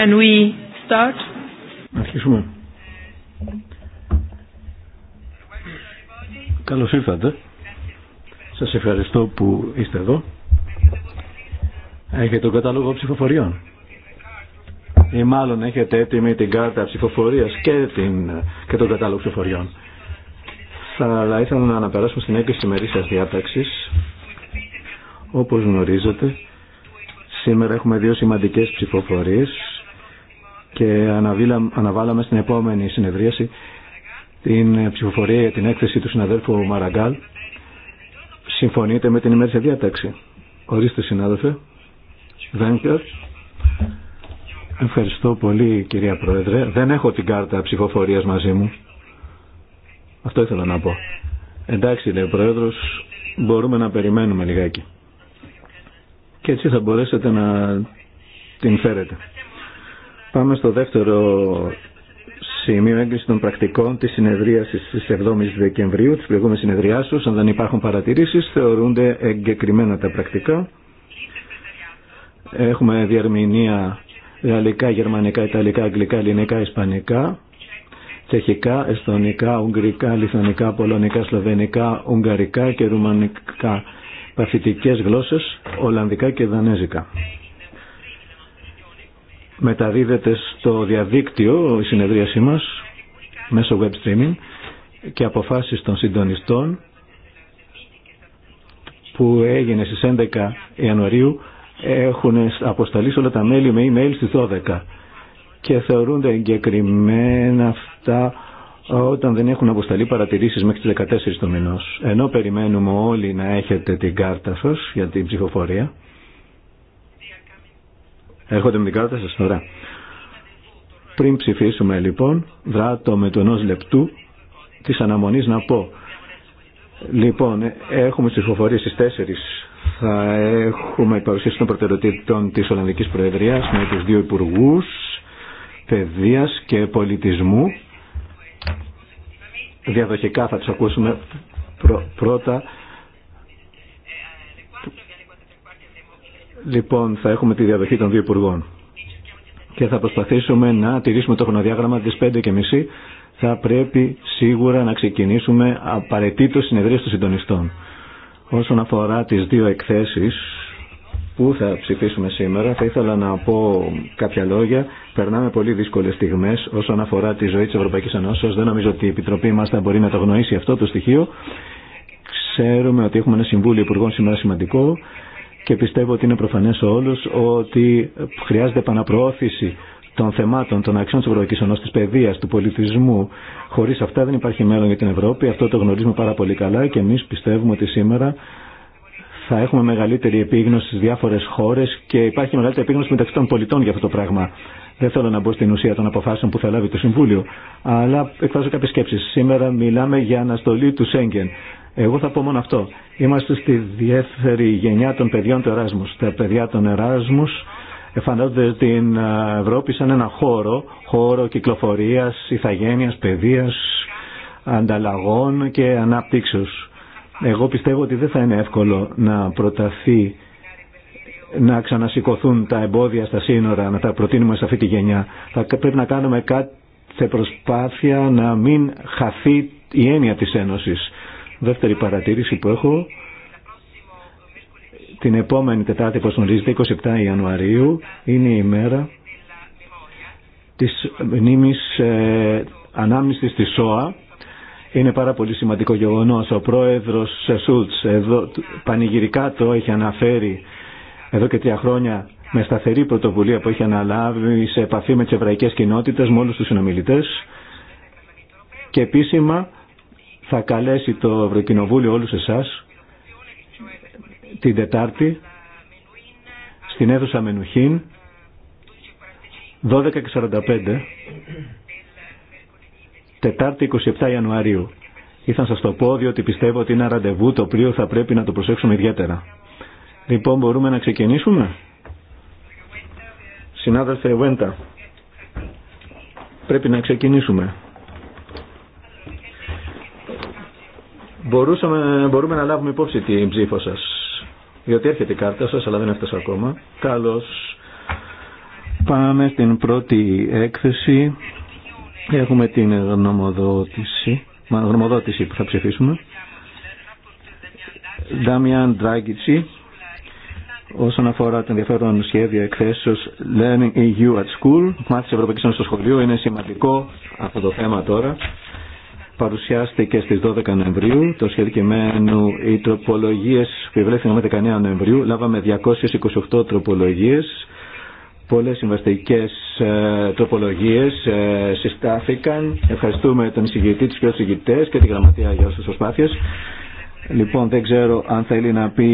Can we start? αρχίσουμε. Καλώς ήρθατε. Σας ευχαριστώ που είστε εδώ. Έχετε τον κατάλογο ψηφοφοριών. Ή μάλλον έχετε έτοιμη την κάρτα ψηφοφορία και, την, και τον κατάλογο ψηφοφοριών. Θα ήθελα να αναπεράσουμε στην έκρηση μερίσιας διάταξης. Όπως γνωρίζετε, σήμερα έχουμε δύο σημαντικές ψηφοφορίε και αναβάλαμε στην επόμενη συνεδρίαση την ψηφοφορία για την έκθεση του συναδέλφου Μαραγκάλ. Συμφωνείτε με την ημέρη σε διάταξη. Ορίστε συνάδελφε. Βέγκερ. Ευχαριστώ πολύ κυρία Πρόεδρε. Δεν έχω την κάρτα ψηφοφορίας μαζί μου. Αυτό ήθελα να πω. Εντάξει λέει ο Πρόεδρος, μπορούμε να περιμένουμε λιγάκι. Και έτσι θα μπορέσετε να την φέρετε. Πάμε στο δεύτερο σημείο έγκριση των πρακτικών της συνεδρίασης τη 7 η Δεκεμβρίου, της προηγούμενης συνεδριάσεως. Αν δεν υπάρχουν παρατηρήσεις, θεωρούνται εγκεκριμένα τα πρακτικά. Έχουμε διαρμηνία γαλλικά, γερμανικά, ιταλικά, αγγλικά, ελληνικά, ισπανικά, τσεχικά, εστονικά, ουγγρικά, λιθανικά, πολωνικά, σλοβενικά, ουγγαρικά και ρουμανικά παθητικές γλώσσες, ολλανδικά και δανέζικα μεταδίδεται στο διαδίκτυο η συνεδρίασή μας μέσω web streaming και αποφάσεις των συντονιστών που έγινε στις 11 Ιανουαρίου έχουν αποσταλεί όλα τα μέλη με email στις 12 και θεωρούνται εγκεκριμένα αυτά όταν δεν έχουν αποσταλεί παρατηρήσεις μέχρι τις 14 του μηνός. Ενώ περιμένουμε όλοι να έχετε την κάρτα σας για την ψηφοφορία. Έρχονται με την κάρτα σας τώρα. Πριν ψηφίσουμε λοιπόν, δράτω με τον ως λεπτού της αναμονής να πω. Λοιπόν, έχουμε στις φοφορίες στις τέσσερις. θα έχουμε παρουσίαση των προτεραιοτήτων της Ολλανδικής Προεδρίας με τους δύο υπουργούς παιδείας και πολιτισμού. Διαδοχικά θα τους ακούσουμε πρώτα Λοιπόν, θα έχουμε τη διαδοχή των δύο υπουργών και θα προσπαθήσουμε να τηρήσουμε το χρονοδιάγραμμα και 5.30. Θα πρέπει σίγουρα να ξεκινήσουμε απαραίτητο συνεδρίες των συντονιστών. Όσον αφορά τις δύο εκθέσεις που θα ψηφίσουμε σήμερα, θα ήθελα να πω κάποια λόγια. Περνάμε πολύ δύσκολες στιγμές όσον αφορά τη ζωή της Ευρωπαϊκής Ενώσεως. Δεν νομίζω ότι η Επιτροπή μας θα μπορεί να το γνωρίσει αυτό το στοιχείο. Ξέρουμε ότι έχουμε ένα Συμβούλιο Υπουργών σήμερα σημαντικό και πιστεύω ότι είναι προφανές σε όλους ότι χρειάζεται επαναπροώθηση των θεμάτων, των αξιών τη Ευρωπαϊκή Ενώση, τη παιδεία, του πολιτισμού. Χωρί αυτά δεν υπάρχει μέλλον για την Ευρώπη. Αυτό το γνωρίζουμε πάρα πολύ καλά και εμεί πιστεύουμε ότι σήμερα θα έχουμε μεγαλύτερη επίγνωση στι διάφορε χώρε και υπάρχει μεγαλύτερη επίγνωση μεταξύ των πολιτών για αυτό το πράγμα. Δεν θέλω να μπω στην ουσία των αποφάσεων που θα λάβει το Συμβούλιο, αλλά εκφράζω κάποιε σκέψει. Σήμερα μιλάμε για αναστολή του Σέγγεν. Εγώ θα πω μόνο αυτό. Είμαστε στη διεύθερη γενιά των παιδιών του Εράσμου. Τα παιδιά των Εράσμου, εφαντάζονται την Ευρώπη σαν ένα χώρο, χώρο κυκλοφορία, ηθαγένεια, παιδεία, ανταλλαγών και ανάπτυξη. Εγώ πιστεύω ότι δεν θα είναι εύκολο να προταθεί να ξανασηκωθούν τα εμπόδια στα σύνορα, να τα προτείνουμε σε αυτή τη γενιά. Θα πρέπει να κάνουμε κάθε προσπάθεια να μην χαθεί η έννοια της Ένωσης. Δεύτερη παρατήρηση που έχω, την επόμενη Τετάρτη, όπως γνωρίζετε, 27 Ιανουαρίου, είναι η μέρα της μνήμης ε, ανάμνησης της ΣΟΑ. Είναι πάρα πολύ σημαντικό γεγονός. Ο πρόεδρος Σούλτς εδώ, πανηγυρικά το έχει αναφέρει εδώ και τρία χρόνια με σταθερή πρωτοβουλία που έχει αναλάβει σε επαφή με τις εβραϊκές κοινότητες, με όλους τους συνομιλητές και επίσημα θα καλέσει το Ευρωκοινοβούλιο όλους εσάς την Τετάρτη στην αίθουσα Μενουχήν 12.45 Τετάρτη 27 Ιανουαρίου. Ήθελα να σας το πω διότι πιστεύω ότι είναι ένα ραντεβού το οποίο θα πρέπει να το προσέξουμε ιδιαίτερα. Λοιπόν μπορούμε να ξεκινήσουμε. Συνάδελφε Βέντα, πρέπει να ξεκινήσουμε. Μπορούσαμε, μπορούμε να λάβουμε υπόψη την ψήφο σα. Γιατί έρχεται η κάρτα σα αλλά δεν έφτασε ακόμα. Καλώ. Πάμε στην πρώτη έκθεση. Έχουμε την γνωμοδότηση. Μα, γνωμοδότηση που θα ψηφίσουμε. Δάμιαν Ντράγκητσι. Όσον αφορά το ενδιαφέρον σχέδιο εκθέσεω Learning EU at School, μάθηση Ευρωπαϊκή Ένωση στο σχολείο, είναι σημαντικό αυτό το θέμα τώρα παρουσιάστηκε στις 12 Νοεμβρίου το σχέδιο κειμένου οι τροπολογίες που ευλέφθηκαν με 19 Νοεμβρίου λάβαμε 228 τροπολογίες πολλές συμβαστικές ε, τροπολογίες ε, συστάθηκαν ευχαριστούμε τον εισηγητή, τους και τους και τη γραμματεία για όσες προσπάθειε. λοιπόν δεν ξέρω αν θέλει να πει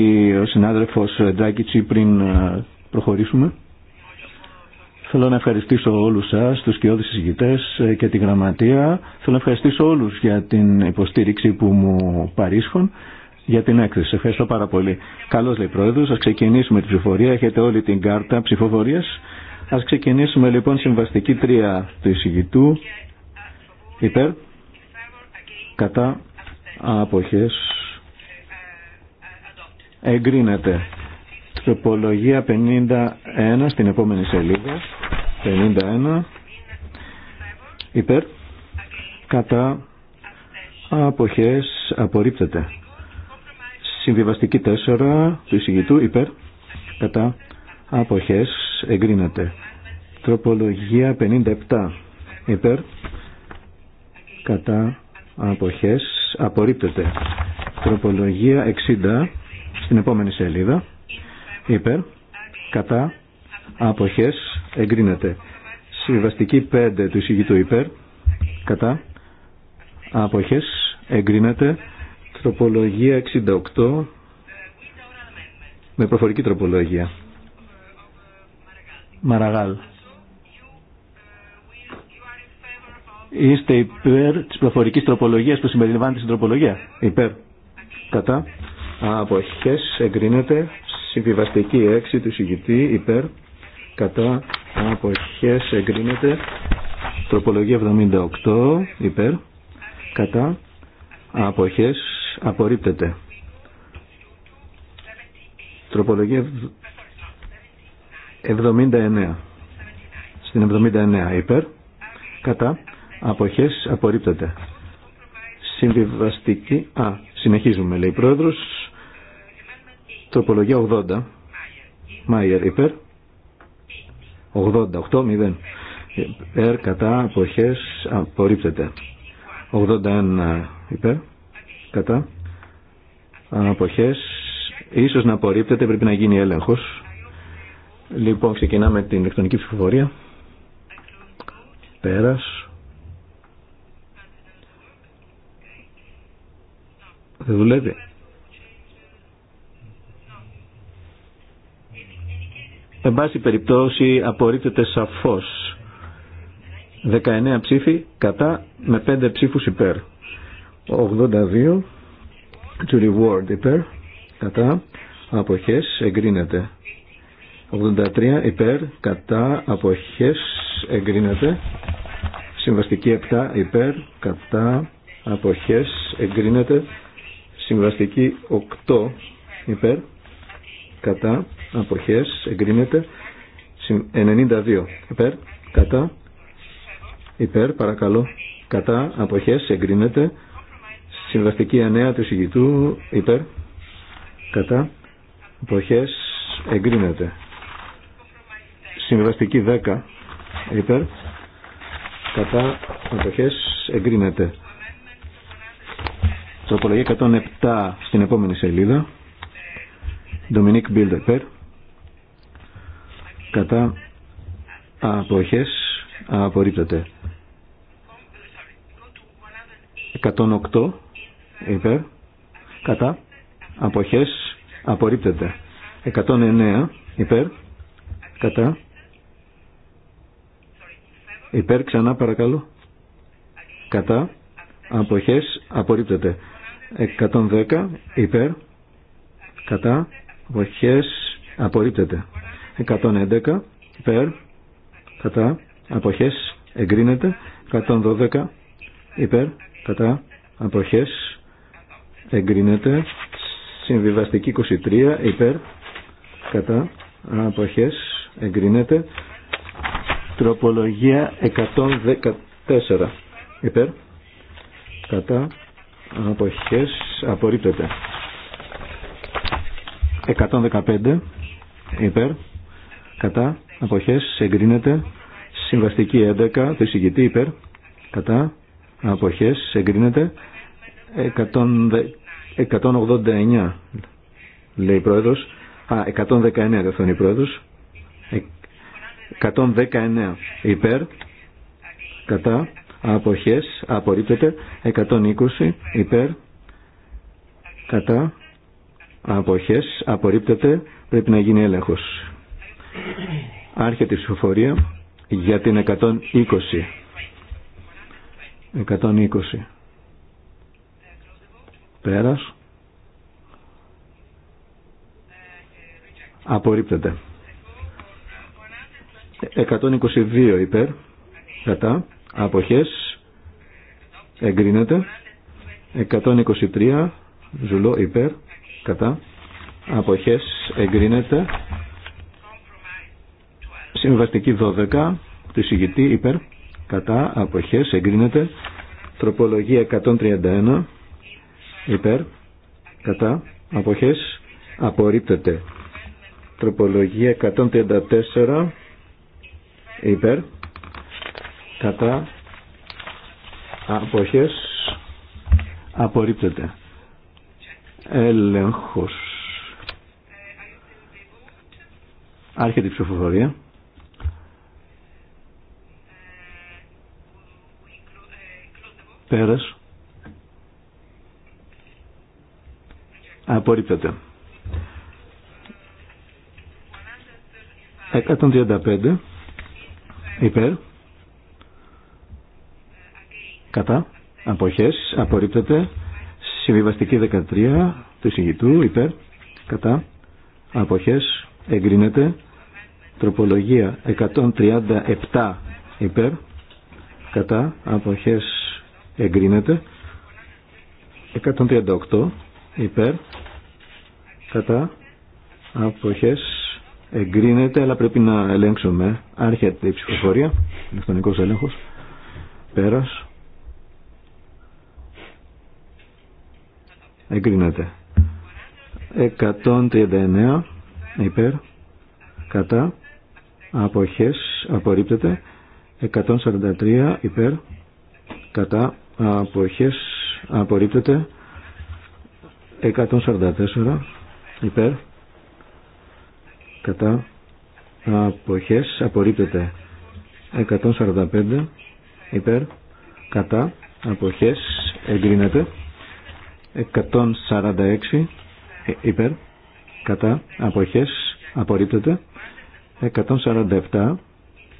ο συνάδελφο Ντράκιτσι πριν ε, προχωρήσουμε Θέλω να ευχαριστήσω όλους σας, τους κοιόδης συζητητές ε, και τη γραμματεία. Θέλω να ευχαριστήσω όλους για την υποστήριξη που μου παρίσχουν για την έκθεση. Ευχαριστώ πάρα πολύ. Καλώς λέει Πρόεδρος, ας ξεκινήσουμε την ψηφοφορία. Έχετε όλη την κάρτα ψηφοφορίας. Ας ξεκινήσουμε λοιπόν συμβαστική τρία του εισηγητού. Υπέρ. Κατά. Αποχές. Εγκρίνεται. Τροπολογία 51 στην επόμενη σελίδα. 51 υπέρ κατά αποχές απορρίπτεται συμβιβαστική 4 του εισηγητού υπέρ κατά αποχές εγκρίνεται τροπολογία 57 υπέρ κατά αποχές απορρίπτεται τροπολογία 60 στην επόμενη σελίδα υπέρ κατά αποχές εγκρίνεται. Συμβαστική 5 του εισηγητού υπέρ, κατά, αποχές, εγκρίνεται. Τροπολογία 68 με προφορική τροπολογία. Μαραγάλ. Είστε υπέρ της προφορικής τροπολογίας που συμπεριλαμβάνεται στην τροπολογία. Υπέρ. Κατά. Αποχές εγκρίνεται. Συμβιβαστική 6 του συγητή. Υπέρ. Κατά αποχές εγκρίνεται τροπολογία 78 υπέρ κατά αποχές απορρίπτεται τροπολογία 79 στην 79 υπέρ κατά αποχές απορρίπτεται συμβιβαστική α, συνεχίζουμε λέει πρόεδρος τροπολογία 80 Μάιερ υπέρ 88-0 υπέρ ε, κατά αποχές απορρίπτεται 81 υπέρ κατά αποχές ίσως να απορρίπτεται πρέπει να γίνει έλεγχος λοιπόν ξεκινάμε την ηλεκτρονική ψηφοφορία πέρας δεν δουλεύει Εν πάση περιπτώσει απορρίπτεται σαφώς. 19 ψήφοι κατά με 5 ψήφους υπέρ. 82 to reward υπέρ κατά αποχές εγκρίνεται. 83 υπέρ κατά αποχές εγκρίνεται. Συμβαστική 7 υπέρ κατά αποχές εγκρίνεται. Συμβαστική 8 υπέρ κατά, αποχές, εγκρίνεται. 92 υπέρ, κατά, υπέρ, παρακαλώ, κατά, αποχές, εγκρίνεται. Συμβαστική 9 του συγητού, υπέρ, κατά, αποχές, εγκρίνεται. Συμβαστική 10 υπέρ, κατά, αποχές, εγκρίνεται. Τροπολογία 107 στην επόμενη σελίδα. Δομινίκ Μπίλτερ κατά αποχές απορρίπτεται 108 υπέρ κατά αποχές απορρίπτεται 109 υπέρ κατά υπέρ ξανά παρακαλώ κατά αποχές απορρίπτεται 110 υπέρ κατά αποχές απορρίπτεται 111 υπέρ κατά αποχές εγκρίνεται 112 υπέρ κατά αποχές εγκρίνεται συμβιβαστική 23 υπέρ κατά αποχές εγκρίνεται τροπολογία 114 υπέρ κατά αποχές απορρίπτεται 115 υπέρ κατά αποχές εγκρίνεται συμβαστική 11 του εισηγητή υπέρ κατά αποχές εγκρίνεται 189 λέει η πρόεδρος α 119 δεν η πρόεδρος 119 υπέρ κατά αποχές απορρίπτεται 120 υπέρ κατά αποχές απορρίπτεται πρέπει να γίνει έλεγχος άρχεται η ψηφοφορία για την 120 120 πέρας απορρίπτεται 122 υπέρ κατά αποχές εγκρίνεται 123 ζουλό υπέρ κατά αποχές εγκρίνεται συμβαστική 12 του εισηγητή υπέρ κατά αποχές εγκρίνεται τροπολογία 131 υπέρ κατά αποχές απορρίπτεται τροπολογία 134 υπέρ κατά αποχές απορρίπτεται Έλεγχος. Άρχεται η ψηφοφορία. Πέρας. Απορρίπτεται. 135 υπέρ κατά αποχές απορρίπτεται Συμβιβαστική 13 του εισηγητού υπέρ κατά αποχές εγκρίνεται. Τροπολογία 137 υπέρ κατά αποχές εγκρίνεται. 138 υπέρ κατά αποχές εγκρίνεται αλλά πρέπει να ελέγξουμε άρχεται η ψηφοφορία ηλεκτρονικός έλεγχος πέρας εγκρίνεται 139 υπέρ κατά αποχές απορρίπτεται 143 υπέρ κατά αποχές απορρίπτεται 144 υπέρ κατά αποχές απορρίπτεται 145 υπέρ κατά αποχές εγκρίνεται 146 ε, υπέρ κατά αποχές απορρίπτεται 147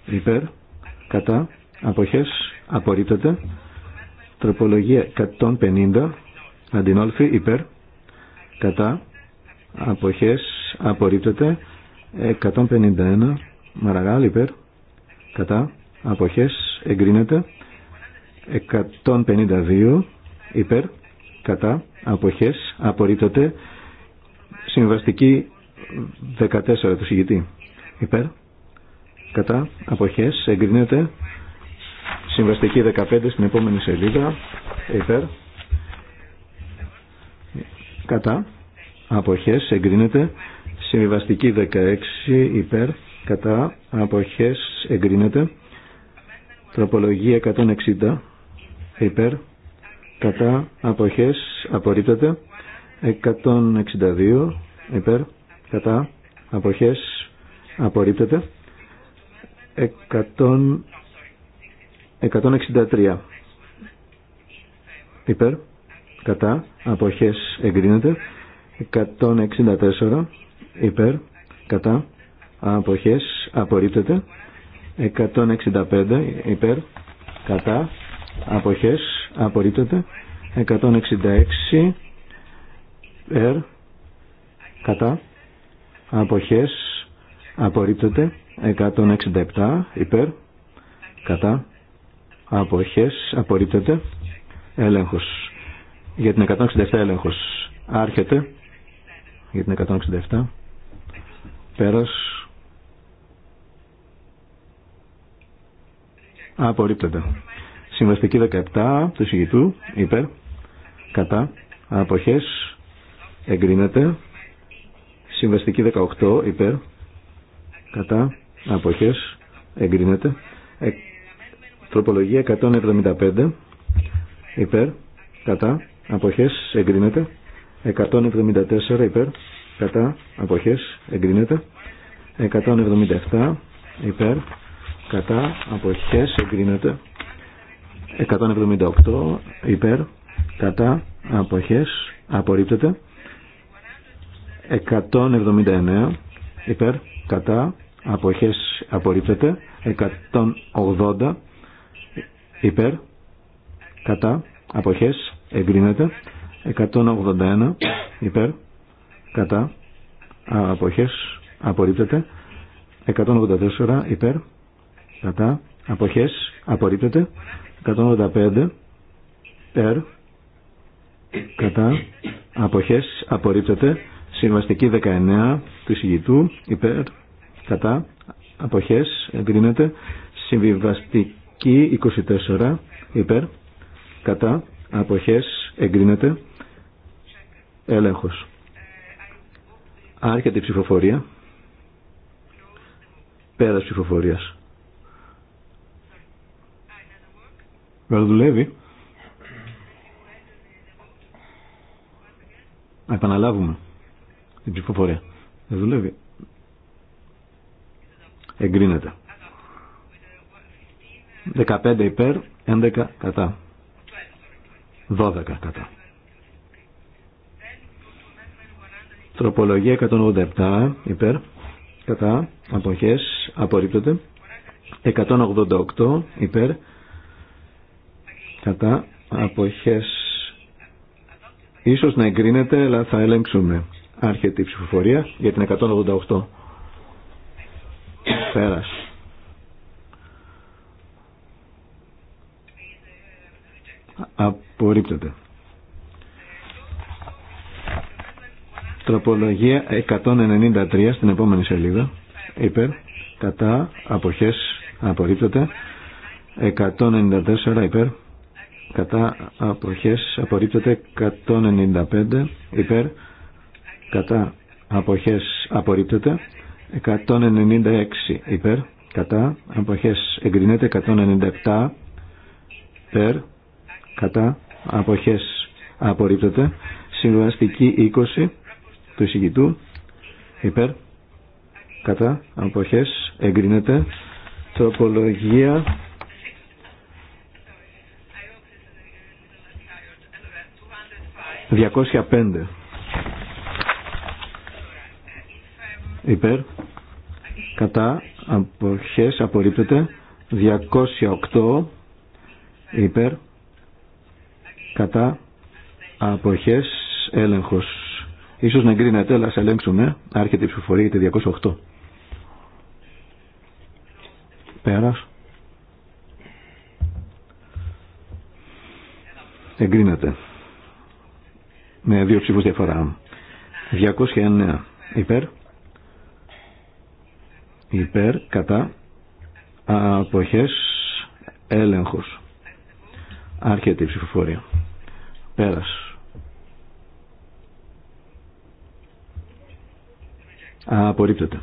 υπέρ κατά αποχές απορρίπτεται τροπολογία 150 αντινόλφη υπέρ κατά αποχές απορρίπτεται 151 μαραγάλ υπέρ κατά αποχές εγκρίνεται 152 υπέρ κατά αποχές απορρίπτεται συμβαστική 14 του συγητή υπέρ κατά αποχές εγκρίνεται συμβαστική 15 στην επόμενη σελίδα υπέρ κατά αποχές εγκρίνεται συμβαστική 16 υπέρ κατά αποχές εγκρίνεται τροπολογία 160 υπέρ κατά αποχές απορρίπτεται 162 υπέρ κατά αποχές απορρίπτεται 163 υπέρ κατά αποχές εγκρίνεται 164 υπέρ κατά αποχές απορρίπτεται 165 υπέρ κατά αποχές απορρίπτεται 166 ερ κατά αποχές απορρίπτεται 167 υπέρ κατά αποχές απορρίπτεται έλεγχος για την 167 έλεγχος άρχεται για την 167 πέρας απορρίπτεται Συμβαστική 17 του συγητού υπέρ κατά αποχές εγκρίνεται. Συμβαστική 18 υπέρ κατά αποχές εγκρίνεται. Ε, τροπολογία 175 υπέρ κατά αποχές εγκρίνεται. 174 υπέρ κατά αποχές εγκρίνεται. 177 υπέρ κατά αποχές εγκρίνεται. 178 υπέρ κατά αποχές απορρίπτεται 179 υπέρ κατά αποχές απορρίπτεται 180 υπέρ κατά αποχές εγκρίνεται 181 υπέρ κατά αποχές απορρίπτεται 184 υπέρ κατά αποχές απορρίπτεται 185 έρ, κατά αποχές απορρίπτεται συμβαστική 19 του εισηγητού υπέρ κατά αποχές εγκρίνεται συμβιβαστική 24 υπέρ κατά αποχές εγκρίνεται έλεγχος άρχεται η ψηφοφορία πέρας ψηφοφορίας Δεν δουλεύει. Να επαναλάβουμε την ψηφοφορία. Δεν δουλεύει. Εγκρίνεται. 15 υπέρ, 11 κατά. 12 κατά. Τροπολογία 187 υπέρ, κατά, αποχές, απορρίπτονται. 188 υπέρ, κατά αποχές ίσως να εγκρίνεται αλλά θα ελέγξουμε άρχεται η ψηφοφορία για την 188 πέρας απορρίπτεται τροπολογία 193 στην επόμενη σελίδα υπέρ κατά αποχές απορρίπτεται 194 υπέρ κατά αποχές απορρίπτεται 195 υπέρ κατά αποχές απορρίπτεται 196 υπέρ κατά αποχές εγκρινέται 197 υπέρ κατά αποχές απορρίπτεται συμβαστική 20 του εισηγητού υπέρ κατά αποχές εγκρίνεται τροπολογία 205 υπέρ κατά αποχές απορρίπτεται 208 υπέρ κατά αποχές έλεγχος ίσως να εγκρίνεται αλλά σε ελέγξουμε άρχεται η ψηφοφορία για τη 208 πέρας εγκρίνεται με δύο ψήφους διαφορά. 209 υπέρ. Υπέρ, κατά, αποχές, έλεγχος. Άρχεται η ψηφοφορία. Πέρας. Απορρίπτεται.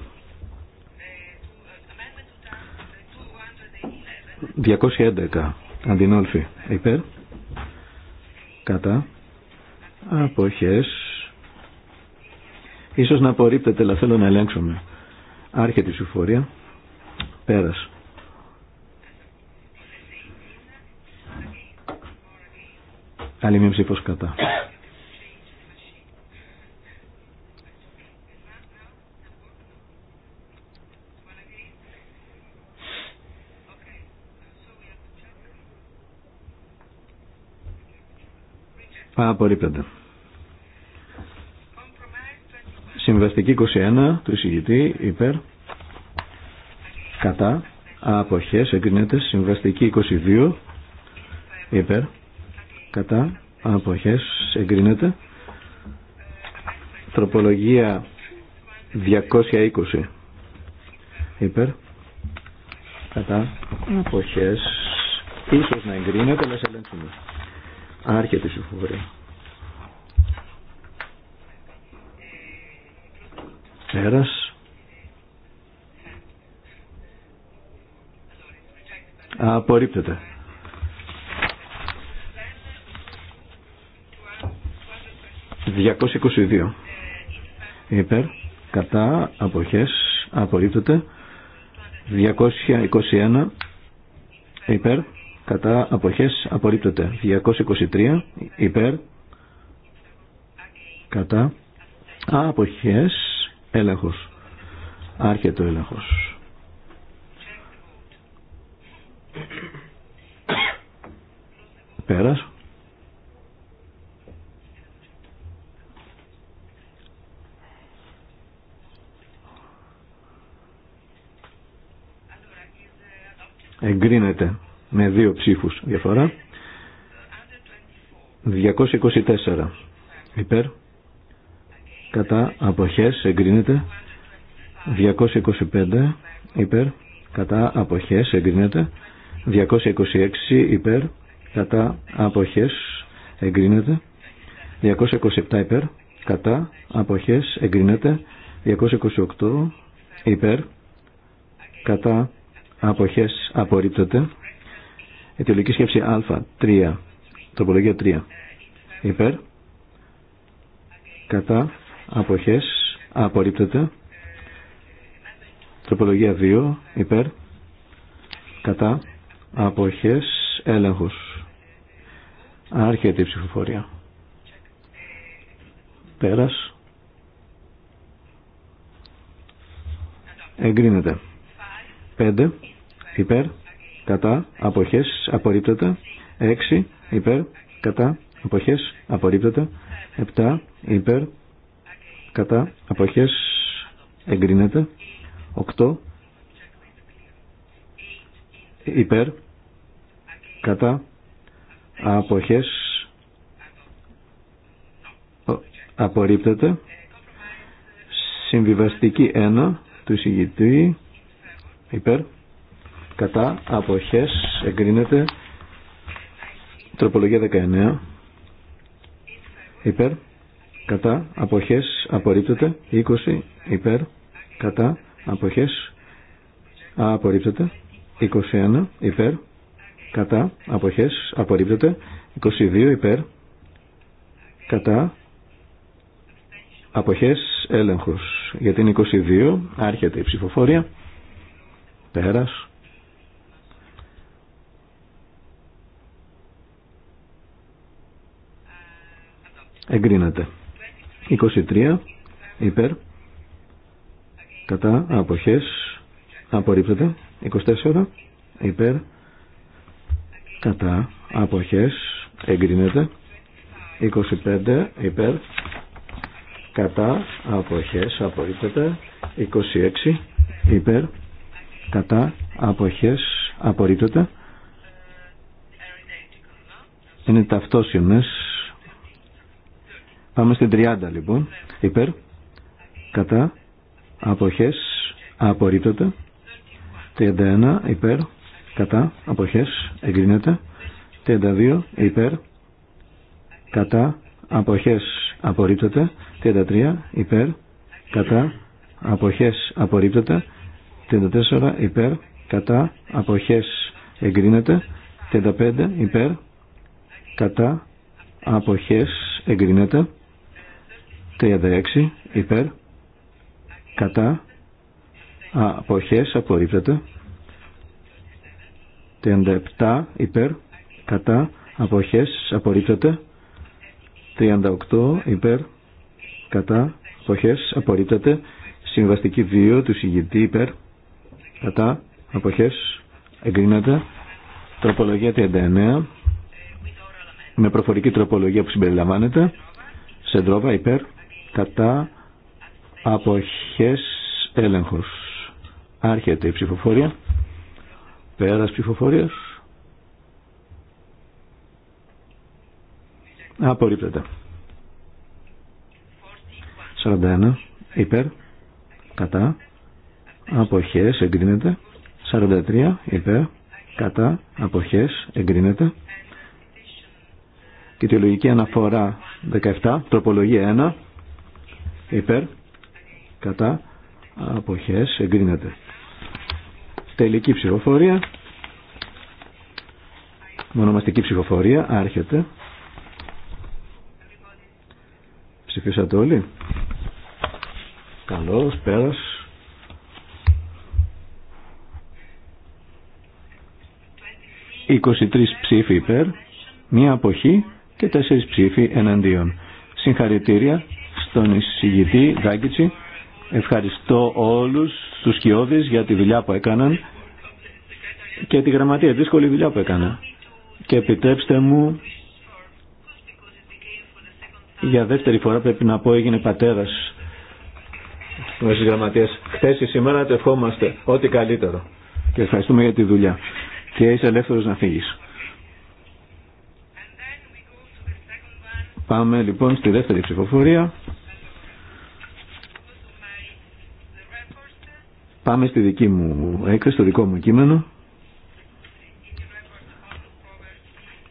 211. Αντινόλφη. Υπέρ. Κατά. Αποχές. Ίσως να απορρίπτεται, αλλά θέλω να ελέγξουμε. Άρχεται η συμφορία Πέρας. Άλλη μία ψήφος κατά. Απορρίπτεται. Συμβαστική 21 του εισηγητή υπέρ κατά αποχές εγκρίνεται. Συμβαστική 22 υπέρ κατά αποχές εγκρίνεται. Τροπολογία 220 υπέρ κατά αποχές ίσως να εγκρίνεται αλλά σε Άρχεται η συμφορία. Πέρας. Απορρίπτεται. 222. Υπέρ, κατά, αποχές, απορρίπτεται. 221. Υπέρ, κατά αποχές απορρίπτεται 223 υπέρ κατά αποχές έλεγχος άρχεται ο έλεγχος πέρας διαφορά. 224 υπέρ κατά αποχές εγκρίνεται 225 υπέρ κατά αποχές εγκρίνεται 226 υπέρ κατά αποχές εγκρίνεται 227 υπέρ κατά αποχές εγκρίνεται 228 υπέρ κατά αποχές απορρίπτεται Αιτιολογική σκέψη α3. Τροπολογία 3. Υπέρ. Κατά. Αποχές. Απορρίπτεται. Τροπολογία 2. Υπέρ. Κατά. Αποχές. Έλεγχος. Άρχεται η ψηφοφορία. Πέρας. Εγκρίνεται. 5. Υπέρ κατά αποχές απορρίπτεται 6 υπέρ κατά αποχές απορρίπτεται 7 υπέρ κατά αποχές εγκρίνεται 8 υπέρ κατά αποχές απορρίπτεται συμβιβαστική 1 του εισηγητή υπέρ κατά αποχές εγκρίνεται τροπολογία 19 υπέρ κατά αποχές απορρίπτεται 20 υπέρ κατά αποχές απορρίπτεται 21 υπέρ κατά αποχές απορρίπτεται 22 υπέρ κατά αποχές έλεγχος Γιατί είναι 22 άρχεται η ψηφοφόρια πέρας εγκρίνεται. 23 υπέρ κατά αποχές απορρίπτεται. 24 υπέρ κατά αποχές εγκρίνεται. 25 υπέρ κατά αποχές απορρίπτεται. 26 υπέρ κατά αποχές απορρίπτεται. Είναι ταυτόσιμες Πάμε στην 30 λοιπόν. Υπέρ. Κατά. Αποχές. Απορρίπτωτα. 31 υπέρ. Κατά. Αποχές. Εγκρίνεται. 32 υπέρ. Κατά. Αποχές. Απορρίπτεται. 33 υπέρ. Κατά. Αποχές. Απορρίπτεται. 34 υπέρ. Κατά. Αποχές. Εγκρίνεται. 35 υπέρ. Κατά. Αποχές εγκρίνεται 36 υπέρ κατά αποχές απορρίπτεται 37 υπέρ κατά αποχές απορρίπτεται 38 υπέρ κατά αποχές απορρίπτεται συμβαστική 2 του συγγητή υπέρ κατά αποχές εγκρίνεται τροπολογία 39 με προφορική τροπολογία που συμπεριλαμβάνεται σε ντρόβα υπέρ κατά αποχές έλεγχος. Άρχεται η ψηφοφορία. Πέρας ψηφοφορίας. Απορρίπτεται. 41 υπέρ κατά αποχές εγκρίνεται. 43 υπέρ κατά αποχές εγκρίνεται. Και αναφορά 17, τροπολογία 1, υπέρ κατά αποχές εγκρίνεται τελική ψηφοφορία μονομαστική ψηφοφορία άρχεται ψηφίσατε όλοι καλώς πέρας ...23 ψήφοι υπέρ, μία αποχή και τέσσερις ψήφοι εναντίον. Συγχαρητήρια στον εισηγητή Δάκητσι Ευχαριστώ όλους τους σκιώδεις για τη δουλειά που έκαναν και τη γραμματεία, δύσκολη δουλειά που έκανα. Και επιτρέψτε μου, για δεύτερη φορά πρέπει να πω έγινε πατέρας μέσα στις γραμματείες. Χθες ή σήμερα το ευχόμαστε ό,τι καλύτερο. Και ευχαριστούμε για τη δουλειά. Και είσαι ελεύθερος να φύγεις. Πάμε λοιπόν στη δεύτερη ψηφοφορία. Πάμε στη δική μου έκθεση, στο δικό μου κείμενο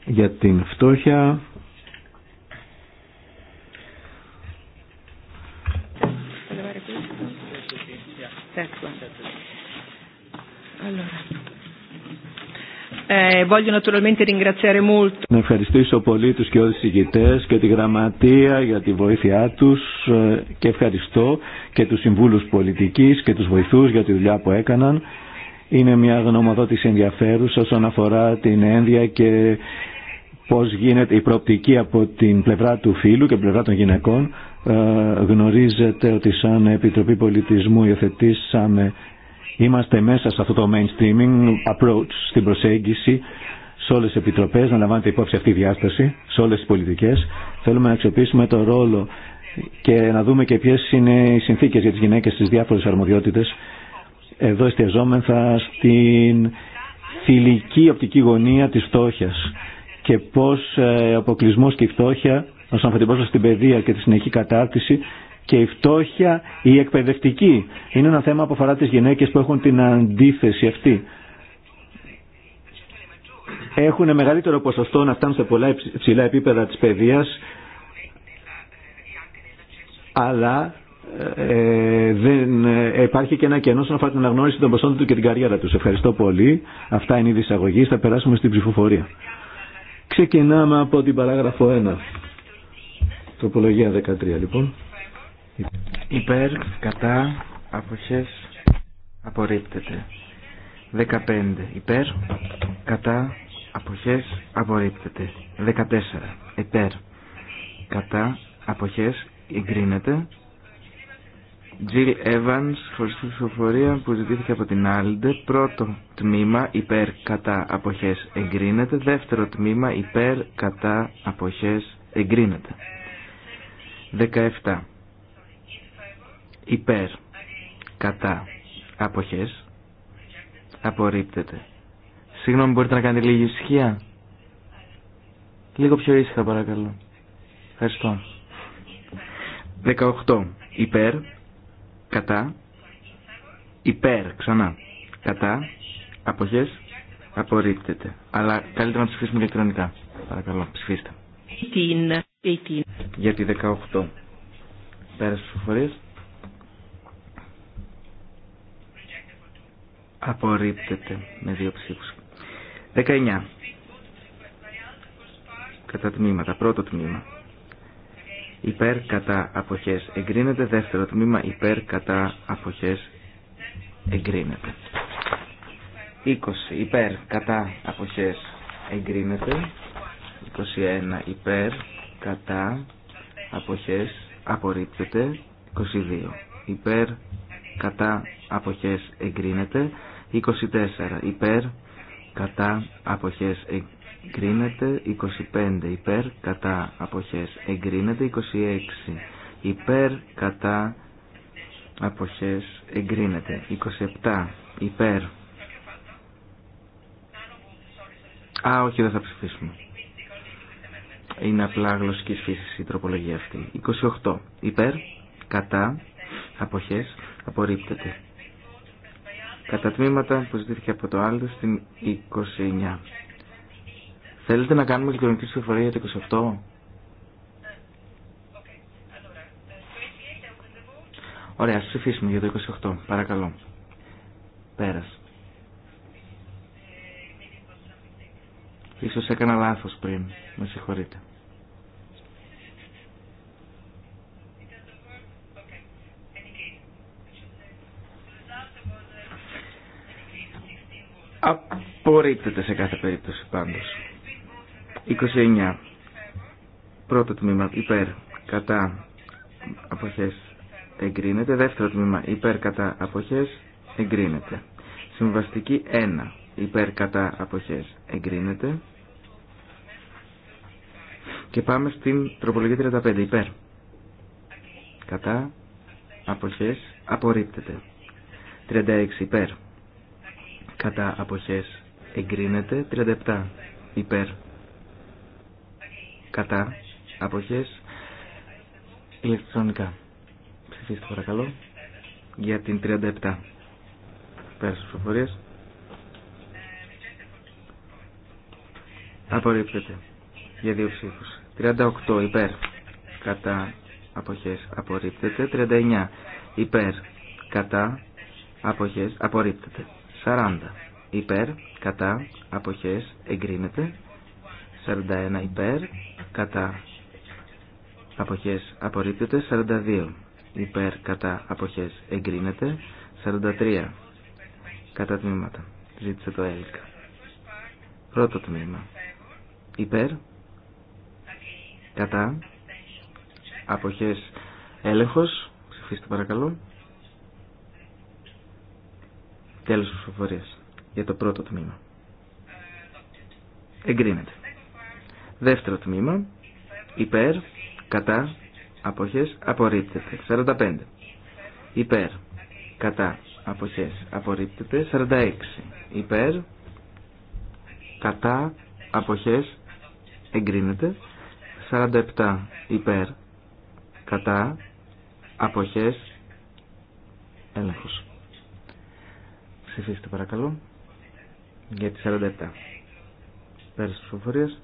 για την φτώχεια Ε, Να ευχαριστήσω πολύ τους και όλους και τη γραμματεία για τη βοήθειά τους ε, και ευχαριστώ και τους συμβούλους πολιτικής και τους βοηθούς για τη δουλειά που έκαναν. Είναι μια γνωμοδότηση ενδιαφέρουσα όσον αφορά την ένδια και πώς γίνεται η προοπτική από την πλευρά του φίλου και πλευρά των γυναικών. Ε, γνωρίζετε ότι σαν Επιτροπή Πολιτισμού υιοθετήσαμε Είμαστε μέσα σε αυτό το mainstreaming approach στην προσέγγιση σε όλε τι επιτροπέ, να λαμβάνετε υπόψη αυτή η διάσταση, σε όλε τι πολιτικέ. Θέλουμε να αξιοποιήσουμε το ρόλο και να δούμε και ποιε είναι οι συνθήκε για τι γυναίκε στι διάφορε αρμοδιότητε. Εδώ εστιαζόμεθα στην θηλυκή οπτική γωνία τη φτώχεια και πώ ο ε, αποκλεισμό και η φτώχεια όσον αφορά την στην παιδεία και τη συνεχή κατάρτιση και η φτώχεια, η εκπαιδευτική. Είναι ένα θέμα που αφορά τις γυναίκες που έχουν την αντίθεση αυτή. Έχουν μεγαλύτερο ποσοστό να φτάνουν σε πολλά ψηλά επίπεδα της παιδείας, αλλά ε, ε, υπάρχει και ένα κενό όσον αφορά την αναγνώριση των ποσών του και την καριέρα τους. Ευχαριστώ πολύ. Αυτά είναι οι δισαγωγή. Θα περάσουμε στην ψηφοφορία. Ξεκινάμε από την παράγραφο 1. Τροπολογία 13 λοιπόν. Υπέρ, κατά, αποχές, απορρίπτεται. 15. Υπέρ, κατά, αποχές, απορρίπτεται. 14. Υπέρ, κατά, αποχές, εγκρίνεται. Jill Evans, χωριστή ψηφοφορία που ζητήθηκε από την Άλντε. Πρώτο τμήμα υπέρ κατά αποχές εγκρίνεται. Δεύτερο τμήμα υπέρ κατά αποχές εγκρίνεται. 17 υπέρ κατά αποχές απορρίπτεται. Συγγνώμη μπορείτε να κάνετε λίγη ησυχία. Λίγο πιο ήσυχα παρακαλώ. Ευχαριστώ. 18. Υπέρ, κατά, υπέρ, ξανά, κατά, αποχές, απορρίπτεται. Αλλά καλύτερα να ψηφίσουμε ηλεκτρονικά. Παρακαλώ, ψηφίστε. 18. Για τη 18. Πέρασε τις Απορρίπτεται με δύο ψήφους. 19. Κατά τμήματα. Πρώτο τμήμα. Υπέρ κατά αποχές εγκρίνεται. Δεύτερο τμήμα. Υπέρ κατά αποχές εγκρίνεται. 20. Υπέρ κατά αποχές εγκρίνεται. 21. Υπέρ κατά αποχές απορρίπτεται. 22. Υπέρ κατά αποχές εγκρίνεται. 24 υπέρ κατά αποχές εγκρίνεται 25 υπέρ κατά αποχές εγκρίνεται 26 υπέρ κατά αποχές εγκρίνεται 27 υπέρ Α, όχι, δεν θα ψηφίσουμε. Είναι απλά γλωσσική φύση η τροπολογία αυτή. 28. Υπέρ, κατά, αποχές, απορρίπτεται κατά τμήματα που ζητήθηκε από το άλλο στην 29. Θέλετε να κάνουμε ηλεκτρονική ψηφοφορία για το 28? Ωραία, ας ψηφίσουμε για το 28. Παρακαλώ. Πέρασε. Ίσως έκανα λάθος πριν. Με συγχωρείτε. Απορρίπτεται σε κάθε περίπτωση πάντως. 29. Πρώτο τμήμα υπέρ κατά αποχές εγκρίνεται. Δεύτερο τμήμα υπέρ κατά αποχές εγκρίνεται. Συμβαστική 1. Υπέρ κατά αποχές εγκρίνεται. Και πάμε στην τροπολογία 35. Υπέρ. Κατά αποχές απορρίπτεται. 36. Υπέρ κατά αποχές εγκρίνεται 37 υπέρ κατά αποχές ηλεκτρονικά ψηφίστε παρακαλώ για την 37 πέρα στις προφορίες απορρίπτεται για δύο ψήφους 38 υπέρ κατά αποχές απορρίπτεται 39 υπέρ κατά αποχές απορρίπτεται 40 υπέρ, κατά, αποχές, εγκρίνεται. 41 υπέρ, κατά, αποχές, απορρίπτεται. 42 υπέρ, κατά, αποχές, εγκρίνεται. 43 κατά τμήματα. Ζήτησε το έλικα. Πρώτο τμήμα. Υπέρ, κατά, αποχές, έλεγχος. Ψηφίστε παρακαλώ. Τέλος της Για το πρώτο τμήμα. Εγκρίνεται. Δεύτερο τμήμα. Υπέρ. Κατά. Αποχές. Απορρίπτεται. 45. Υπέρ. Κατά. Αποχές. Απορρίπτεται. 46. Υπέρ. Κατά. Αποχές. Εγκρίνεται. 47. Υπέρ. Κατά. Αποχές. Έλεγχος. Ψηφίστε παρακαλώ. Για τη 47. Πέρασε της ψηφοφορίες.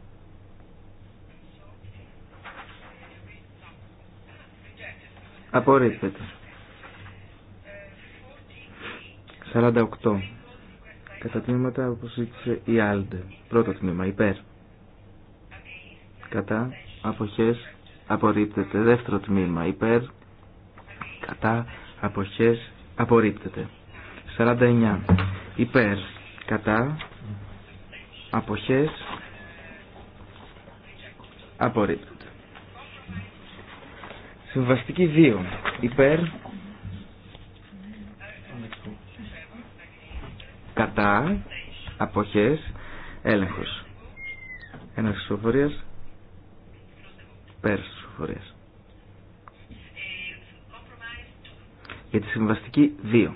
Απορρίπτεται. 48. Κατά τμήματα όπως ζήτησε η Άλντε. Πρώτο τμήμα, υπέρ. Κατά, αποχές, απορρίπτεται. Δεύτερο τμήμα, υπέρ. Κατά, αποχές, απορρίπτεται. 49 υπέρ κατά αποχές απορρίπτονται. Συμβαστική 2 υπέρ κατά αποχές έλεγχος. Ένας ψηφοφορίας πέρας ψηφοφορίας. Για τη συμβαστική 2.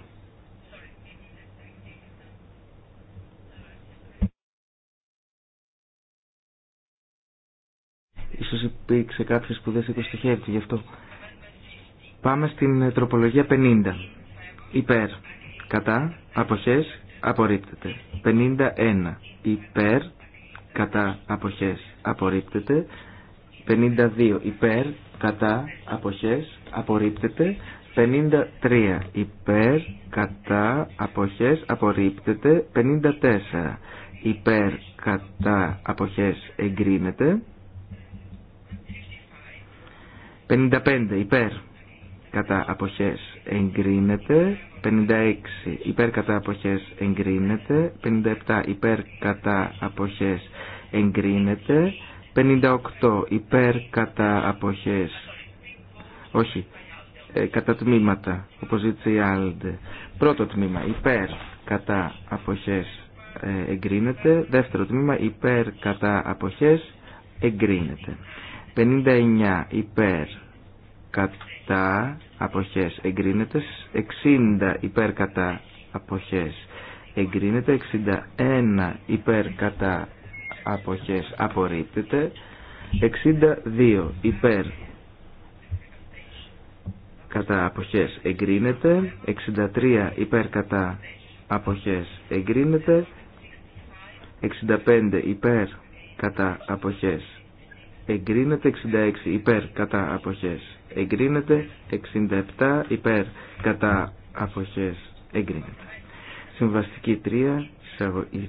ίσως υπήρξε κάποιο που δεν σήκωσε το χέρι του γι' αυτό. Πάμε στην ε, τροπολογία 50. Υπέρ. Κατά. Αποχές. Απορρίπτεται. 51. Υπέρ. Κατά. Αποχές. Απορρίπτεται. 52. Υπέρ. Κατά. Αποχές. Απορρίπτεται. 53. Υπέρ. Κατά. Αποχές. Απορρίπτεται. 54. Υπέρ. Κατά. Αποχές. Εγκρίνεται. 55 υπέρ κατά αποχές εγκρίνεται 56 υπέρ κατά αποχές εγκρίνεται 57 υπέρ κατά αποχές εγκρίνεται 58 υπέρ κατά αποχές όχι ε, κατά τμήματα όπως ζήτησε η πρώτο τμήμα υπέρ κατά αποχές ε, εγκρίνεται δεύτερο τμήμα υπέρ κατά αποχές εγκρίνεται 59 υπέρ κατά αποχές εγκρίνεται 60 υπέρ κατά αποχές εγκρίνεται 61 υπέρ κατά αποχές απορρίπτεται 62 υπέρ κατά αποχές εγκρίνεται 63 υπέρ κατά αποχές εγκρίνεται 65 υπέρ κατά αποχές εγκρίνεται 66 υπέρ κατά αποχές εγκρίνεται 67 υπέρ κατά αποχές εγκρίνεται συμβαστική 3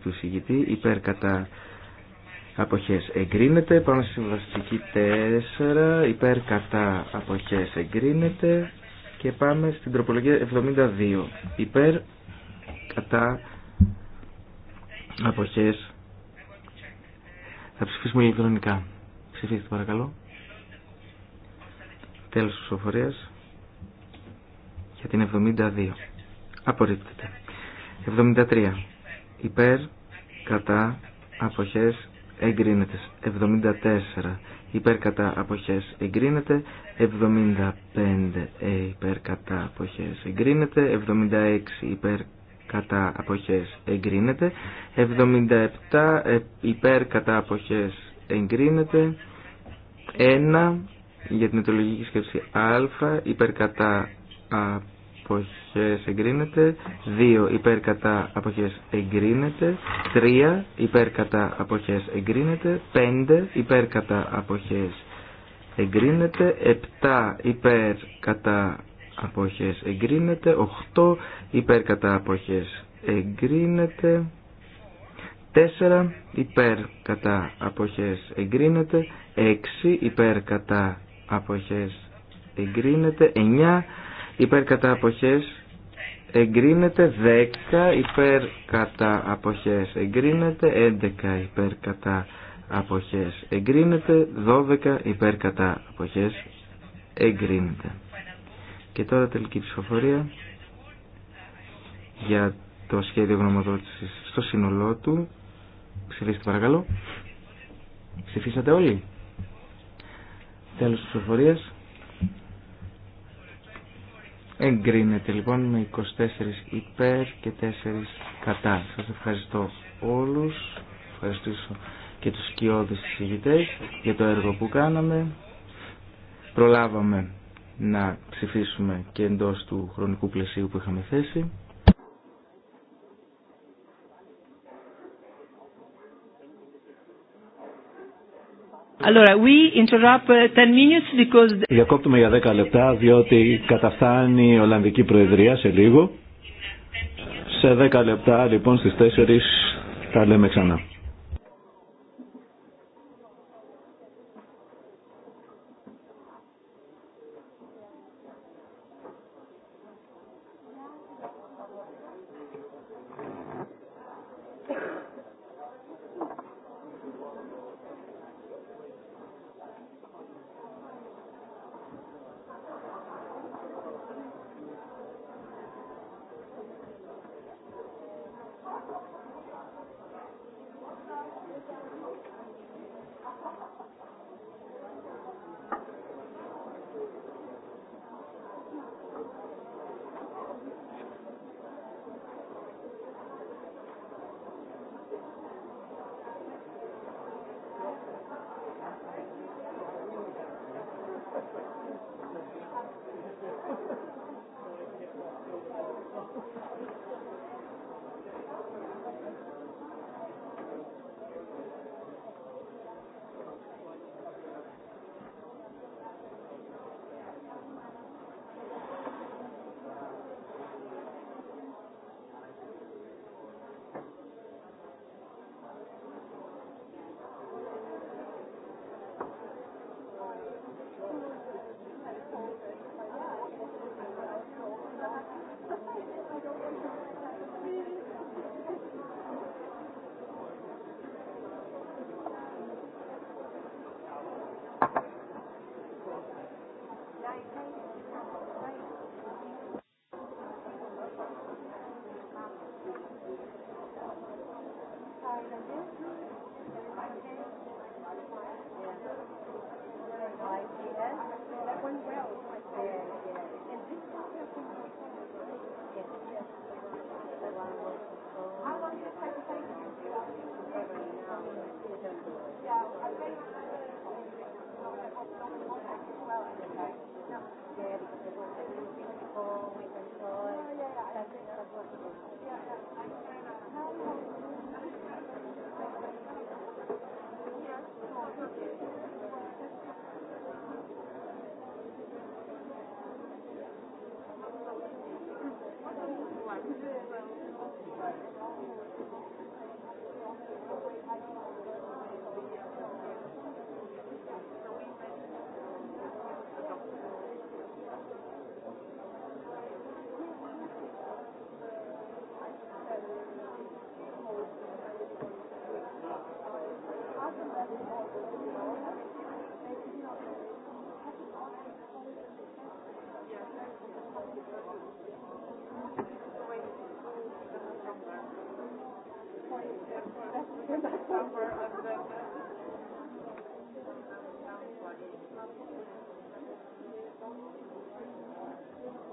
του συγητή υπέρ κατά αποχές εγκρίνεται πάμε στη συμβαστική 4 υπέρ κατά αποχές εγκρίνεται και πάμε στην τροπολογία 72 υπέρ κατά αποχές θα ψηφίσουμε ηλεκτρονικά ψηφίστε παρακαλώ Τέλος σοφορίας για την 72. Απορρίπτεται. 73. Υπέρ, κατά, αποχές, εγκρίνεται. 74. Υπέρ κατά αποχές εγκρίνεται. 75. Ε, υπέρ κατά αποχές εγκρίνεται. 76. Υπέρ κατά αποχές εγκρίνεται. 77. Ε, υπέρ κατά αποχές εγκρίνεται. 1. Για την αιτιολογική σκέψη α, υπερκατά αποχές εγκρίνεται, 2 υπερκατά αποχές εγκρίνεται, 3 υπερκατά αποχές εγκρίνεται, 5 υπερκατά αποχές εγκρίνεται, 7 υπερκατά αποχές εγκρίνεται, 8 υπερκατά αποχές εγκρίνεται, 4 υπερ κατά αποχές εγκρίνεται, 6 υπερ κατά αποχές εγκρίνεται 9 υπέρ κατά αποχές εγκρίνεται 10 υπέρ κατά αποχές εγκρίνεται 11 υπέρ κατά αποχές εγκρίνεται 12 υπέρ κατά αποχές εγκρίνεται και τώρα τελική ψηφοφορία για το σχέδιο γνωμοδότησης στο σύνολό του ψηφίστε παρακαλώ ψηφίσατε όλοι Τέλος της προφορίας. Εγκρίνεται λοιπόν με 24 υπέρ και 4 κατά. Σας ευχαριστώ όλους. Ευχαριστήσω και τους σκιώδες συζητητές για το έργο που κάναμε. Προλάβαμε να ψηφίσουμε και εντός του χρονικού πλαισίου που είχαμε θέσει. Uh, Διακόπτουμε για 10 λεπτά διότι καταφθάνει η Ολλανδική Προεδρία σε λίγο. Σε 10 λεπτά λοιπόν στις 4 τα λέμε ξανά. Thank you.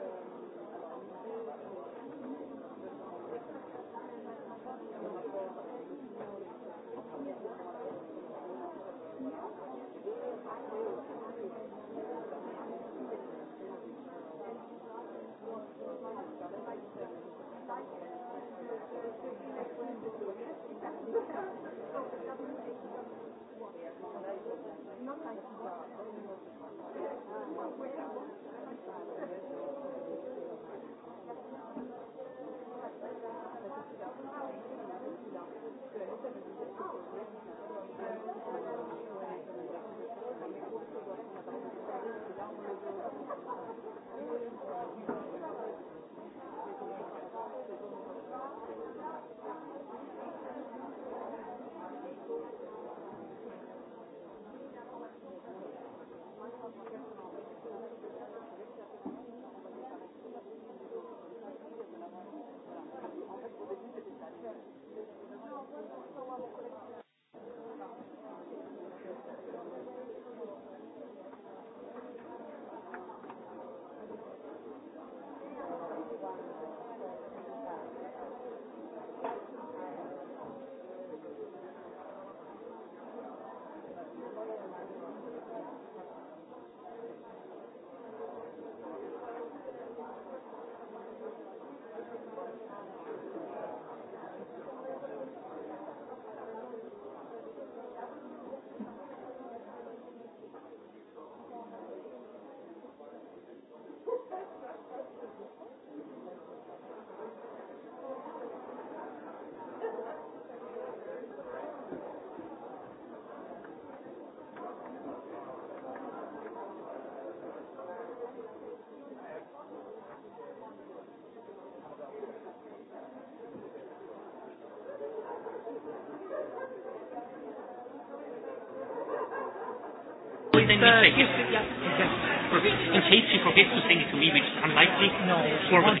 In case you forget to sing it to me, which is unlikely, no for one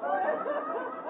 Thank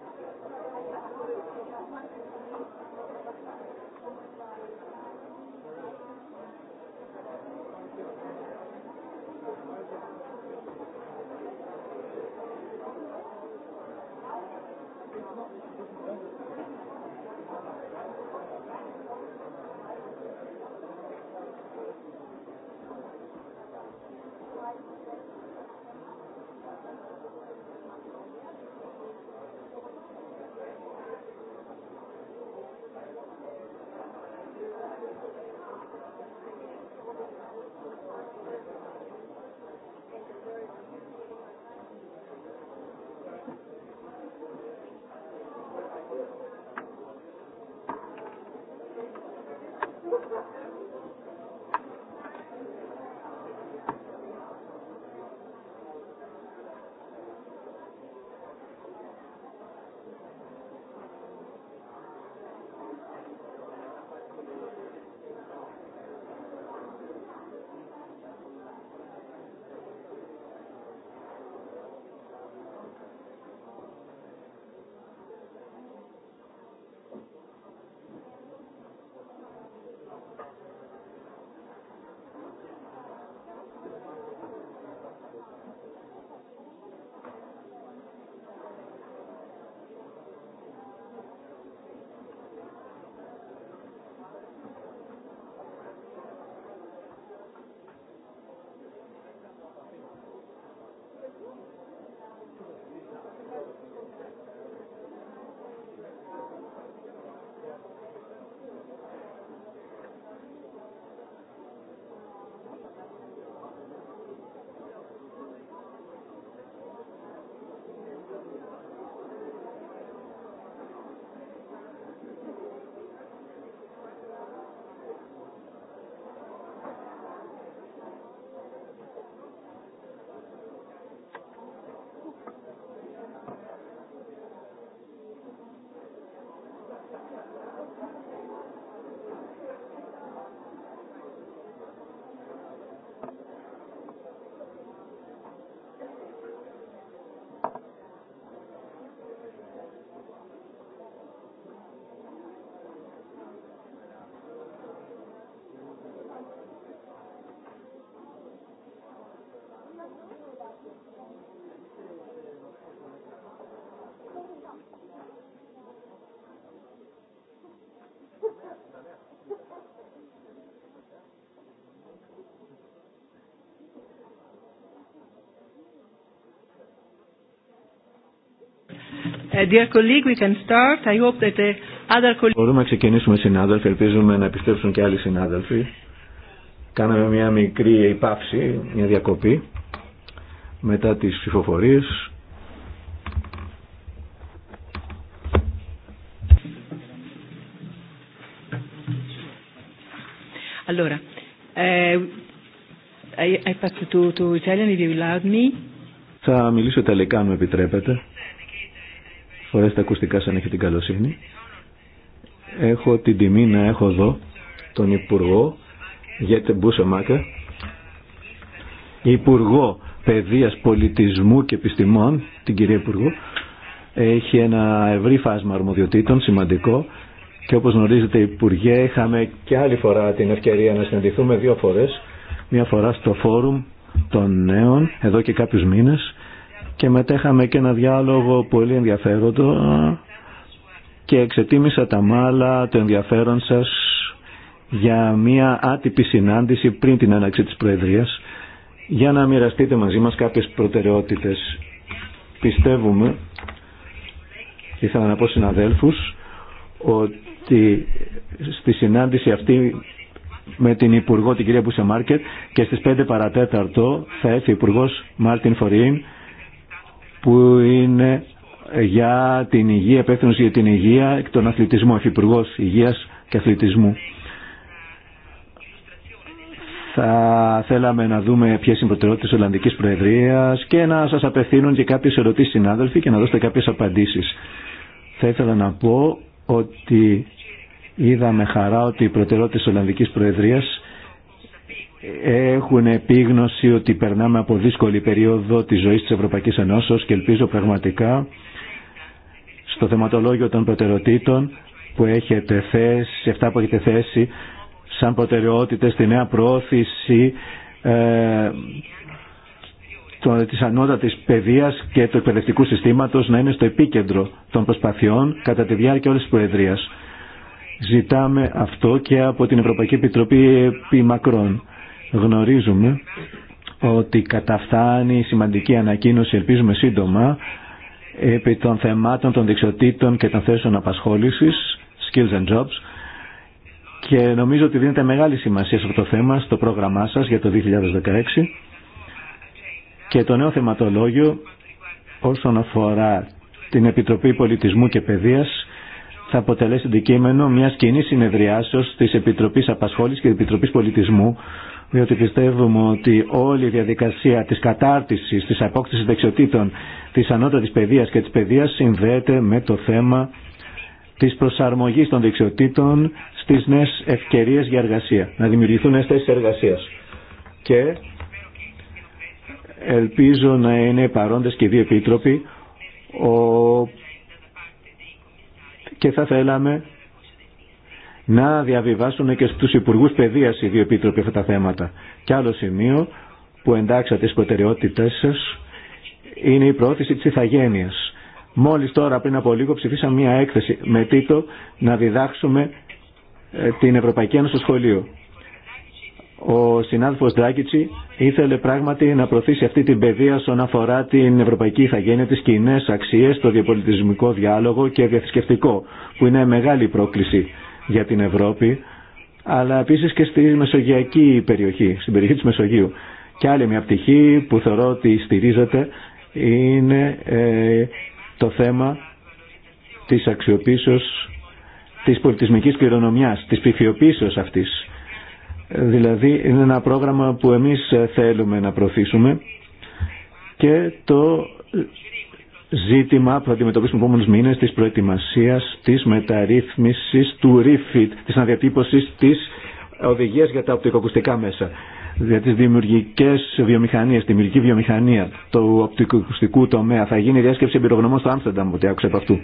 Μπορούμε να ξεκινήσουμε συνάδελφοι, ελπίζουμε να επιστρέψουν και άλλοι συνάδελφοι. Κάναμε μια μικρή υπάψη, μια διακοπή μετά τις ψηφοφορίες. Allora, eh, I, I to, to Italian if me. Θα μιλήσω Ιταλικά αν με επιτρέπετε. Φορές τα ακουστικά σαν έχει την καλοσύνη. Έχω την τιμή να έχω εδώ τον Υπουργό Γέτε Μπούσεμάκα, Υπουργό Παιδείας Πολιτισμού και Επιστημών, την κυρία Υπουργό, έχει ένα ευρύ φάσμα αρμοδιοτήτων, σημαντικό, και όπως γνωρίζετε Υπουργέ, είχαμε και άλλη φορά την ευκαιρία να συναντηθούμε δύο φορές. Μία φορά στο Φόρουμ των Νέων, εδώ και κάποιους μήνες, και μετέχαμε και ένα διάλογο πολύ ενδιαφέροντο και εξετίμησα τα μάλα το ενδιαφέρον σας για μια άτυπη συνάντηση πριν την έναξη της Προεδρίας για να μοιραστείτε μαζί μας κάποιες προτεραιότητες. Πιστεύουμε ήθελα να πω συναδέλφους ότι στη συνάντηση αυτή με την Υπουργό την κυρία Μπουσεμάρκετ και στις 5 παρατέταρτο θα έρθει ο Υπουργός Μάρτιν Φορίν που είναι για την υγεία, επέθυνος για την υγεία και τον αθλητισμό, Υφυπουργός Υγείας και Αθλητισμού. Θα θέλαμε να δούμε ποιες είναι οι προτεραιότητες της Ολλανδικής Προεδρίας και να σας απευθύνουν και κάποιες ερωτήσεις συνάδελφοι και να δώσετε κάποιες απαντήσεις. Θα ήθελα να πω ότι είδαμε χαρά ότι οι προτεραιότητες της Ολλανδικής Προεδρίας έχουν επίγνωση ότι περνάμε από δύσκολη περίοδο της ζωής της Ευρωπαϊκής Ενώσεως και ελπίζω πραγματικά στο θεματολόγιο των προτεραιοτήτων που έχετε θέσει, αυτά που έχετε θέσει σαν προτεραιότητες στη νέα προώθηση ε, το, της ανώτατης παιδείας και του εκπαιδευτικού συστήματος να είναι στο επίκεντρο των προσπαθειών κατά τη διάρκεια όλης της Προεδρίας. Ζητάμε αυτό και από την Ευρωπαϊκή Επιτροπή επί Μακρόν γνωρίζουμε ότι η σημαντική ανακοίνωση, ελπίζουμε σύντομα, επί των θεμάτων των δεξιοτήτων και των θέσεων απασχόλησης, skills and jobs, και νομίζω ότι δίνεται μεγάλη σημασία σε αυτό το θέμα στο πρόγραμμά σας για το 2016 και το νέο θεματολόγιο όσον αφορά την Επιτροπή Πολιτισμού και Παιδείας θα αποτελέσει αντικείμενο μια κοινή συνεδριάσεως της Επιτροπής Απασχόλησης και της Επιτροπής Πολιτισμού διότι πιστεύουμε ότι όλη η διαδικασία της κατάρτισης, της απόκτησης δεξιοτήτων της ανώτατης παιδείας και της παιδείας συνδέεται με το θέμα της προσαρμογής των δεξιοτήτων στις νέες ευκαιρίες για εργασία, να δημιουργηθούν νέες θέσεις εργασίας. Και ελπίζω να είναι παρόντες και οι δύο επίτροποι ο... και θα θέλαμε να διαβιβάσουν και στου υπουργού παιδία ή δύο επίτροπε αυτά τα θέματα. παιδεία οι δύο επίτροποι αυτά τα θέματα. Και άλλο σημείο που εντάξατε τι προτεραιοτητε σα είναι η προώθηση τη ηθαγενεια μολι τώρα πριν από λίγο ψηφίσαμε μια έκθεση με τίτλο «Να διδάξουμε ε, την Ευρωπαϊκή Ένωση στο σχολείο». Ο συνάδελφος Ντράκητσι ήθελε πράγματι να προωθήσει αυτή την παιδεία ο συνάδελφο ντρακητσι ηθελε αφορά την ευρωπαϊκή ηθαγένεια, τι κοινέ αξιε το διαπολιτισμικό διάλογο και διαθρησκευτικό, που είναι μεγάλη πρόκληση για την Ευρώπη, αλλά επίσης και στη μεσογειακή περιοχή, στην περιοχή της Μεσογείου. Και άλλη μια πτυχή που θεωρώ ότι στηρίζεται είναι ε, το θέμα της αξιοποίησεως της πολιτισμικής κληρονομιάς, της ψηφιοποίησεως αυτής. Δηλαδή είναι ένα πρόγραμμα που εμείς θέλουμε να προωθήσουμε και το ζήτημα που θα αντιμετωπίσουμε επόμενου μήνε τη προετοιμασία τη μεταρρύθμιση του REFIT, τη αναδιατύπωση τη οδηγία για τα οπτικοακουστικά μέσα. Για τι δημιουργικέ βιομηχανίε, τη δημιουργική βιομηχανία του οπτικοακουστικού τομέα. Θα γίνει διάσκεψη εμπειρογνωμών στο Άμστερνταμ, ότι άκουσα από αυτού.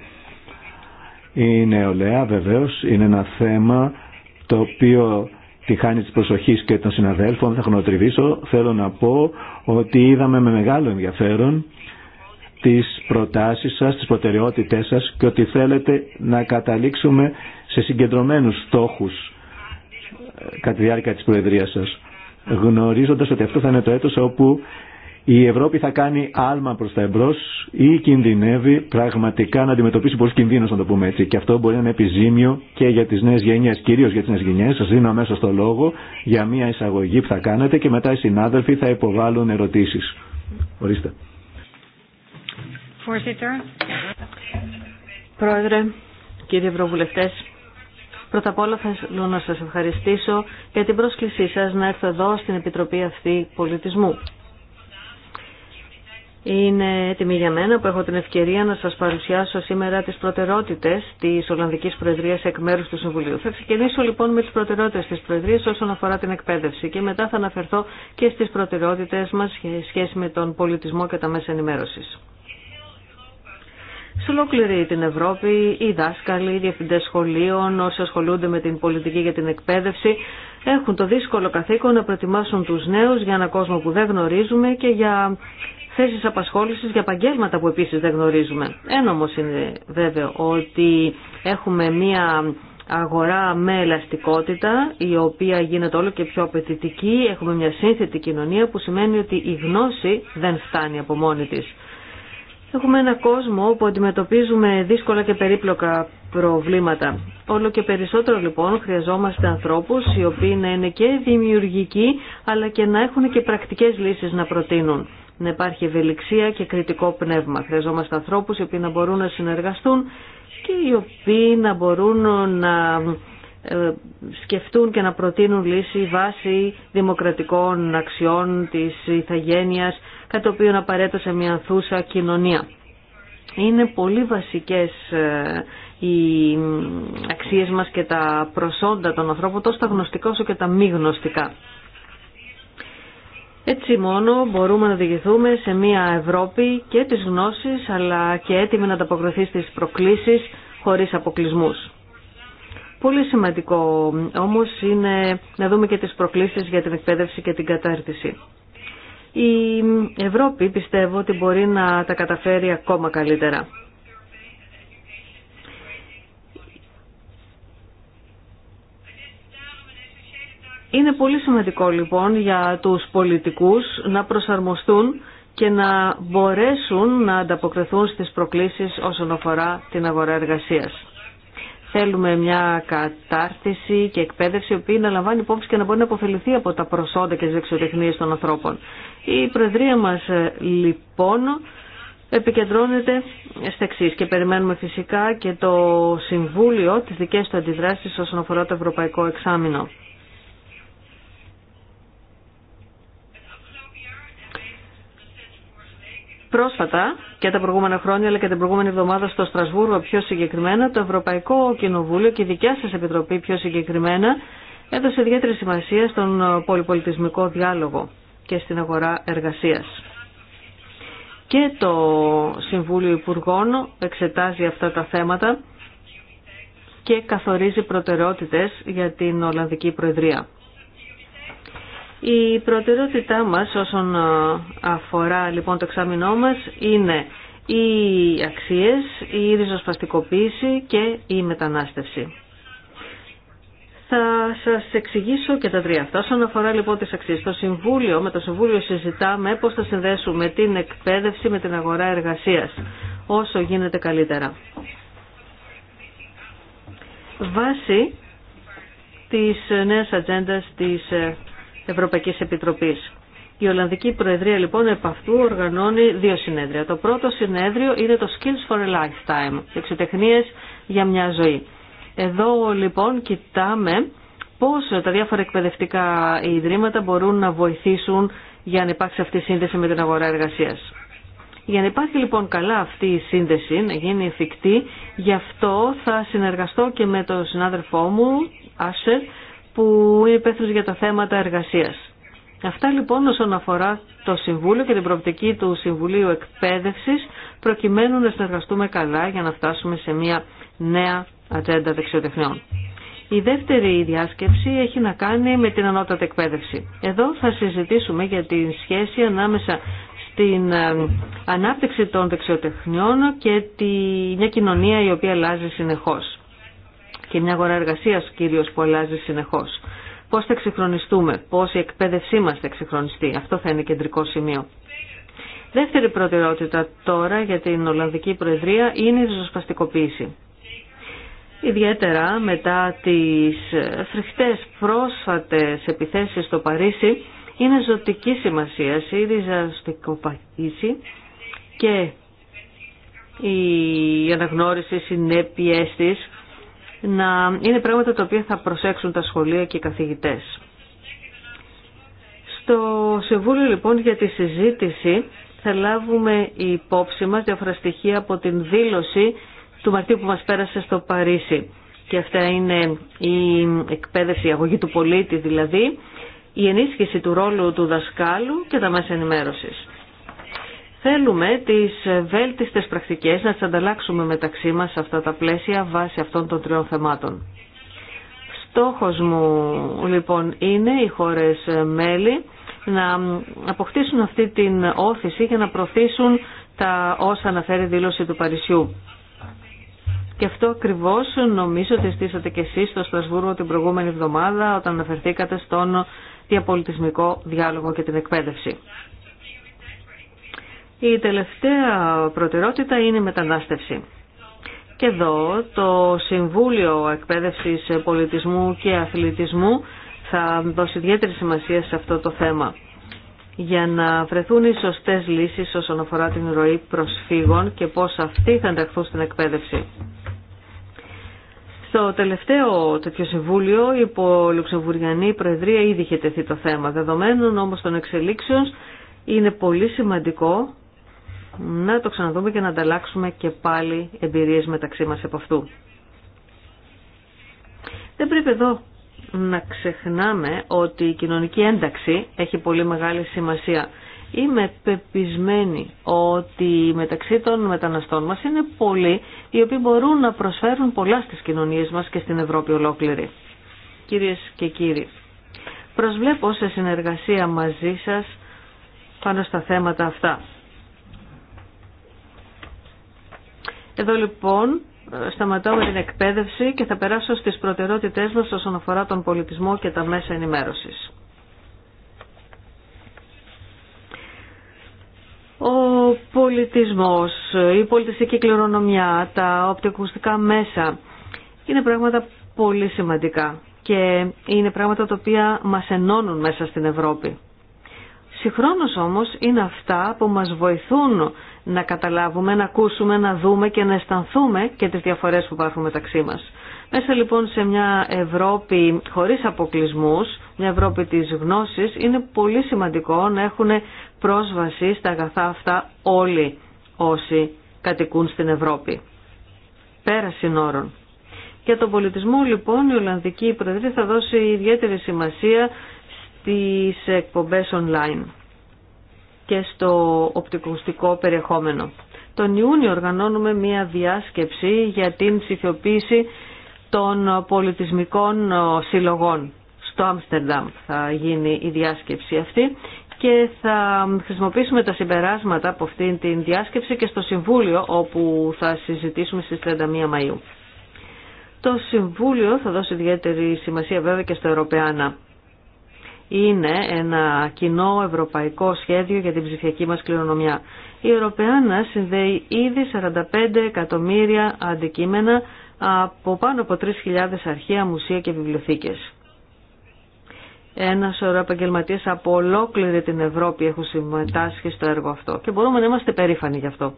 Η νεολαία βεβαίω είναι ένα θέμα το οποίο τη χάνει τη προσοχή και των συναδέλφων, θα χρονοτριβήσω. Θέλω να πω ότι είδαμε με μεγάλο ενδιαφέρον τις προτάσεις σας, τις προτεραιότητές σας και ότι θέλετε να καταλήξουμε σε συγκεντρωμένους στόχους ε, κατά τη διάρκεια της Προεδρίας σας. Γνωρίζοντας ότι αυτό θα είναι το έτος όπου η Ευρώπη θα κάνει άλμα προς τα εμπρός ή κινδυνεύει πραγματικά να αντιμετωπίσει πολλούς κινδύνους, να το πούμε έτσι. Και αυτό μπορεί να είναι επιζήμιο και για τις νέες γενιές, κυρίως για τις νέες γενιές. Σας δίνω αμέσω το λόγο για μια εισαγωγή που θα κάνετε και μετά οι συνάδελφοι θα υποβάλουν ερωτήσεις. Ορίστε. Πρόεδρε, κύριε Ευρωβουλευτέ, πρώτα απ' όλα θέλω να σα ευχαριστήσω για την πρόσκλησή σα να έρθω εδώ στην Επιτροπή αυτή πολιτισμού. Είναι έτοιμη για μένα που έχω την ευκαιρία να σας παρουσιάσω σήμερα τις προτεραιότητες της Ολλανδικής Προεδρίας εκ μέρους του Συμβουλίου. Θα ξεκινήσω λοιπόν με τις προτεραιότητε της Προεδρίας όσον αφορά την εκπαίδευση και μετά θα αναφερθώ και στις προτεραιότητες μας σχέση με τον πολιτισμό και τα μέσα ενημέρωση. Σε ολόκληρη την Ευρώπη οι δάσκαλοι, οι διευθυντές σχολείων, όσοι ασχολούνται με την πολιτική για την εκπαίδευση έχουν το δύσκολο καθήκον να προετοιμάσουν τους νέους για έναν κόσμο που δεν γνωρίζουμε και για θέσεις απασχόλησης για επαγγέλματα που επίσης δεν γνωρίζουμε. Ένα όμως είναι βέβαιο ότι έχουμε μία αγορά με ελαστικότητα η οποία γίνεται όλο και πιο απαιτητική. Έχουμε μια σύνθετη κοινωνία που σημαίνει ότι η γνώση δεν φτάνει από μόνη της. Έχουμε ένα κόσμο όπου αντιμετωπίζουμε δύσκολα και περίπλοκα προβλήματα. Όλο και περισσότερο λοιπόν χρειαζόμαστε ανθρώπους οι οποίοι να είναι και δημιουργικοί αλλά και να έχουν και πρακτικές λύσεις να προτείνουν. Να υπάρχει ευελιξία και κριτικό πνεύμα. Χρειαζόμαστε ανθρώπους οι οποίοι να μπορούν να συνεργαστούν και οι οποίοι να μπορούν να ε, σκεφτούν και να προτείνουν λύση βάσει δημοκρατικών αξιών της ηθαγένειας κάτι το οποίο είναι απαραίτητο σε μια ανθούσα κοινωνία. Είναι πολύ βασικές ε, οι αξίες μας και τα προσόντα των ανθρώπων, τόσο τα γνωστικά όσο και τα μη γνωστικά. Έτσι μόνο μπορούμε να διηγηθούμε σε μια Ευρώπη και τις γνώσεις αλλά και έτοιμη να ανταποκριθεί στις προκλήσεις χωρίς αποκλεισμούς. Πολύ σημαντικό όμως είναι να δούμε και τις προκλήσεις για την εκπαίδευση και την κατάρτιση. Η Ευρώπη πιστεύω ότι μπορεί να τα καταφέρει ακόμα καλύτερα. Είναι πολύ σημαντικό λοιπόν για τους πολιτικούς να προσαρμοστούν και να μπορέσουν να ανταποκριθούν στις προκλήσεις όσον αφορά την αγορά εργασίας. Θέλουμε μια κατάρτιση και εκπαίδευση, η οποία να λαμβάνει υπόψη και να μπορεί να αποφεληθεί από τα προσόντα και τι δεξιοτεχνίε των ανθρώπων. Η Προεδρία μα, ε, λοιπόν, επικεντρώνεται στα εξή και περιμένουμε φυσικά και το Συμβούλιο, της δικές του αντιδράσεις όσον αφορά το Ευρωπαϊκό Εξάμεινο. Πρόσφατα και τα προηγούμενα χρόνια αλλά και την προηγούμενη εβδομάδα στο Στρασβούργο πιο συγκεκριμένα το Ευρωπαϊκό Κοινοβούλιο και η δικιά σας Επιτροπή πιο συγκεκριμένα έδωσε ιδιαίτερη σημασία στον πολυπολιτισμικό διάλογο και στην αγορά εργασίας. Και το Συμβούλιο Υπουργών εξετάζει αυτά τα θέματα και καθορίζει προτεραιότητες για την Ολλανδική Προεδρία. Η προτεραιότητά μας όσον ε, αφορά λοιπόν το εξάμεινό μας είναι οι αξίες, η ριζοσπαστικοποίηση και η μετανάστευση. Θα σας εξηγήσω και τα τρία αυτά. Όσον αφορά λοιπόν τις αξίες, το Συμβούλιο, με το Συμβούλιο συζητάμε πώς θα συνδέσουμε την εκπαίδευση με την αγορά εργασίας, όσο γίνεται καλύτερα. Βάσει της νέας ατζέντας της ε, Ευρωπαϊκής Επιτροπής. Η Ολλανδική Προεδρία λοιπόν επ' αυτού οργανώνει δύο συνέδρια. Το πρώτο συνέδριο είναι το Skills for a Lifetime, εξωτεχνίε για μια ζωή. Εδώ λοιπόν κοιτάμε πώς τα διάφορα εκπαιδευτικά ιδρύματα μπορούν να βοηθήσουν για να υπάρξει αυτή η σύνδεση με την αγορά εργασίας. Για να υπάρχει λοιπόν καλά αυτή η σύνδεση, να γίνει εφικτή, γι' αυτό θα συνεργαστώ και με τον συνάδελφό μου, Άσερ, που είναι υπεύθυνο για τα θέματα εργασίας. Αυτά λοιπόν όσον αφορά το Συμβούλιο και την προοπτική του Συμβουλίου εκπαίδευση, προκειμένου να συνεργαστούμε καλά για να φτάσουμε σε μια νέα ατζέντα δεξιοτεχνιών. Η δεύτερη διάσκεψη έχει να κάνει με την ανώτατη εκπαίδευση. Εδώ θα συζητήσουμε για τη σχέση ανάμεσα στην ε, ανάπτυξη των δεξιοτεχνιών και τη... μια κοινωνία η οποία αλλάζει συνεχώς και μια αγορά εργασία κυρίω που αλλάζει συνεχώς. Πώς θα εξυγχρονιστούμε, πώς η εκπαίδευσή μα θα εξυγχρονιστεί. Αυτό θα είναι κεντρικό σημείο. Δεύτερη προτεραιότητα τώρα για την Ολλανδική Προεδρία είναι η ριζοσπαστικοποίηση. Ιδιαίτερα μετά τις φρικτές πρόσφατες επιθέσεις στο Παρίσι είναι ζωτική σημασία η ριζοσπαστικοποίηση και η αναγνώριση συνέπειές της να είναι πράγματα τα οποία θα προσέξουν τα σχολεία και οι καθηγητές. Στο Συμβούλιο λοιπόν για τη συζήτηση θα λάβουμε υπόψη μας διάφορα από την δήλωση του Μαρτίου που μας πέρασε στο Παρίσι. Και αυτά είναι η εκπαίδευση, η αγωγή του πολίτη δηλαδή, η ενίσχυση του ρόλου του δασκάλου και τα μέσα ενημέρωσης. Θέλουμε τις βέλτιστες πρακτικές να τις ανταλλάξουμε μεταξύ μας σε αυτά τα πλαίσια βάσει αυτών των τριών θεμάτων. Στόχος μου λοιπόν είναι οι χώρες μέλη να αποκτήσουν αυτή την όθηση για να προωθήσουν τα όσα αναφέρει η δήλωση του Παρισιού. Και αυτό ακριβώ νομίζω ότι στήσατε και εσείς στο Στρασβούργο την προηγούμενη εβδομάδα όταν αναφερθήκατε στον διαπολιτισμικό διάλογο και την εκπαίδευση. Η τελευταία προτεραιότητα είναι η μετανάστευση. Και εδώ το Συμβούλιο Εκπαίδευσης Πολιτισμού και Αθλητισμού θα δώσει ιδιαίτερη σημασία σε αυτό το θέμα για να βρεθούν οι σωστές λύσεις όσον αφορά την ροή προσφύγων και πώς αυτοί θα ενταχθούν στην εκπαίδευση. Στο τελευταίο τέτοιο συμβούλιο η Λουξεμβουριανή Προεδρία ήδη είχε τεθεί το θέμα. Δεδομένων όμως των εξελίξεων είναι πολύ σημαντικό να το ξαναδούμε και να ανταλλάξουμε και πάλι εμπειρίες μεταξύ μας από αυτού. Δεν πρέπει εδώ να ξεχνάμε ότι η κοινωνική ένταξη έχει πολύ μεγάλη σημασία. Είμαι πεπισμένη ότι μεταξύ των μεταναστών μας είναι πολλοί οι οποίοι μπορούν να προσφέρουν πολλά στις κοινωνίες μας και στην Ευρώπη ολόκληρη. Κυρίες και κύριοι, προσβλέπω σε συνεργασία μαζί σας πάνω στα θέματα αυτά. Εδώ λοιπόν ε, σταματάω με την εκπαίδευση και θα περάσω στις προτεραιότητές μας όσον αφορά τον πολιτισμό και τα μέσα ενημέρωσης. Ο πολιτισμός, η πολιτιστική κληρονομιά, τα οπτικοακουστικά μέσα είναι πράγματα πολύ σημαντικά και είναι πράγματα τα οποία μας ενώνουν μέσα στην Ευρώπη. Συγχρόνως όμως είναι αυτά που μας βοηθούν να καταλάβουμε, να ακούσουμε, να δούμε και να αισθανθούμε και τις διαφορές που υπάρχουν μεταξύ μας. Μέσα λοιπόν σε μια Ευρώπη χωρίς αποκλεισμούς, μια Ευρώπη της γνώσης, είναι πολύ σημαντικό να έχουν πρόσβαση στα αγαθά αυτά όλοι όσοι κατοικούν στην Ευρώπη. Πέρα συνόρων. Για τον πολιτισμό λοιπόν η Ολλανδική Προεδρία θα δώσει ιδιαίτερη σημασία στις εκπομπές online και στο οπτικοστικό περιεχόμενο. Τον Ιούνιο οργανώνουμε μία διάσκεψη για την ψηφιοποίηση των πολιτισμικών ε, συλλογών. Στο Άμστερνταμ θα γίνει η διάσκεψη αυτή και θα χρησιμοποιήσουμε τα συμπεράσματα από αυτήν την διάσκεψη και στο Συμβούλιο όπου θα συζητήσουμε στις 31 Μαΐου. Το Συμβούλιο θα δώσει ιδιαίτερη σημασία βέβαια και στο Ευρωπαϊκό είναι ένα κοινό ευρωπαϊκό σχέδιο για την ψηφιακή μας κληρονομιά. Η Ευρωπαϊκή συνδέει ήδη 45 εκατομμύρια αντικείμενα από πάνω από 3.000 αρχεία, μουσεία και βιβλιοθήκες. Ένα σωρό επαγγελματίε από ολόκληρη την Ευρώπη έχουν συμμετάσχει στο έργο αυτό και μπορούμε να είμαστε περήφανοι γι' αυτό.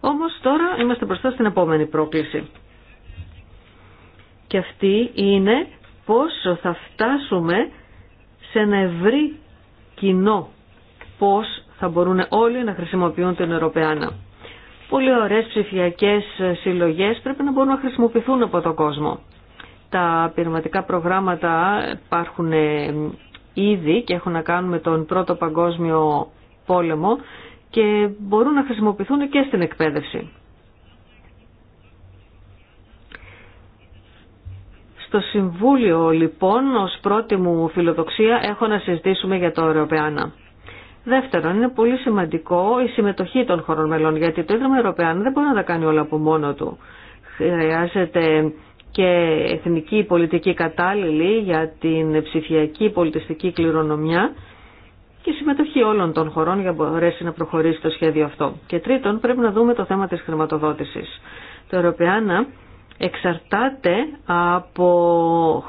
Όμως τώρα είμαστε μπροστά στην επόμενη πρόκληση. Και αυτή είναι πόσο θα φτάσουμε σε ένα ευρύ κοινό πώς θα μπορούν όλοι να χρησιμοποιούν την Ευρωπαϊκή. Πολύ ωραίες ψηφιακές συλλογές πρέπει να μπορούν να χρησιμοποιηθούν από τον κόσμο. Τα πειραματικά προγράμματα υπάρχουν ήδη και έχουν να κάνουν με τον Πρώτο Παγκόσμιο Πόλεμο και μπορούν να χρησιμοποιηθούν και στην εκπαίδευση. Στο Συμβούλιο λοιπόν ως πρώτη μου φιλοδοξία έχω να συζητήσουμε για το Ευρωπαϊκό. Δεύτερον, είναι πολύ σημαντικό η συμμετοχή των χωρών μελών, γιατί το Ίδρυμα Ευρωπαϊκό δεν μπορεί να τα κάνει όλα από μόνο του. Χρειάζεται και εθνική πολιτική κατάλληλη για την ψηφιακή πολιτιστική κληρονομιά και συμμετοχή όλων των χωρών για να μπορέσει να προχωρήσει το σχέδιο αυτό. Και τρίτον, πρέπει να δούμε το θέμα της χρηματοδότησης. Το Ευρωπαϊκό εξαρτάται από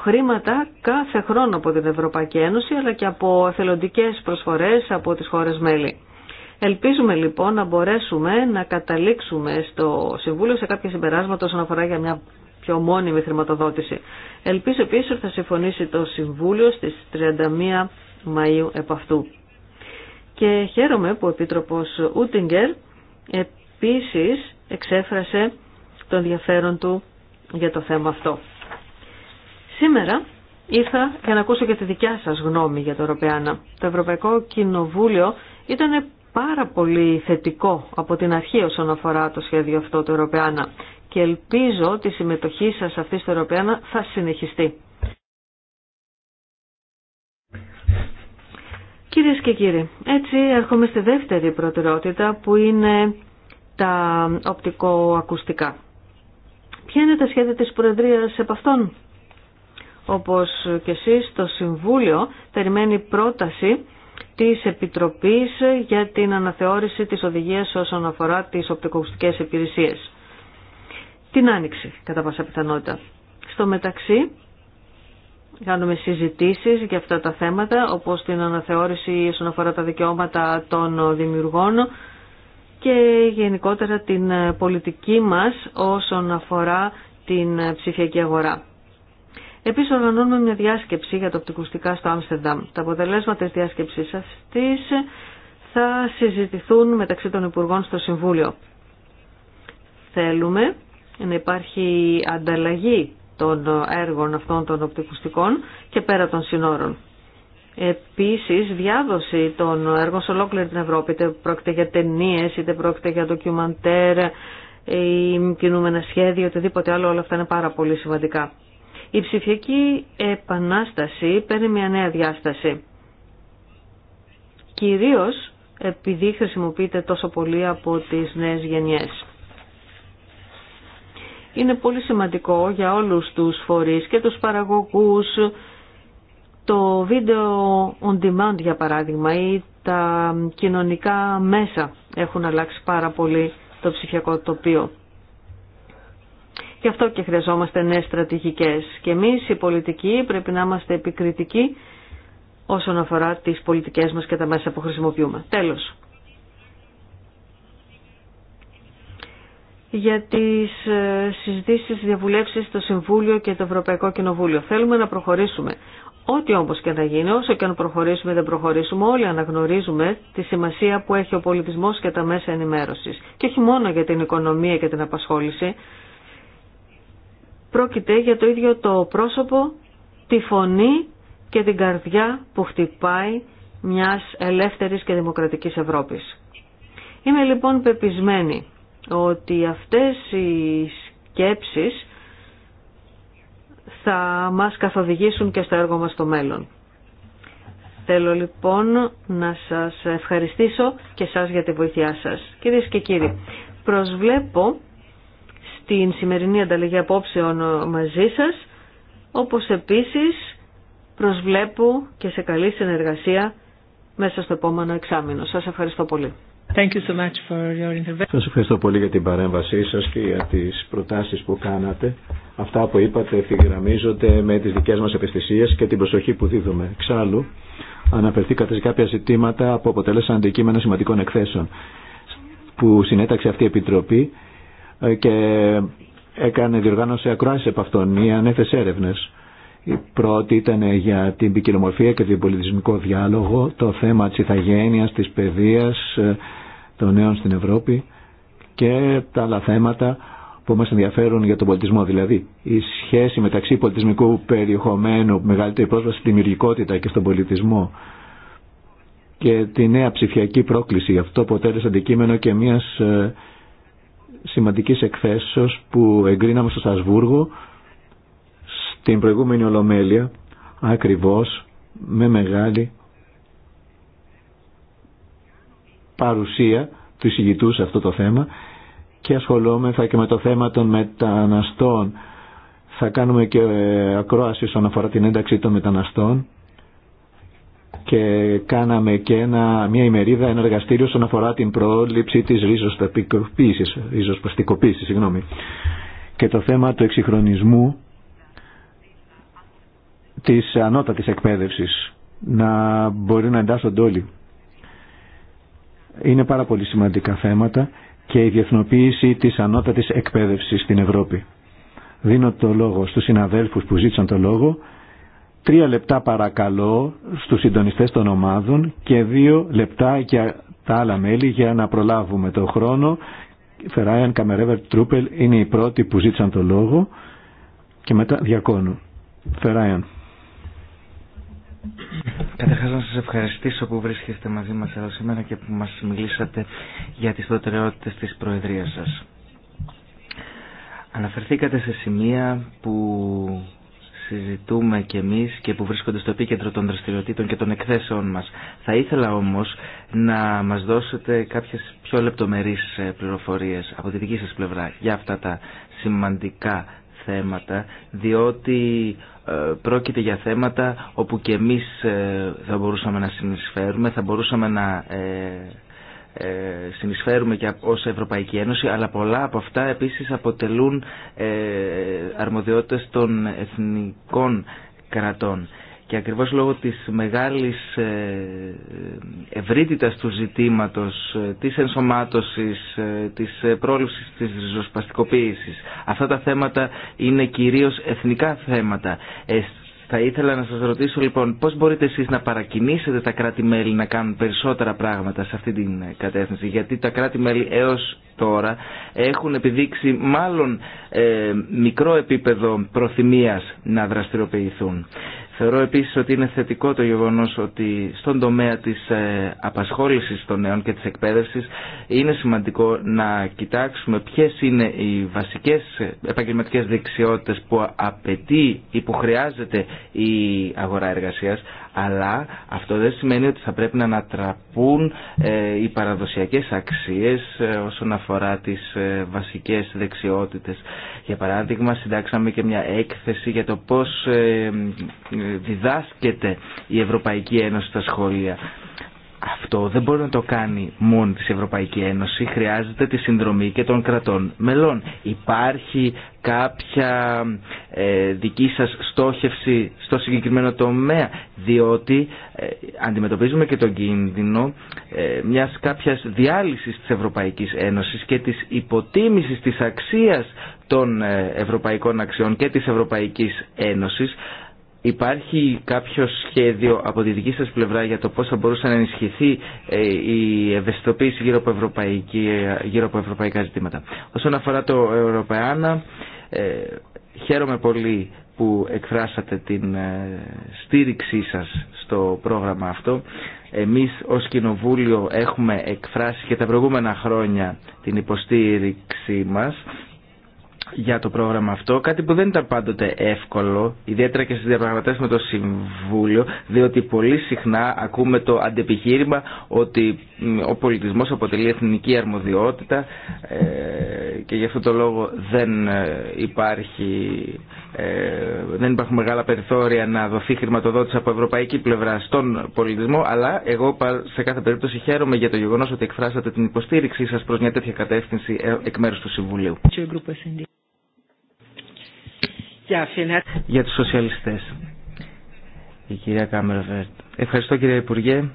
χρήματα κάθε χρόνο από την Ευρωπαϊκή Ένωση αλλά και από εθελοντικές προσφορές από τις χώρες μέλη. Ελπίζουμε λοιπόν να μπορέσουμε να καταλήξουμε στο Συμβούλιο σε κάποια συμπεράσματα όσον αφορά για μια πιο μόνιμη χρηματοδότηση. Ελπίζω επίσης ότι θα συμφωνήσει το Συμβούλιο στις 31 Μαΐου επ' αυτού. Και χαίρομαι που ο Επίτροπος Ούτιγκερ επίσης εξέφρασε τον ενδιαφέρον του για το θέμα αυτό. Σήμερα ήρθα για να ακούσω και τη δικιά σας γνώμη για το Ευρωπαϊκό. Το Ευρωπαϊκό Κοινοβούλιο ήταν πάρα πολύ θετικό από την αρχή όσον αφορά το σχέδιο αυτό του Ευρωπαϊκού και ελπίζω ότι η συμμετοχή σας αυτή στο Ευρωπαϊκό θα συνεχιστεί. Κυρίε και κύριοι, έτσι έρχομαι στη δεύτερη προτεραιότητα που είναι τα οπτικοακουστικά. Ποια είναι τα σχέδια της Προεδρίας επ' αυτών. Όπως και εσείς, το Συμβούλιο περιμένει πρόταση της Επιτροπής για την αναθεώρηση της οδηγίας όσον αφορά τις οπτικοακουστικές υπηρεσίες. Την άνοιξη, κατά πάσα πιθανότητα. Στο μεταξύ, κάνουμε συζητήσεις για αυτά τα θέματα, όπως την αναθεώρηση όσον αφορά τα δικαιώματα των δημιουργών, και γενικότερα την ε, πολιτική μας όσον αφορά την ε, ψηφιακή αγορά. Επίσης οργανώνουμε μια διάσκεψη για το οπτικουστικά στο Άμστερνταμ. Τα αποτελέσματα της διάσκεψης αυτής θα συζητηθούν μεταξύ των Υπουργών στο Συμβούλιο. Θέλουμε να υπάρχει ανταλλαγή των ε, έργων αυτών των οπτικουστικών και πέρα των συνόρων. Επίσης, διάδοση των έργων σε ολόκληρη την Ευρώπη, είτε πρόκειται για ταινίε, είτε πρόκειται για ντοκιουμαντέρ ή κινούμενα σχέδια, οτιδήποτε άλλο, όλα αυτά είναι πάρα πολύ σημαντικά. Η ψηφιακή επανάσταση παίρνει μια νέα διάσταση. Κυρίως επειδή χρησιμοποιείται τόσο πολύ από τις νέες γενιές. Είναι πολύ σημαντικό για όλους τους φορείς και τους παραγωγούς, το βίντεο on demand για παράδειγμα ή τα κοινωνικά μέσα έχουν αλλάξει πάρα πολύ το ψηφιακό τοπίο. Γι' αυτό και χρειαζόμαστε νέες στρατηγικές. Και εμείς οι πολιτικοί πρέπει να είμαστε επικριτικοί όσον αφορά τις πολιτικές μας και τα μέσα που χρησιμοποιούμε. Τέλος. για τις ε, συζητήσεις, διαβουλεύσεις στο Συμβούλιο και το Ευρωπαϊκό Κοινοβούλιο. Θέλουμε να προχωρήσουμε. Ό,τι όμως και να γίνει, όσο και αν προχωρήσουμε ή δεν προχωρήσουμε, όλοι αναγνωρίζουμε τη σημασία που έχει ο πολιτισμός και τα μέσα ενημέρωσης. Και όχι μόνο για την οικονομία και την απασχόληση. Πρόκειται για το ίδιο το πρόσωπο, τη φωνή και την καρδιά που χτυπάει μιας ελεύθερης και δημοκρατικής Ευρώπης. Είμαι λοιπόν πεπισμένη ότι αυτές οι σκέψεις θα μας καθοδηγήσουν και στο έργο μας στο μέλλον. Θέλω λοιπόν να σας ευχαριστήσω και σας για τη βοήθειά σας. Κυρίες και κύριοι, προσβλέπω στην σημερινή ανταλλαγή απόψεων μαζί σας, όπως επίσης προσβλέπω και σε καλή συνεργασία μέσα στο επόμενο εξάμεινο. Σας ευχαριστώ πολύ. Thank you so much for your intervention. Σας ευχαριστώ πολύ για την παρέμβασή σας και για τις προτάσεις που κάνατε. Αυτά που είπατε ευθυγραμμίζονται με τις δικές μας επιστησίες και την προσοχή που δίδουμε. Εξάλλου, αναφερθήκατε σε κάποια ζητήματα που αποτέλεσαν αντικείμενα σημαντικών εκθέσεων που συνέταξε αυτή η Επιτροπή ε, και έκανε διοργάνωση ακρόαση από αυτόν ή ανέθεσε έρευνε. Η πρώτη ήταν για την ποικιλομορφία και τον πολιτισμικό διάλογο, το θέμα της ηθαγένειας, της παιδείας, ε, των νέων στην Ευρώπη και τα άλλα θέματα που μας ενδιαφέρουν για τον πολιτισμό. Δηλαδή, η σχέση μεταξύ πολιτισμικού περιεχομένου, μεγαλύτερη πρόσβαση στη δημιουργικότητα και στον πολιτισμό και τη νέα ψηφιακή πρόκληση. Γι' αυτό αποτέλεσε αντικείμενο και μιας ε, σημαντικής εκθέσεως που εγκρίναμε στο Σασβούργο στην προηγούμενη Ολομέλεια ακριβώς με μεγάλη παρουσία του εισηγητού σε αυτό το θέμα και ασχολούμεθα και με το θέμα των μεταναστών. Θα κάνουμε και ε, ακρόαση όσον αφορά την ένταξη των μεταναστών και κάναμε και μια ημερίδα, ένα εργαστήριο όσον αφορά την πρόληψη της ρίζοσπαστικοποίησης, ρίζοσπαστικοποίησης συγγνώμη. και το θέμα του εξυγχρονισμού της ανώτατης εκπαίδευσης να μπορεί να εντάσσονται όλοι είναι πάρα πολύ σημαντικά θέματα και η διεθνοποίηση της ανώτατης εκπαίδευσης στην Ευρώπη. Δίνω το λόγο στους συναδέλφους που ζήτησαν το λόγο. Τρία λεπτά παρακαλώ στους συντονιστές των ομάδων και δύο λεπτά για τα άλλα μέλη για να προλάβουμε το χρόνο. Φεράιαν Καμερέβερ Τρούπελ είναι οι πρώτοι που ζήτησαν το λόγο και μετά διακόνου. Φεράιαν. Καταρχάς να σας ευχαριστήσω που βρίσκεστε μαζί μας εδώ σήμερα και που μας μιλήσατε για τις προτεραιότητες της Προεδρίας σας. Αναφερθήκατε σε σημεία που συζητούμε κι εμείς και που βρίσκονται στο επίκεντρο των δραστηριοτήτων και των εκθέσεων μας. Θα ήθελα όμως να μας δώσετε κάποιες πιο λεπτομερείς ε, πληροφορίες από τη δική σας πλευρά για αυτά τα σημαντικά θέματα, διότι ε, πρόκειται για θέματα όπου και εμείς ε, θα μπορούσαμε να συνεισφέρουμε, θα μπορούσαμε να ε, συνεισφέρουμε και ως Ευρωπαϊκή Ένωση, αλλά πολλά από αυτά επίσης αποτελούν αρμοδιότητες των εθνικών κρατών και ακριβώς λόγω της μεγάλης ε, ευρύτητας του ζητήματος, ε, της ενσωμάτωσης, ε, της πρόληψης της ριζοσπαστικοποίησης. Αυτά τα θέματα είναι κυρίως εθνικά θέματα. Θα ήθελα να σας ρωτήσω λοιπόν πώς μπορείτε εσείς να παρακινήσετε τα κράτη-μέλη να κάνουν περισσότερα πράγματα σε αυτή την κατεύθυνση γιατί τα κράτη-μέλη έως τώρα έχουν επιδείξει μάλλον μικρό επίπεδο προθυμίας να δραστηριοποιηθούν. Θεωρώ επίσης ότι είναι θετικό το γεγονός ότι στον τομέα της ε, απασχόλησης των νέων και της εκπαίδευσης είναι σημαντικό να κοιτάξουμε ποιες είναι οι βασικές επαγγελματικές δεξιότητες που απαιτεί ή που χρειάζεται η αγορά εργασίας αλλά αυτό δεν σημαίνει ότι θα πρέπει να ανατραπούν ε, οι παραδοσιακές αξίες ε, όσον αφορά τις ε, βασικές δεξιότητες. Για παράδειγμα, συντάξαμε και μια έκθεση για το πώς διδάσκεται η Ευρωπαϊκή Ένωση στα σχολεία. Αυτό δεν μπορεί να το κάνει μόνο της Ευρωπαϊκή Ένωση, χρειάζεται τη συνδρομή και των κρατών μελών. Υπάρχει κάποια ε, δική σας στόχευση στο συγκεκριμένο τομέα, διότι ε, αντιμετωπίζουμε και τον κίνδυνο ε, μιας κάποιας διάλυσης της Ευρωπαϊκής Ένωσης και της υποτίμησης της αξίας των ε, ευρωπαϊκών αξιών και της Ευρωπαϊκής Ένωσης Υπάρχει κάποιο σχέδιο από τη δική σας πλευρά για το πώς θα μπορούσε να ενισχυθεί ε, η ευαισθητοποίηση γύρω από, ε, γύρω ευρωπαϊκά ζητήματα. Όσον αφορά το Ευρωπαϊκά, ε, χαίρομαι πολύ που εκφράσατε την στήριξή σας στο πρόγραμμα αυτό. Εμείς ως Κοινοβούλιο έχουμε εκφράσει και τα προηγούμενα χρόνια την υποστήριξή μας για το πρόγραμμα αυτό, κάτι που δεν ήταν πάντοτε εύκολο, ιδιαίτερα και στις διαπραγματεύσεις με το Συμβούλιο, διότι πολύ συχνά ακούμε το αντεπιχείρημα ότι ο πολιτισμός αποτελεί εθνική αρμοδιότητα ε, και γι' αυτό το λόγο δεν, ε, υπάρχει, ε, δεν υπάρχουν μεγάλα περιθώρια να δοθεί χρηματοδότηση από ευρωπαϊκή πλευρά στον πολιτισμό, αλλά εγώ σε κάθε περίπτωση χαίρομαι για το γεγονός ότι εκφράσατε την υποστήριξή σας προς μια τέτοια κατεύθυνση εκ μέρους του Συμβουλίου. Για τους σοσιαλιστές. Η κυρία Κάμερβερτ. Ευχαριστώ κύριε Υπουργέ.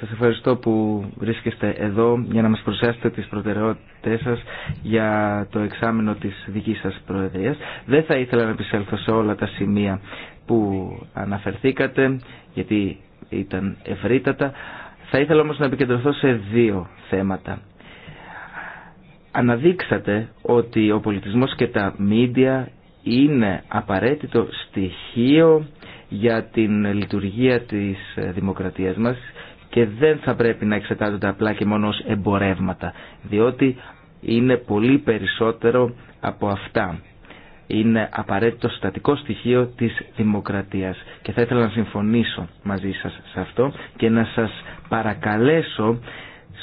Σας ευχαριστώ που βρίσκεστε εδώ για να μας προσέσετε τις προτεραιότητες σας για το εξάμεινο της δικής σας προεδρίας. Δεν θα ήθελα να επισέλθω σε όλα τα σημεία που αναφερθήκατε, γιατί ήταν ευρύτατα. Θα ήθελα όμως να επικεντρωθώ σε δύο θέματα. Αναδείξατε ότι ο πολιτισμός και τα μίντια είναι απαραίτητο στοιχείο για την λειτουργία της δημοκρατίας μας και δεν θα πρέπει να εξετάζονται απλά και μόνο ως εμπορεύματα, διότι είναι πολύ περισσότερο από αυτά. Είναι απαραίτητο στατικό στοιχείο της δημοκρατίας και θα ήθελα να συμφωνήσω μαζί σας σε αυτό και να σας παρακαλέσω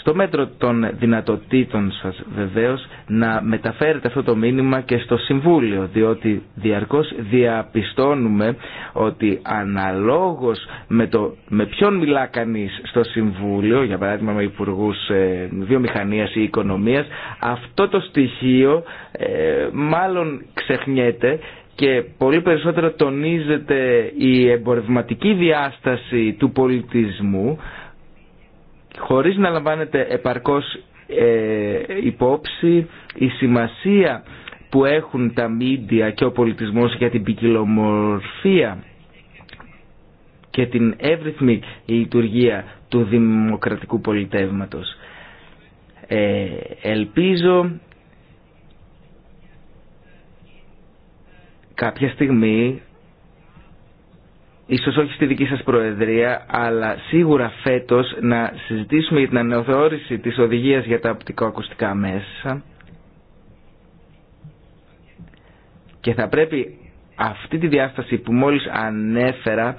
το μέτρο των δυνατοτήτων σας βεβαίως να μεταφέρετε αυτό το μήνυμα και στο Συμβούλιο διότι διαρκώς διαπιστώνουμε ότι αναλόγως με, το, με ποιον μιλά κανείς στο Συμβούλιο για παράδειγμα με υπουργού ε, βιομηχανίας ή οικονομίας αυτό το στοιχείο ε, μάλλον ξεχνιέται και πολύ περισσότερο τονίζεται η οικονομιας αυτο το στοιχειο μαλλον ξεχνιεται διάσταση του πολιτισμού χωρίς να λαμβάνεται επαρκώς ε, υπόψη η σημασία που έχουν τα μίντια και ο πολιτισμός για την ποικιλομορφία και την εύρυθμη λειτουργία του δημοκρατικού πολιτεύματος. Ε, ελπίζω κάποια στιγμή ίσως όχι στη δική σας προεδρία, αλλά σίγουρα φέτος να συζητήσουμε για την αναθεώρηση της οδηγίας για τα οπτικοακουστικά μέσα και θα πρέπει αυτή τη διάσταση που μόλις ανέφερα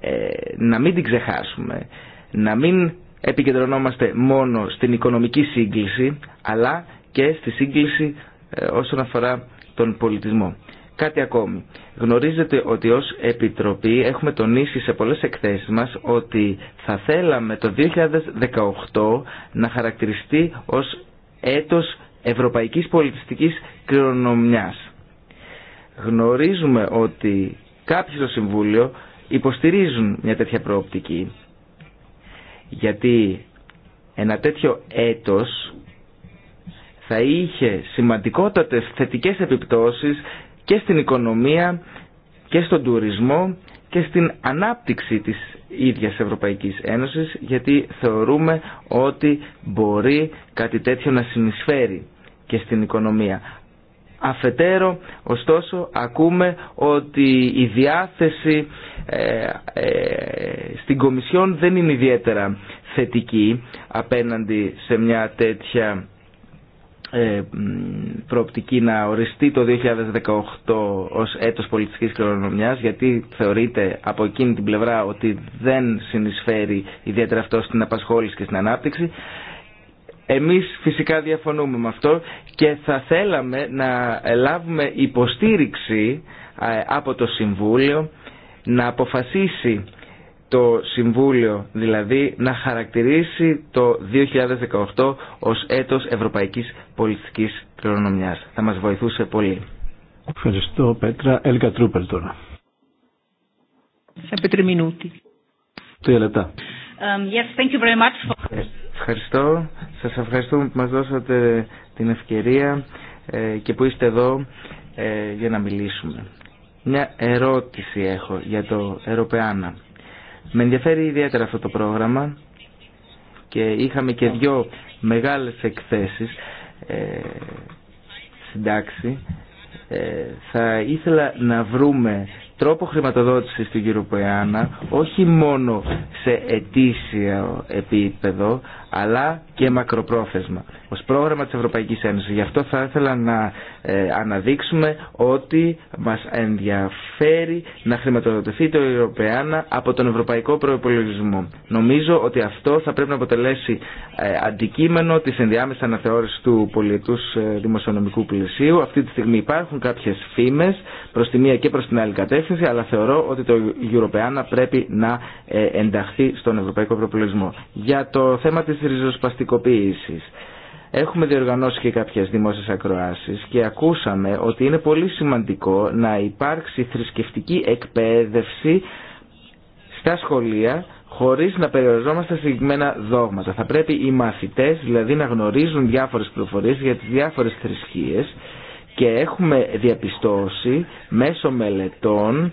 ε, να μην την ξεχάσουμε, να μην επικεντρωνόμαστε μόνο στην οικονομική σύγκληση, αλλά και στη σύγκληση ε, όσον αφορά τον πολιτισμό. Κάτι ακόμη. Γνωρίζετε ότι ως Επιτροπή έχουμε τονίσει σε πολλές εκθέσεις μας ότι θα θέλαμε το 2018 να χαρακτηριστεί ως έτος ευρωπαϊκής πολιτιστικής κληρονομιάς. Γνωρίζουμε ότι κάποιοι στο Συμβούλιο υποστηρίζουν μια τέτοια προοπτική γιατί ένα τέτοιο έτος θα είχε σημαντικότατες θετικές επιπτώσεις και στην οικονομία και στον τουρισμό και στην ανάπτυξη της ίδιας Ευρωπαϊκής Ένωσης γιατί θεωρούμε ότι μπορεί κάτι τέτοιο να συνεισφέρει και στην οικονομία. Αφετέρου, ωστόσο, ακούμε ότι η διάθεση ε, ε, στην Κομισιόν δεν είναι ιδιαίτερα θετική απέναντι σε μια τέτοια ε, προοπτική να οριστεί το 2018 ως έτος πολιτιστικής κληρονομιάς γιατί θεωρείται από εκείνη την πλευρά ότι δεν συνεισφέρει ιδιαίτερα αυτό στην απασχόληση και στην ανάπτυξη. Εμείς φυσικά διαφωνούμε με αυτό και θα θέλαμε να λάβουμε υποστήριξη ε, από το Συμβούλιο να αποφασίσει το Συμβούλιο δηλαδή να χαρακτηρίσει το 2018 ως έτος Ευρωπαϊκής Πολιτικής Κληρονομιάς. Θα μας βοηθούσε πολύ. Ευχαριστώ Πέτρα. Έλκα Τρούπελ τώρα. Σε μινούτη. Τρία λεπτά. Ehm, yes, thank you very much for... Ε, ευχαριστώ. Σας ευχαριστούμε που μας δώσατε την ευκαιρία ε, και που είστε εδώ ε, για να μιλήσουμε. Μια ερώτηση έχω για το Ευρωπαϊκό με ενδιαφέρει ιδιαίτερα αυτό το πρόγραμμα και είχαμε και δυο μεγάλες εκθέσεις ε, συντάξει. Ε, θα ήθελα να βρούμε τρόπο χρηματοδότησης του Πεάνα όχι μόνο σε ετήσιο επίπεδο αλλά και μακροπρόθεσμα ως πρόγραμμα της Ευρωπαϊκής Ένωσης. Γι' αυτό θα ήθελα να ε, αναδείξουμε ότι μας ενδιαφέρει να χρηματοδοτηθεί το Ευρωπαϊκά από τον Ευρωπαϊκό Προϋπολογισμό. Νομίζω ότι αυτό θα πρέπει να αποτελέσει ε, αντικείμενο της ενδιάμεσης αναθεώρησης του πολιτού ε, δημοσιονομικού πλησίου. Αυτή τη στιγμή υπάρχουν κάποιες φήμες προς τη μία και προς την άλλη κατεύθυνση, αλλά θεωρώ ότι το Ευρωπαϊκά πρέπει να ενταχθεί στον Ευρωπαϊκό Προϋπολογισμό. Για το θέμα της ριζοσπαστικοποίησης. Έχουμε διοργανώσει και κάποιες δημόσιες ακροάσεις και ακούσαμε ότι είναι πολύ σημαντικό να υπάρξει θρησκευτική εκπαίδευση στα σχολεία χωρίς να περιοριζόμαστε σε συγκεκριμένα δόγματα. Θα πρέπει οι μαθητές δηλαδή να γνωρίζουν διάφορες πληροφορίες για τις διάφορες θρησκείες και έχουμε διαπιστώσει μέσω μελετών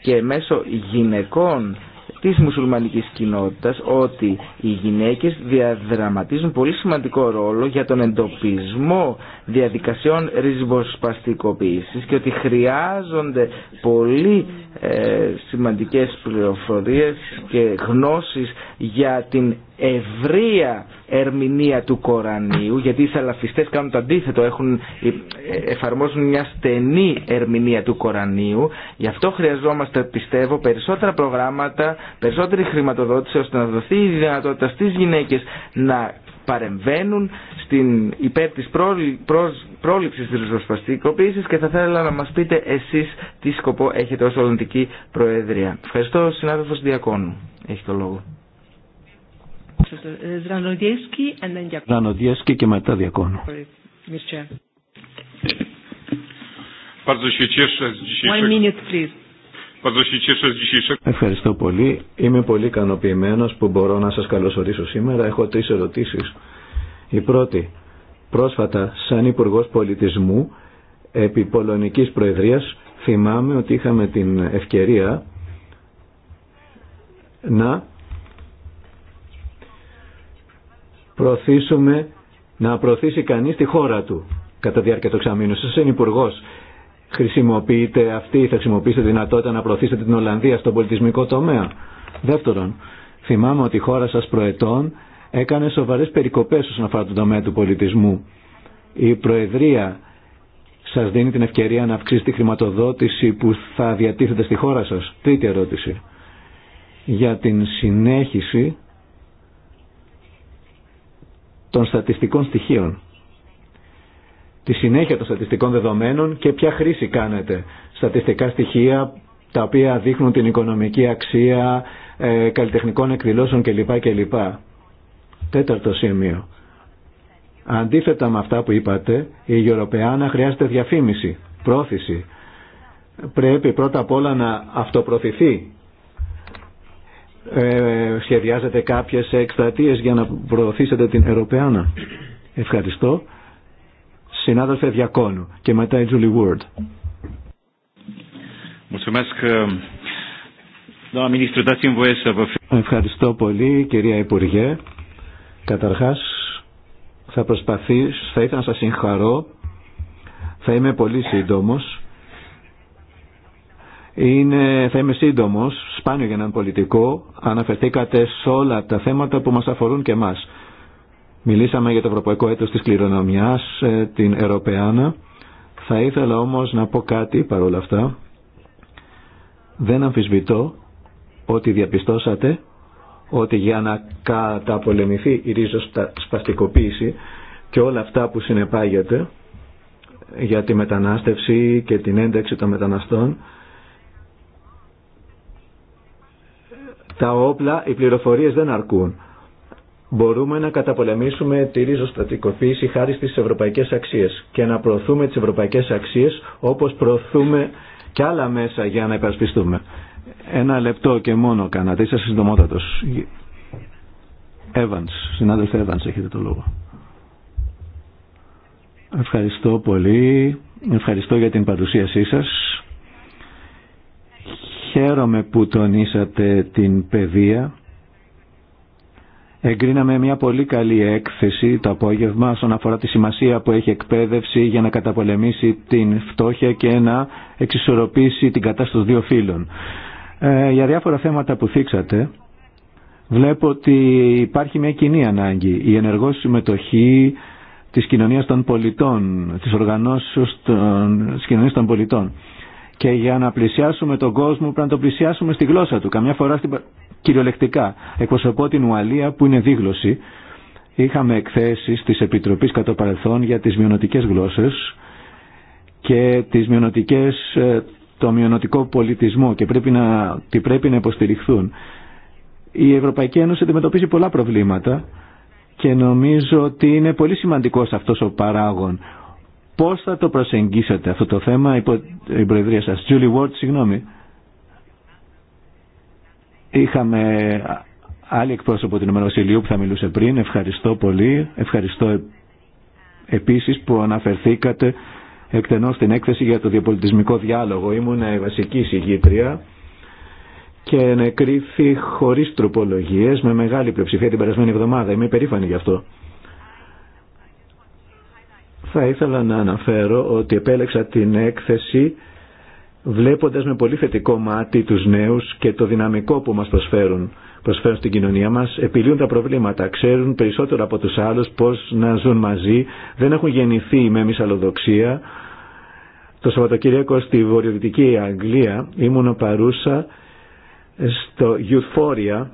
και μέσω γυναικών της μουσουλμανικής κοινότητας ότι οι γυναίκες διαδραματίζουν πολύ σημαντικό ρόλο για τον εντοπισμό διαδικασιών ριζοσπαστικοποίησης και ότι χρειάζονται πολύ ε, σημαντικές πληροφορίες και γνώσεις για την ευρεία ερμηνεία του Κορανίου, γιατί οι σαλαφιστές κάνουν το αντίθετο, έχουν, ε, εφαρμόζουν μια στενή ερμηνεία του Κορανίου. Γι' αυτό χρειαζόμαστε, πιστεύω, περισσότερα προγράμματα, περισσότερη χρηματοδότηση, ώστε να δοθεί η δυνατότητα στις γυναίκες να παρεμβαίνουν στην υπέρ της πρόληψης της ριζοσπαστικοποίησης και θα ήθελα να μας πείτε εσείς τι σκοπό έχετε ως Ολλανδική Προεδρία. Ευχαριστώ, συνάδελφος Διακόνου. Έχει το λόγο. Ζανοδιέσκη και μετά διακόνο. Ευχαριστώ πολύ. Είμαι πολύ ικανοποιημένο που μπορώ να σα καλωσορίσω σήμερα. Έχω τρει ερωτήσει. Η πρώτη, πρόσφατα σαν Υπουργό Πολιτισμού επί Πολωνικής Προεδρίας θυμάμαι ότι είχαμε την ευκαιρία να προωθήσουμε, να προωθήσει κανείς τη χώρα του κατά διάρκεια του εξαμήνου. Σας είναι υπουργό. Χρησιμοποιείτε αυτή, θα χρησιμοποιήσετε δυνατότητα να προωθήσετε την Ολλανδία στον πολιτισμικό τομέα. Δεύτερον, θυμάμαι ότι η χώρα σας προετών έκανε σοβαρές περικοπές όσον αφορά τον τομέα του πολιτισμού. Η Προεδρία σας δίνει την ευκαιρία να αυξήσει τη χρηματοδότηση που θα διατίθεται στη χώρα σας. Τρίτη ερώτηση. Για την συνέχιση των στατιστικών στοιχείων. Τη συνέχεια των στατιστικών δεδομένων και ποια χρήση κάνετε. Στατιστικά στοιχεία τα οποία δείχνουν την οικονομική αξία ε, καλλιτεχνικών εκδηλώσεων κλπ. κλπ. Τέταρτο σημείο. Αντίθετα με αυτά που είπατε, η Ευρωπαϊκή χρειάζεται διαφήμιση, πρόθεση. Πρέπει πρώτα απ' όλα να αυτοπροθυθεί ε, σχεδιάζετε κάποιες εκστρατείες για να προωθήσετε την Ευρωπαϊκή. Ευχαριστώ. Συνάδελφε Διακόνου και μετά η Τζουλι Ward. Ευχαριστώ πολύ κυρία Υπουργέ. Καταρχάς θα προσπαθήσω, θα ήθελα να σας συγχαρώ. Θα είμαι πολύ σύντομος είναι, θα είμαι σύντομο, σπάνιο για έναν πολιτικό. Αναφερθήκατε σε όλα τα θέματα που μας αφορούν και εμά. Μιλήσαμε για το Ευρωπαϊκό Έτος της Κληρονομιάς, ε, την Ευρωπαϊάνα. Θα ήθελα όμως να πω κάτι παρόλα αυτά. Δεν αμφισβητώ ότι διαπιστώσατε ότι για να καταπολεμηθεί η ρίζοσπαστικοποίηση και όλα αυτά που συνεπάγεται για τη μετανάστευση και την ένταξη των μεταναστών Τα όπλα, οι πληροφορίες δεν αρκούν. Μπορούμε να καταπολεμήσουμε τη ριζοστατικοποίηση χάρη στις ευρωπαϊκές αξίες και να προωθούμε τις ευρωπαϊκές αξίες όπως προωθούμε και άλλα μέσα για να υπερασπιστούμε. Ένα λεπτό και μόνο κάνατε, είσαι συντομότατος. Evans, συνάδελφε Evans, έχετε το λόγο. Ευχαριστώ πολύ. Ευχαριστώ για την παρουσίασή σας. Χαίρομαι που τονίσατε την παιδεία. Εγκρίναμε μια πολύ καλή έκθεση το απόγευμα όσον αφορά τη σημασία που έχει εκπαίδευση για να καταπολεμήσει την φτώχεια και να εξισορροπήσει την κατάσταση των δύο φύλων. Ε, για διάφορα θέματα που θίξατε, βλέπω ότι υπάρχει μια κοινή ανάγκη. Η ενεργό συμμετοχή της κοινωνίας των πολιτών, της οργανώσεως των, της κοινωνίας των πολιτών. Και για να πλησιάσουμε τον κόσμο πρέπει να τον πλησιάσουμε στη γλώσσα του. Καμιά φορά στην... κυριολεκτικά. Εκπροσωπώ την Ουαλία που είναι δίγλωση. Είχαμε εκθέσεις της Επιτροπής κατά παρελθόν για τις μειονοτικές γλώσσες και τις μειονοτικές, ε, το μειονοτικό πολιτισμό και πρέπει να, τι πρέπει να υποστηριχθούν. Η Ευρωπαϊκή Ένωση αντιμετωπίζει πολλά προβλήματα και νομίζω ότι είναι πολύ σημαντικός αυτός ο παράγων Πώς θα το προσεγγίσετε αυτό το θέμα υπό την Προεδρία σας. Julie Βόρτ, συγγνώμη. Είχαμε άλλη εκπρόσωπο του Ηνωμένου Βασιλείου που θα μιλούσε πριν. Ευχαριστώ πολύ. Ευχαριστώ ε- επίσης που αναφερθήκατε εκτενώς στην έκθεση για το διαπολιτισμικό διάλογο. Ήμουν η βασική συγγήτρια και ενεκρίθη χωρίς τροπολογίες με μεγάλη πλειοψηφία την περασμένη εβδομάδα. Είμαι περήφανη γι' αυτό. Θα ήθελα να αναφέρω ότι επέλεξα την έκθεση βλέποντας με πολύ θετικό μάτι τους νέους και το δυναμικό που μας προσφέρουν. Προσφέρουν στην κοινωνία μας, επιλύουν τα προβλήματα, ξέρουν περισσότερο από τους άλλους πώς να ζουν μαζί, δεν έχουν γεννηθεί με μυσαλλοδοξία. Το Σαββατοκύριακο στη Βορειοδυτική Αγγλία ήμουν παρούσα στο Youthphoria.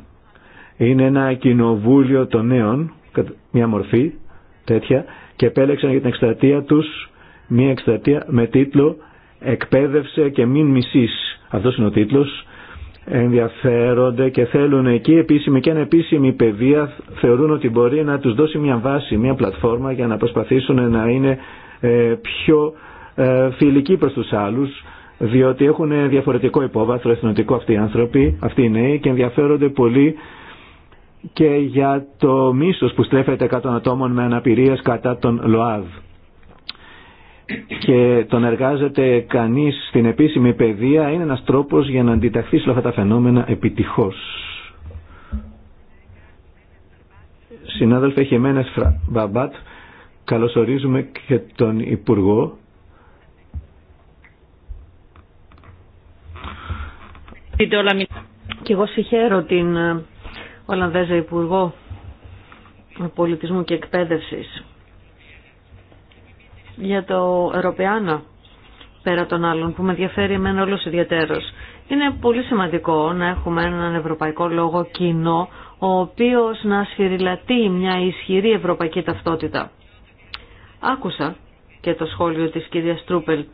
είναι ένα κοινοβούλιο των νέων, μια μορφή τέτοια, και επέλεξαν για την εκστρατεία τους μια εκστρατεία με τίτλο «Εκπαίδευσε και μην μισείς». Αυτός είναι ο τίτλος. Ενδιαφέρονται και θέλουν εκεί επίσημη και ανεπίσημη παιδεία θεωρούν ότι μπορεί να τους δώσει μια βάση, μια πλατφόρμα για να προσπαθήσουν να είναι ε, πιο ε, φιλικοί προς τους άλλους διότι έχουν διαφορετικό υπόβαθρο εθνοτικό αυτοί οι άνθρωποι, αυτοί οι νέοι και ενδιαφέρονται πολύ και για το μίσος που στρέφεται κατά των ατόμων με αναπηρίες κατά τον ΛΟΑΔ και τον εργάζεται κανείς στην επίσημη παιδεία είναι ένας τρόπος για να αντιταχθεί σε όλα αυτά τα φαινόμενα επιτυχώς. Συνάδελφε Χιμένες Μπαμπάτ, καλωσορίζουμε και τον Υπουργό Και εγώ συγχαίρω την ε, Ολλανδέζα Υπουργό Πολιτισμού και Εκπαίδευσης για το Ευρωπαϊάνο πέρα των άλλων που με ενδιαφέρει εμένα όλος ιδιαίτερος. Είναι πολύ σημαντικό να έχουμε έναν ευρωπαϊκό λόγο κοινό ο οποίος να σφυριλατεί μια ισχυρή ευρωπαϊκή ταυτότητα. Άκουσα και το σχόλιο της κυρίας Τρούπελ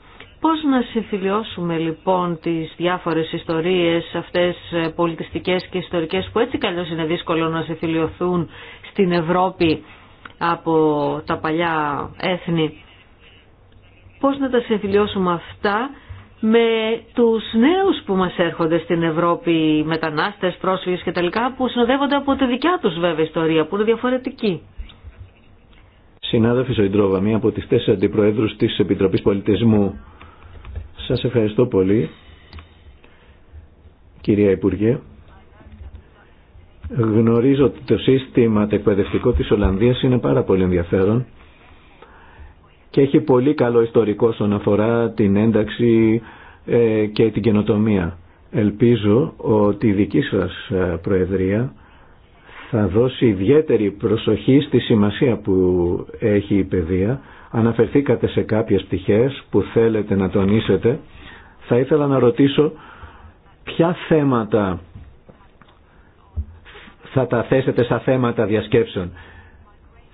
Πώς να συμφιλιώσουμε λοιπόν τις διάφορες ιστορίες αυτές ε, πολιτιστικές και ιστορικές που έτσι καλώς είναι δύσκολο να συμφιλειωθούν στην Ευρώπη από τα παλιά έθνη. Πώς να τα συμφιλιώσουμε αυτά με τους νέους που μας έρχονται στην Ευρώπη, μετανάστες, πρόσφυγες και τα που συνοδεύονται από τη δικιά τους βέβαια ιστορία, που είναι διαφορετική. Συνάδελφοι Σοϊντρόβα, μία από τις τέσσερις αντιπροέδρους της Επιτροπής Πολιτισμού σας ευχαριστώ πολύ, κυρία Υπουργέ. Γνωρίζω ότι το σύστημα το εκπαιδευτικό της Ολλανδίας είναι πάρα πολύ ενδιαφέρον και έχει πολύ καλό ιστορικό στον αφορά την ένταξη ε, και την καινοτομία. Ελπίζω ότι η δική σας ε, Προεδρία θα δώσει ιδιαίτερη προσοχή στη σημασία που έχει η παιδεία Αναφερθήκατε σε κάποιες πτυχές που θέλετε να τονίσετε. Θα ήθελα να ρωτήσω ποια θέματα θα τα θέσετε σαν θέματα διασκέψεων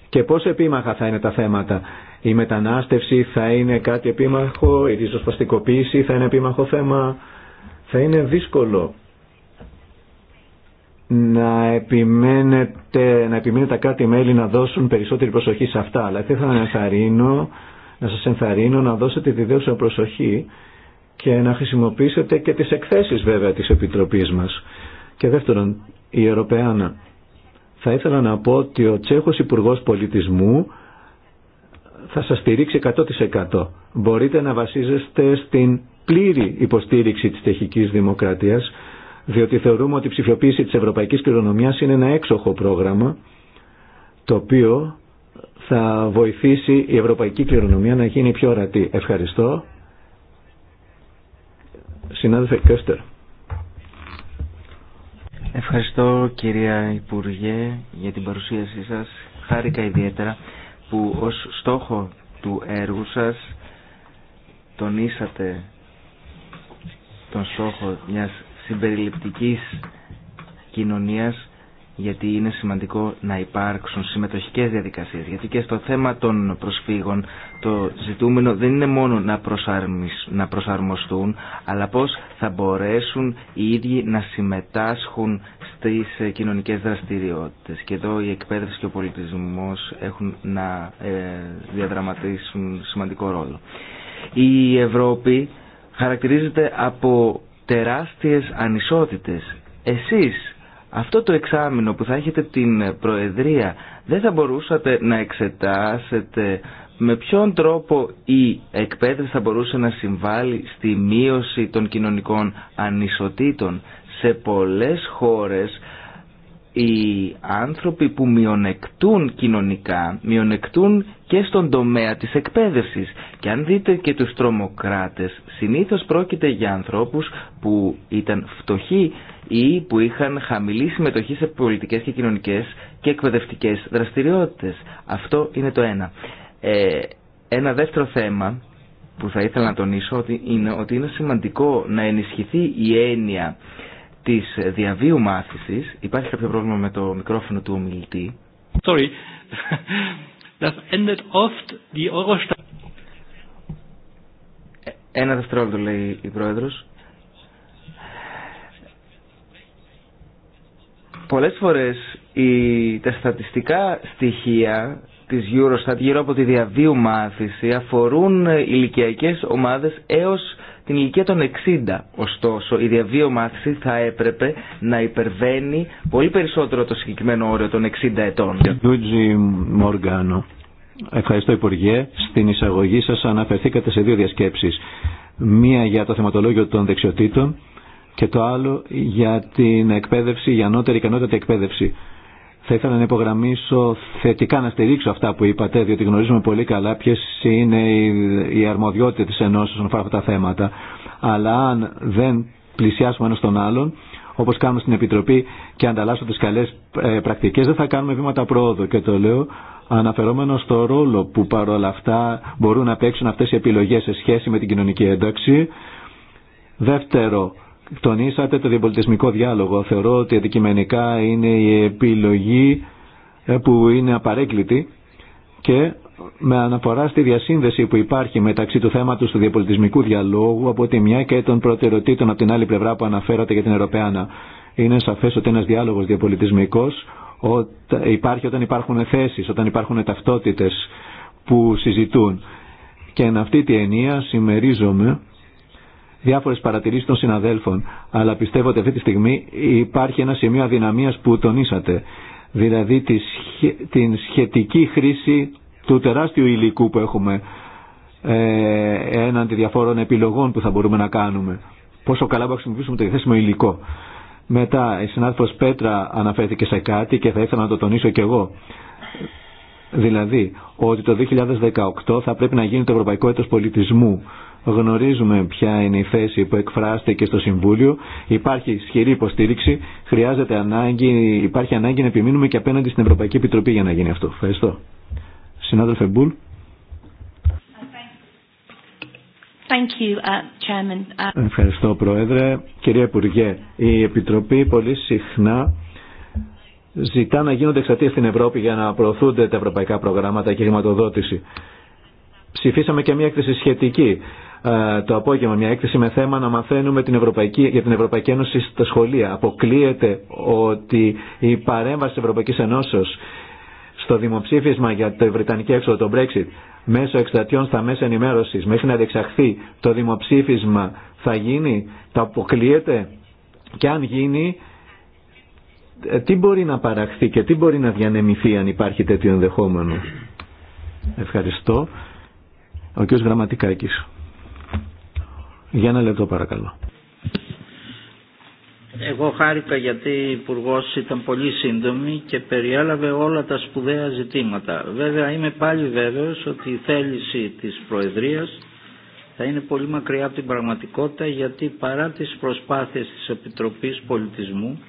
και πώς επίμαχα θα είναι τα θέματα. Η μετανάστευση θα είναι κάτι επίμαχο, η ριζοσπαστικοποίηση θα είναι επίμαχο θέμα. Θα είναι δύσκολο να επιμένετε, να επιμένετε τα κράτη-μέλη να δώσουν περισσότερη προσοχή σε αυτά. Αλλά θα ήθελα να, ενθαρρύνω, να σας ενθαρρύνω να δώσετε τη δέουσα προσοχή και να χρησιμοποιήσετε και τις εκθέσεις βέβαια της Επιτροπής μας. Και δεύτερον, η Ευρωπαίνα, Θα ήθελα να πω ότι ο Τσέχος Υπουργό Πολιτισμού θα σας στηρίξει 100%. Μπορείτε να βασίζεστε στην πλήρη υποστήριξη της τεχικής δημοκρατίας διότι θεωρούμε ότι η ψηφιοποίηση της ευρωπαϊκής κληρονομιάς είναι ένα έξοχο πρόγραμμα το οποίο θα βοηθήσει η ευρωπαϊκή κληρονομιά να γίνει πιο ορατή. Ευχαριστώ. Συνάδελφε Κέστερ. Ευχαριστώ κυρία Υπουργέ για την παρουσίασή σας. Χάρηκα ιδιαίτερα που ως στόχο του έργου σας τονίσατε τον στόχο μιας συμπεριληπτικής κοινωνίας γιατί είναι σημαντικό να υπάρξουν συμμετοχικές διαδικασίες γιατί και στο θέμα των προσφύγων το ζητούμενο δεν είναι μόνο να, να προσαρμοστούν αλλά πώς θα μπορέσουν οι ίδιοι να συμμετάσχουν στις κοινωνικές δραστηριότητες και εδώ η εκπαίδευση και ο πολιτισμός έχουν να ε, διαδραματίσουν σημαντικό ρόλο. Η Ευρώπη χαρακτηρίζεται από τεράστιες ανισότητες. Εσείς αυτό το εξάμεινο που θα έχετε την Προεδρία δεν θα μπορούσατε να εξετάσετε με ποιον τρόπο η εκπαίδευση θα μπορούσε να συμβάλλει στη μείωση των κοινωνικών ανισοτήτων. Σε πολλές χώρες οι άνθρωποι που μειονεκτούν κοινωνικά, μειονεκτούν και στον τομέα της εκπαίδευσης. Και αν δείτε και τους τρομοκράτες, συνήθως πρόκειται για ανθρώπους που ήταν φτωχοί ή που είχαν χαμηλή συμμετοχή σε πολιτικές και κοινωνικές και εκπαιδευτικές δραστηριότητες. Αυτό είναι το ένα. Ε, ένα δεύτερο θέμα που θα ήθελα να τονίσω είναι, ότι είναι σημαντικό να ενισχυθεί η έννοια της διαβίου μάθησης, υπάρχει κάποιο πρόβλημα με το μικρόφωνο του ομιλητή. Sorry. Das endet oft die Eurostat. Ε, ένα δευτερόλεπτο λέει η Πρόεδρος. Πολλές φορές η, τα στατιστικά στοιχεία της Eurostat γύρω από τη διαβίου μάθηση αφορούν ηλικιακές ομάδες έως την ηλικία των 60. Ωστόσο, η διαβίωμα θα έπρεπε να υπερβαίνει πολύ περισσότερο το συγκεκριμένο όριο των 60 ετών. Μοργάνο, ευχαριστώ Υπουργέ. Στην εισαγωγή σα αναφερθήκατε σε δύο διασκέψει: Μία για το θεματολόγιο των δεξιοτήτων και το άλλο για την εκπαίδευση, για ανώτερη ικανότητα εκπαίδευση. Θα ήθελα να υπογραμμίσω θετικά να στηρίξω αυτά που είπατε, διότι γνωρίζουμε πολύ καλά ποιε είναι οι αρμοδιότητε τη Ενώση όσον αφορά αυτά τα θέματα. Αλλά αν δεν πλησιάσουμε ένα τον άλλον, όπω κάνουμε στην Επιτροπή και ανταλλάσσονται καλέ ε, πρακτικέ, δεν θα κάνουμε βήματα πρόοδο Και το λέω αναφερόμενο στο ρόλο που παρόλα αυτά μπορούν να παίξουν αυτέ οι επιλογέ σε σχέση με την κοινωνική ένταξη. Δεύτερο, τονίσατε το διαπολιτισμικό διάλογο. Θεωρώ ότι αντικειμενικά είναι η επιλογή ε, που είναι απαρέκλητη και με αναφορά στη διασύνδεση που υπάρχει μεταξύ του θέματος του διαπολιτισμικού διαλόγου από τη μια και των προτεραιοτήτων από την άλλη πλευρά που αναφέρατε για την Ευρωπαϊκή. Είναι σαφές ότι ένας διάλογος διαπολιτισμικό υπάρχει όταν υπάρχουν θέσει, όταν υπάρχουν ταυτότητε που συζητούν. Και εν αυτή τη ενία συμμερίζομαι διάφορε παρατηρήσει των συναδέλφων, αλλά πιστεύω ότι αυτή τη στιγμή υπάρχει ένα σημείο αδυναμία που τονίσατε. Δηλαδή τη, την σχετική χρήση του τεράστιου υλικού που έχουμε ε, έναντι διαφόρων επιλογών που θα μπορούμε να κάνουμε. Πόσο καλά μπορούμε να χρησιμοποιήσουμε το διαθέσιμο υλικό. Μετά η συνάδελφο Πέτρα αναφέρθηκε σε κάτι και θα ήθελα να το τονίσω κι εγώ. Δηλαδή ότι το 2018 θα πρέπει να γίνει το Ευρωπαϊκό Έτος Πολιτισμού Γνωρίζουμε ποια είναι η θέση που εκφράστηκε στο Συμβούλιο. Υπάρχει ισχυρή υποστήριξη. Χρειάζεται ανάγκη, υπάρχει ανάγκη να επιμείνουμε και απέναντι στην Ευρωπαϊκή Επιτροπή για να γίνει αυτό. Ευχαριστώ. Συνάδελφε Μπούλ. Thank you, uh, Chairman. Uh, Ευχαριστώ Πρόεδρε. Κυρία Υπουργέ, η Επιτροπή πολύ συχνά ζητά να γίνονται εξατίες στην Ευρώπη για να προωθούνται τα ευρωπαϊκά προγράμματα και χρηματοδότηση. Ψηφίσαμε και μια έκθεση σχετική ε, το απόγευμα μια έκθεση με θέμα να μαθαίνουμε την Ευρωπαϊκή, για την Ευρωπαϊκή Ένωση στα σχολεία. Αποκλείεται ότι η παρέμβαση της Ευρωπαϊκής Ενώσεως στο δημοψήφισμα για το Βρετανική έξοδο, το Brexit, μέσω εκστατιών στα μέσα ενημέρωσης, μέχρι να διεξαχθεί το δημοψήφισμα θα γίνει, το αποκλείεται και αν γίνει, ε, τι μπορεί να παραχθεί και τι μπορεί να διανεμηθεί αν υπάρχει τέτοιο ενδεχόμενο. Ευχαριστώ. Ο κ. Γραμματικάκης. Για ένα λεπτό παρακαλώ. Εγώ χάρηκα γιατί η υπουργό ήταν πολύ σύντομη και περιέλαβε όλα τα σπουδαία ζητήματα. Βέβαια είμαι πάλι βέβαιος ότι η θέληση της Προεδρίας θα είναι πολύ μακριά από την πραγματικότητα γιατί παρά τις προσπάθειες της Επιτροπής Πολιτισμού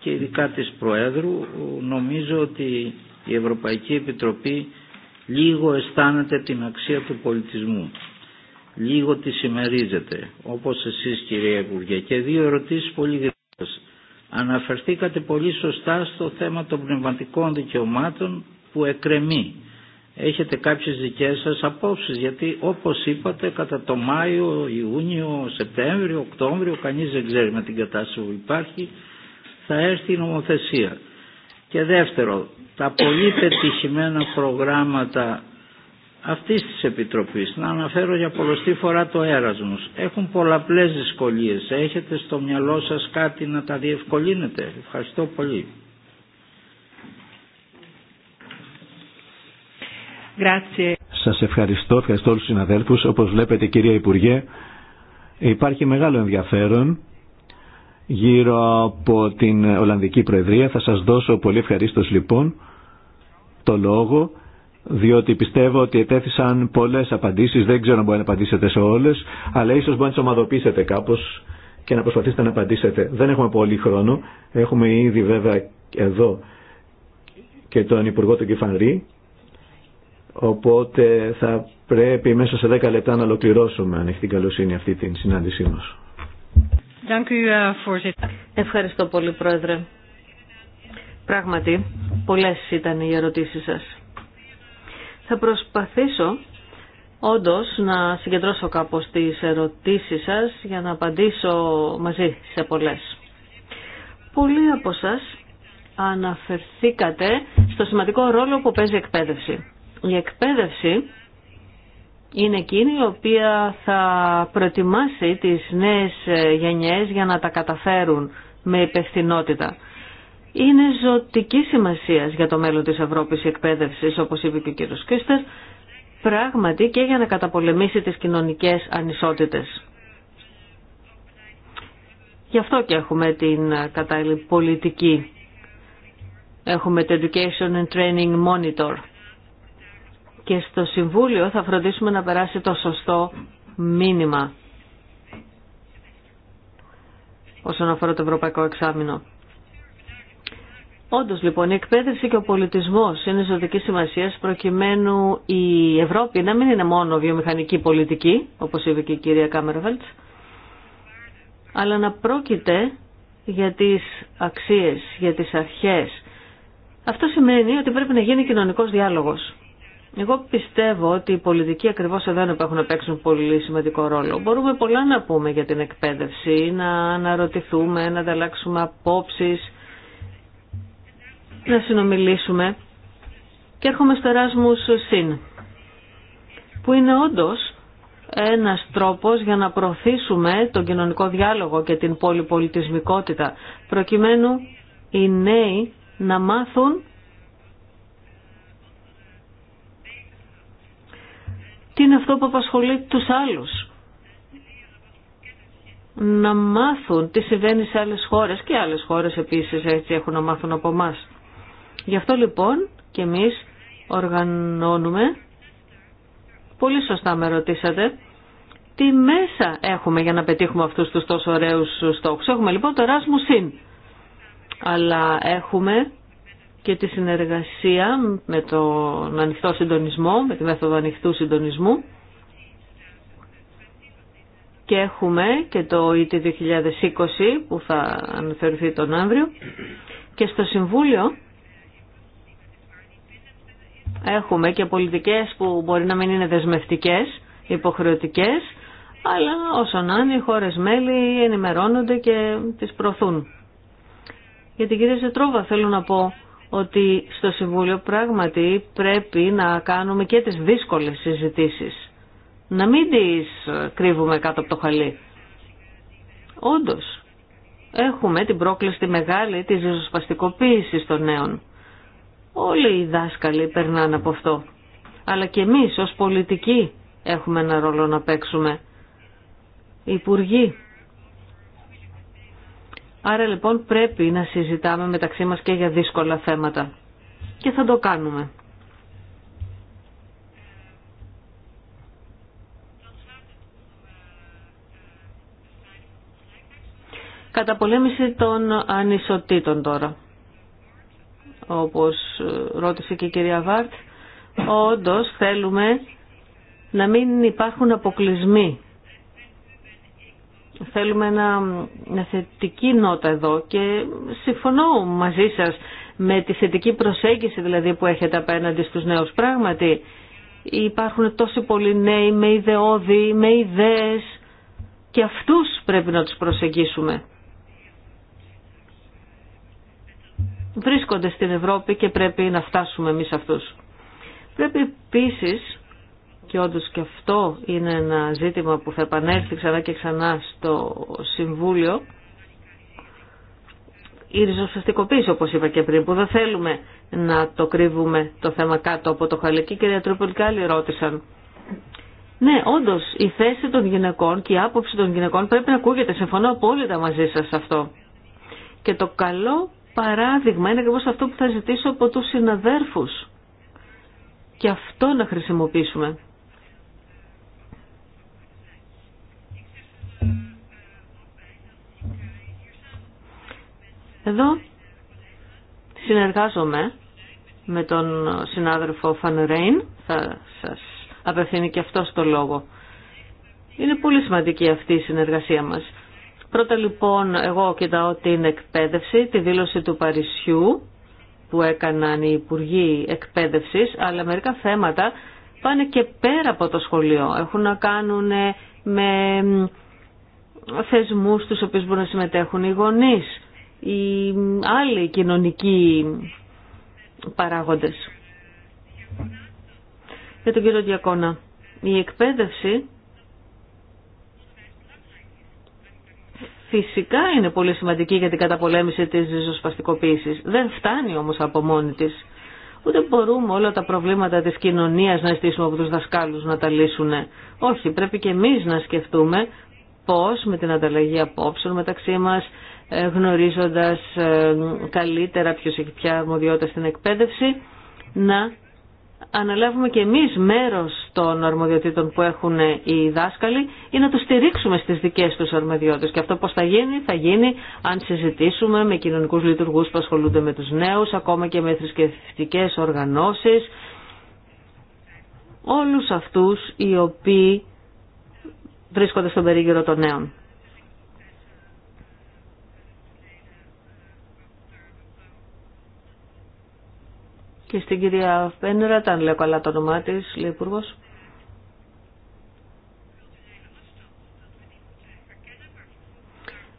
και ειδικά της Προέδρου νομίζω ότι η Ευρωπαϊκή Επιτροπή λίγο αισθάνεται την αξία του πολιτισμού λίγο τη συμμερίζεται. Όπως εσείς κυρία Υπουργέ και δύο ερωτήσεις πολύ γρήγορες. Αναφερθήκατε πολύ σωστά στο θέμα των πνευματικών δικαιωμάτων που εκκρεμεί. Έχετε κάποιες δικές σας απόψεις γιατί όπως είπατε κατά το Μάιο, Ιούνιο, Σεπτέμβριο, Οκτώβριο κανείς δεν ξέρει με την κατάσταση που υπάρχει θα έρθει η νομοθεσία. Και δεύτερο, τα πολύ πετυχημένα προγράμματα αυτής της Επιτροπής. Να αναφέρω για πολλωστή φορά το έρασμος. Έχουν πολλαπλές δυσκολίες. Έχετε στο μυαλό σας κάτι να τα διευκολύνετε. Ευχαριστώ πολύ. Σας ευχαριστώ, ευχαριστώ όλους τους συναδέλφους. Όπως βλέπετε κυρία Υπουργέ, υπάρχει μεγάλο ενδιαφέρον γύρω από την Ολλανδική Προεδρία. Θα σας δώσω πολύ ευχαριστώ λοιπόν το λόγο διότι πιστεύω ότι ετέθησαν πολλές απαντήσεις, δεν ξέρω αν μπορεί να απαντήσετε σε όλες, αλλά ίσως μπορεί να τις ομαδοποιήσετε κάπως και να προσπαθήσετε να απαντήσετε. Δεν έχουμε πολύ χρόνο, έχουμε ήδη βέβαια εδώ και τον Υπουργό του Κιφανρή, οπότε θα πρέπει μέσα σε 10 λεπτά να ολοκληρώσουμε, αν έχει την καλοσύνη αυτή την συνάντησή μας. Eh, Ευχαριστώ πολύ, Πρόεδρε. Πράγματι, πολλές ήταν οι ερωτήσεις σας. Θα προσπαθήσω όντως να συγκεντρώσω κάπως τις ερωτήσεις σας για να απαντήσω μαζί σε πολλές. Πολλοί από σας αναφερθήκατε στο σημαντικό ρόλο που παίζει η εκπαίδευση. Η εκπαίδευση είναι εκείνη η οποία θα προετοιμάσει τις νέες γενιές για να τα καταφέρουν με υπευθυνότητα είναι ζωτική σημασία για το μέλλον της Ευρώπη η εκπαίδευση, όπως είπε και ο κύριος Κίστερ, πράγματι και για να καταπολεμήσει τις κοινωνικές ανισότητες. Γι' αυτό και έχουμε την κατάλληλη πολιτική. Έχουμε το Education and Training Monitor. Και στο Συμβούλιο θα φροντίσουμε να περάσει το σωστό μήνυμα όσον αφορά το Ευρωπαϊκό Εξάμεινο. Όντω λοιπόν η εκπαίδευση και ο πολιτισμό είναι ζωτική σημασία προκειμένου η Ευρώπη να μην είναι μόνο βιομηχανική πολιτική, όπω είπε και η κυρία Κάμερβελτ, αλλά να πρόκειται για τι αξίε, για τι αρχέ. Αυτό σημαίνει ότι πρέπει να γίνει κοινωνικό διάλογο. Εγώ πιστεύω ότι οι πολιτικοί ακριβώ εδώ είναι που έχουν να παίξουν πολύ σημαντικό ρόλο. Μπορούμε πολλά να πούμε για την εκπαίδευση, να αναρωτηθούμε, να ανταλλάξουμε απόψει να συνομιλήσουμε και έρχομαι στο Erasmus Συν, που είναι όντως ένας τρόπος για να προωθήσουμε τον κοινωνικό διάλογο και την πολυπολιτισμικότητα, προκειμένου οι νέοι να μάθουν τι είναι αυτό που απασχολεί τους άλλους. Να μάθουν τι συμβαίνει σε άλλες χώρες και άλλες χώρες επίσης έτσι έχουν να μάθουν από εμάς. Γι' αυτό λοιπόν και εμείς οργανώνουμε, πολύ σωστά με ρωτήσατε, τι μέσα έχουμε για να πετύχουμε αυτούς τους τόσο ωραίους στόχους. Έχουμε λοιπόν το Erasmus αλλά έχουμε και τη συνεργασία με τον ανοιχτό συντονισμό, με τη μέθοδο ανοιχτού συντονισμού και έχουμε και το e ΙΤ 2020 που θα αναφερθεί τον Αύριο και στο Συμβούλιο Έχουμε και πολιτικές που μπορεί να μην είναι δεσμευτικές, υποχρεωτικές, αλλά όσο να οι χώρες μέλη ενημερώνονται και τις προωθούν. Για την κυρία Ζετρόβα θέλω να πω ότι στο Συμβούλιο πράγματι πρέπει να κάνουμε και τις δύσκολες συζητήσεις. Να μην τις κρύβουμε κάτω από το χαλί. Όντως, έχουμε την πρόκληση μεγάλη της ζωσπαστικοποίησης των νέων. Όλοι οι δάσκαλοι περνάνε από αυτό. Αλλά και εμείς ως πολιτικοί έχουμε ένα ρόλο να παίξουμε. υπουργοί. Άρα λοιπόν πρέπει να συζητάμε μεταξύ μας και για δύσκολα θέματα. Και θα το κάνουμε. Καταπολέμηση των ανισοτήτων τώρα όπως ρώτησε και η κυρία Βάρτ, όντως θέλουμε να μην υπάρχουν αποκλεισμοί. Θέλουμε ένα, μια θετική νότα εδώ και συμφωνώ μαζί σας με τη θετική προσέγγιση δηλαδή που έχετε απέναντι στους νέους πράγματι. Υπάρχουν τόσοι πολλοί νέοι με ιδεώδη, με ιδέες και αυτούς πρέπει να τους προσεγγίσουμε. βρίσκονται στην Ευρώπη και πρέπει να φτάσουμε εμείς αυτούς. Πρέπει επίση, και όντω και αυτό είναι ένα ζήτημα που θα επανέλθει ξανά και ξανά στο Συμβούλιο, η ριζοσπαστικοποίηση όπως είπα και πριν που δεν θέλουμε να το κρύβουμε το θέμα κάτω από το χαλί και η κυρία άλλοι ρώτησαν. Ναι, όντω η θέση των γυναικών και η άποψη των γυναικών πρέπει να ακούγεται. Συμφωνώ απόλυτα μαζί σα αυτό. Και το καλό παράδειγμα είναι ακριβώ αυτό που θα ζητήσω από τους συναδέρφους. Και αυτό να χρησιμοποιήσουμε. Εδώ συνεργάζομαι με τον συνάδελφο Φαν Θα σας απευθύνει και αυτό το λόγο. Είναι πολύ σημαντική αυτή η συνεργασία μας. Πρώτα λοιπόν εγώ κοιτάω την εκπαίδευση, τη δήλωση του Παρισιού που έκαναν οι Υπουργοί Εκπαίδευσης, αλλά μερικά θέματα πάνε και πέρα από το σχολείο. Έχουν να κάνουν με θεσμούς τους οποίους μπορούν να συμμετέχουν οι γονείς, οι άλλοι κοινωνικοί παράγοντες. Για τον κύριο Διακόνα, η εκπαίδευση φυσικά είναι πολύ σημαντική για την καταπολέμηση της ριζοσπαστικοποίησης. Δεν φτάνει όμως από μόνη της. Ούτε μπορούμε όλα τα προβλήματα της κοινωνίας να στήσουμε από τους δασκάλους να τα λύσουν. Όχι, πρέπει και εμείς να σκεφτούμε πώς με την ανταλλαγή απόψεων μεταξύ μας, ε, γνωρίζοντας ε, καλύτερα ποιος έχει πια αρμοδιότητα στην εκπαίδευση, να αναλάβουμε και εμείς μέρος των αρμοδιοτήτων που έχουν οι δάσκαλοι ή να τους στηρίξουμε στις δικές τους αρμοδιότητες. Και αυτό πώς θα γίνει, θα γίνει αν συζητήσουμε με κοινωνικούς λειτουργούς που ασχολούνται με τους νέους, ακόμα και με θρησκευτικέ οργανώσεις, όλους αυτούς οι οποίοι βρίσκονται στον περίγυρο των νέων. και στην κυρία Φένερα, αν λέω καλά το όνομά τη, λέει υπουργό.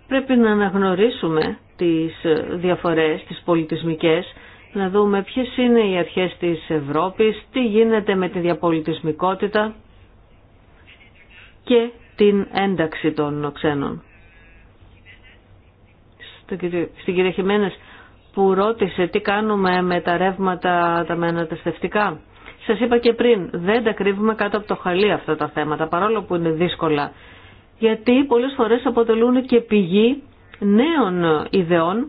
Πρέπει να αναγνωρίσουμε τις διαφορές, τις πολιτισμικές, να δούμε ποιες είναι οι αρχές της Ευρώπης, τι γίνεται με τη διαπολιτισμικότητα και την ένταξη των ξένων. Στην κυρία Χιμένες που ρώτησε τι κάνουμε με τα ρεύματα τα μεταναστευτικά. Σα είπα και πριν, δεν τα κρύβουμε κάτω από το χαλί αυτά τα θέματα, παρόλο που είναι δύσκολα. Γιατί πολλέ φορέ αποτελούν και πηγή νέων ιδεών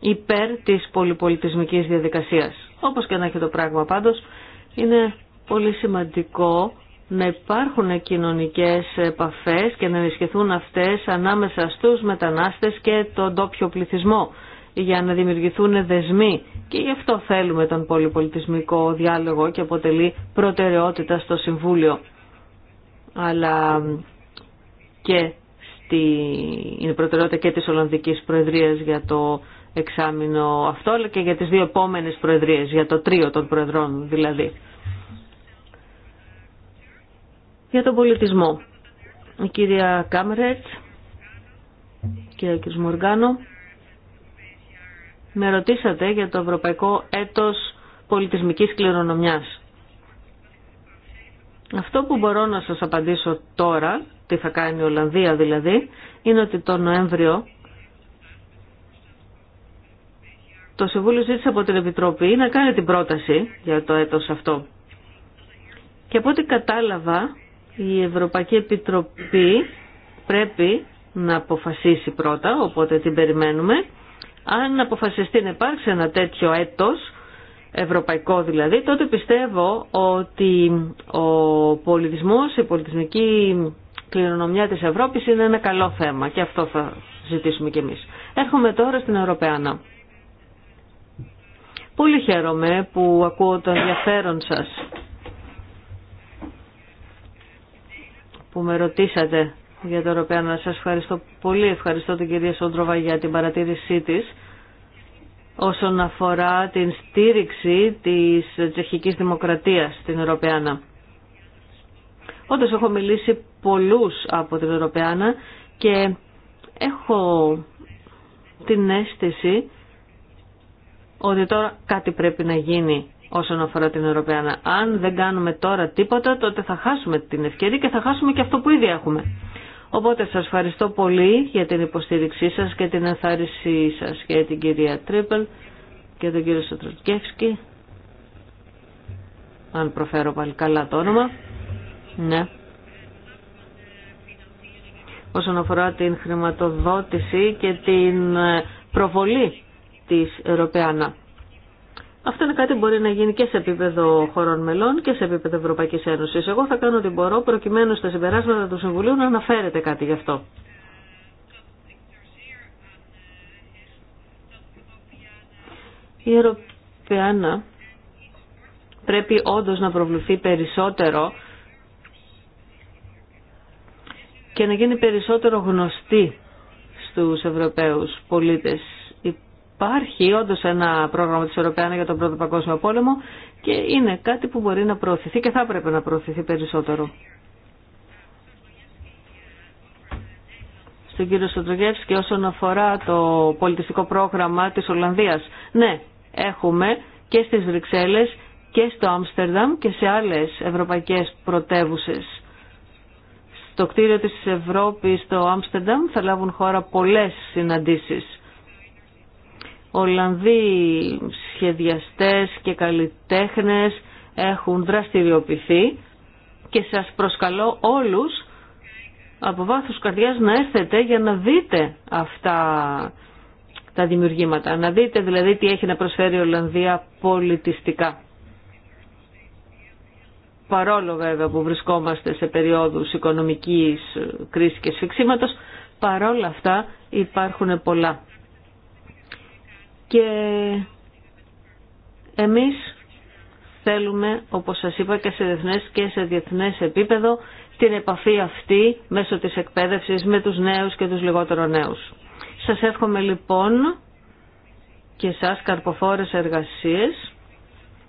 υπέρ τη πολυπολιτισμική διαδικασία. Όπως και να έχει το πράγμα πάντω, είναι πολύ σημαντικό να υπάρχουν κοινωνικές επαφές και να ενισχυθούν αυτές ανάμεσα στους μετανάστες και τον τόπιο πληθυσμό για να δημιουργηθούν δεσμοί και γι' αυτό θέλουμε τον πολυπολιτισμικό διάλογο και αποτελεί προτεραιότητα στο Συμβούλιο αλλά και στη... είναι προτεραιότητα και της Ολλανδικής Προεδρίας για το εξάμεινο αυτό και για τις δύο επόμενες προεδρίες, για το τρίο των προεδρών δηλαδή για τον πολιτισμό. Η κυρία Κάμερετ και ο κ. Μοργάνο με ρωτήσατε για το Ευρωπαϊκό Έτος Πολιτισμικής Κληρονομιάς. Αυτό που μπορώ να σας απαντήσω τώρα, τι θα κάνει η Ολλανδία δηλαδή, είναι ότι το Νοέμβριο το Συμβούλιο ζήτησε από την Επιτροπή να κάνει την πρόταση για το έτος αυτό. Και από ό,τι κατάλαβα, η Ευρωπαϊκή Επιτροπή πρέπει να αποφασίσει πρώτα, οπότε την περιμένουμε, αν αποφασιστεί να υπάρξει ένα τέτοιο έτος, ευρωπαϊκό δηλαδή, τότε πιστεύω ότι ο πολιτισμός, η πολιτισμική κληρονομιά της Ευρώπης είναι ένα καλό θέμα και αυτό θα ζητήσουμε κι εμείς. Έρχομαι τώρα στην Ευρωπαϊκή. Πολύ χαίρομαι που ακούω το ενδιαφέρον σας που με ρωτήσατε για το Σας ευχαριστώ πολύ. Ευχαριστώ την κυρία Σόντροβα για την παρατήρησή της όσον αφορά την στήριξη της τσεχικής δημοκρατίας στην Ευρωπαϊκή. Όντω έχω μιλήσει πολλούς από την Ευρωπαϊκή και έχω την αίσθηση ότι τώρα κάτι πρέπει να γίνει όσον αφορά την Ευρωπαϊκή. Αν δεν κάνουμε τώρα τίποτα, τότε θα χάσουμε την ευκαιρία και θα χάσουμε και αυτό που ήδη έχουμε. Οπότε σας ευχαριστώ πολύ για την υποστήριξή σας και την ενθάρρυνσή σας και την κυρία Τρίπελ και τον κύριο Σοτροσκεύσκη. Αν προφέρω πάλι καλά το όνομα. Ναι. Όσον αφορά την χρηματοδότηση και την ε, προβολή της Ευρωπαϊκής αυτό είναι κάτι που μπορεί να γίνει και σε επίπεδο χωρών μελών και σε επίπεδο Ευρωπαϊκής Ένωσης. Εγώ θα κάνω ό,τι μπορώ προκειμένου στα συμπεράσματα του Συμβουλίου να αναφέρεται κάτι γι' αυτό. Η Ευρωπαϊκή πρέπει όντω να προβληθεί περισσότερο και να γίνει περισσότερο γνωστή στους Ευρωπαίους πολίτες υπάρχει όντω ένα πρόγραμμα τη Ευρωπαϊκή για τον Πρώτο Παγκόσμιο Πόλεμο και είναι κάτι που μπορεί να προωθηθεί και θα έπρεπε να προωθηθεί περισσότερο. Στον κύριο και όσον αφορά το πολιτιστικό πρόγραμμα της Ολλανδίας. Ναι, έχουμε και στις Βρυξέλλες και στο Άμστερνταμ και σε άλλες ευρωπαϊκές πρωτεύουσες. Στο κτίριο της Ευρώπης στο Άμστερνταμ θα λάβουν χώρα πολλές συναντήσεις Ολλανδοί σχεδιαστές και καλλιτέχνες έχουν δραστηριοποιηθεί και σας προσκαλώ όλους από βάθους καρδιάς να έρθετε για να δείτε αυτά τα δημιουργήματα. Να δείτε δηλαδή τι έχει να προσφέρει η Ολλανδία πολιτιστικά. Παρόλο βέβαια που βρισκόμαστε σε περιόδους οικονομικής κρίσης και σφιξίματος, παρόλα αυτά υπάρχουν πολλά και εμείς θέλουμε, όπως σας είπα και σε διεθνές και σε διεθνές επίπεδο, την επαφή αυτή μέσω της εκπαίδευσης με τους νέους και τους λιγότερο νέους. Σας εύχομαι λοιπόν και σας καρποφόρες εργασίες.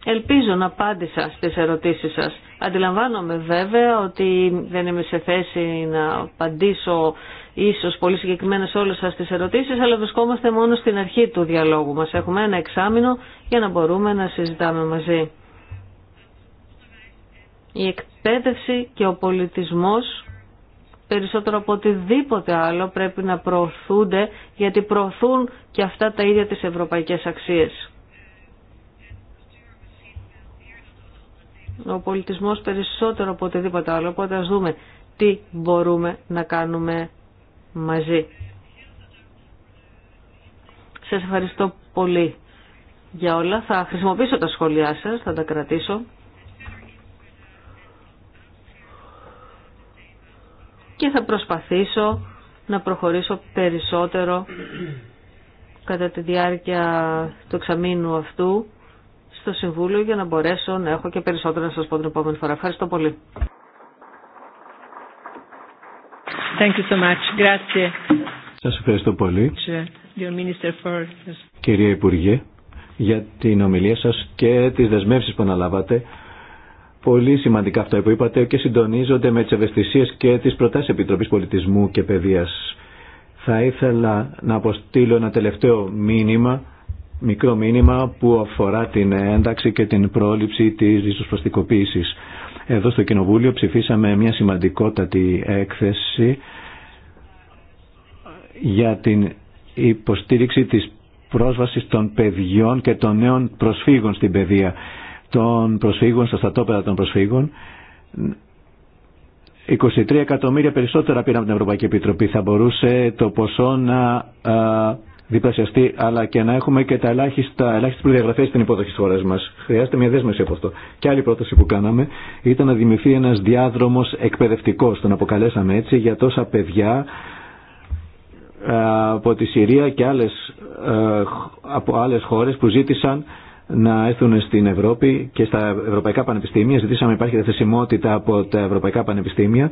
Ελπίζω να απάντησα στις ερωτήσεις σας. Αντιλαμβάνομαι βέβαια ότι δεν είμαι σε θέση να απαντήσω ίσως πολύ συγκεκριμένες όλες σας τις ερωτήσεις, αλλά βρισκόμαστε μόνο στην αρχή του διαλόγου μας. Έχουμε ένα εξάμεινο για να μπορούμε να συζητάμε μαζί. Η εκπαίδευση και ο πολιτισμός περισσότερο από οτιδήποτε άλλο πρέπει να προωθούνται γιατί προωθούν και αυτά τα ίδια τις ευρωπαϊκές αξίες. Ο πολιτισμός περισσότερο από οτιδήποτε άλλο, οπότε ας δούμε τι μπορούμε να κάνουμε μαζί. Σας ευχαριστώ πολύ για όλα. Θα χρησιμοποιήσω τα σχόλιά σας, θα τα κρατήσω. Και θα προσπαθήσω να προχωρήσω περισσότερο κατά τη διάρκεια του εξαμήνου αυτού στο Συμβούλιο για να μπορέσω να έχω και περισσότερο να σας πω την επόμενη φορά. Ευχαριστώ πολύ. Thank Σας ευχαριστώ πολύ. Κυρία Υπουργέ, για την ομιλία σας και τις δεσμεύσεις που αναλάβατε. Πολύ σημαντικά αυτά που είπατε και συντονίζονται με τις ευαισθησίες και τις προτάσεις Επιτροπής Πολιτισμού και Παιδείας. Θα ήθελα να αποστείλω ένα τελευταίο μήνυμα, μικρό μήνυμα που αφορά την ένταξη και την πρόληψη της ριζοσπαστικοποίησης. Εδώ στο Κοινοβούλιο ψηφίσαμε μια σημαντικότατη έκθεση για την υποστήριξη της πρόσβασης των παιδιών και των νέων προσφύγων στην παιδεία, των προσφύγων στα στατόπεδα των προσφύγων. 23 εκατομμύρια περισσότερα πήραμε από την Ευρωπαϊκή Επιτροπή. Θα μπορούσε το ποσό να διπλασιαστεί, αλλά και να έχουμε και τα ελάχιστα, ελάχιστε προδιαγραφέ στην υπόδοχη τη χώρα μα. Χρειάζεται μια δέσμευση από αυτό. Και άλλη πρόταση που κάναμε ήταν να δημιουργηθεί ένα διάδρομο εκπαιδευτικό, τον αποκαλέσαμε έτσι, για τόσα παιδιά ε, από τη Συρία και άλλες, ε, από άλλες χώρες που ζήτησαν να έρθουν στην Ευρώπη και στα ευρωπαϊκά πανεπιστήμια. Ζητήσαμε υπάρχει διαθεσιμότητα από τα ευρωπαϊκά πανεπιστήμια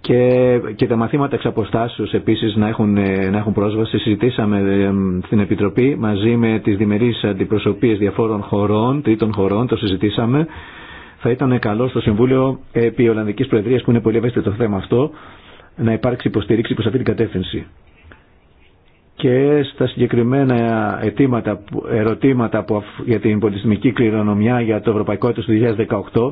και, και τα μαθήματα εξ αποστάσεως επίσης να έχουν, ε, να έχουν πρόσβαση. Συζητήσαμε ε, στην Επιτροπή μαζί με τις διμερείς αντιπροσωπείες διαφόρων χωρών, τρίτων χωρών, το συζητήσαμε. Θα ήταν καλό στο Συμβούλιο επί Ολλανδικής Προεδρίας που είναι πολύ ευαίσθητο το θέμα αυτό να υπάρξει υποστήριξη προς αυτή την κατεύθυνση και στα συγκεκριμένα αιτήματα, ερωτήματα που, για την πολιτισμική κληρονομιά για το Ευρωπαϊκό Έτος του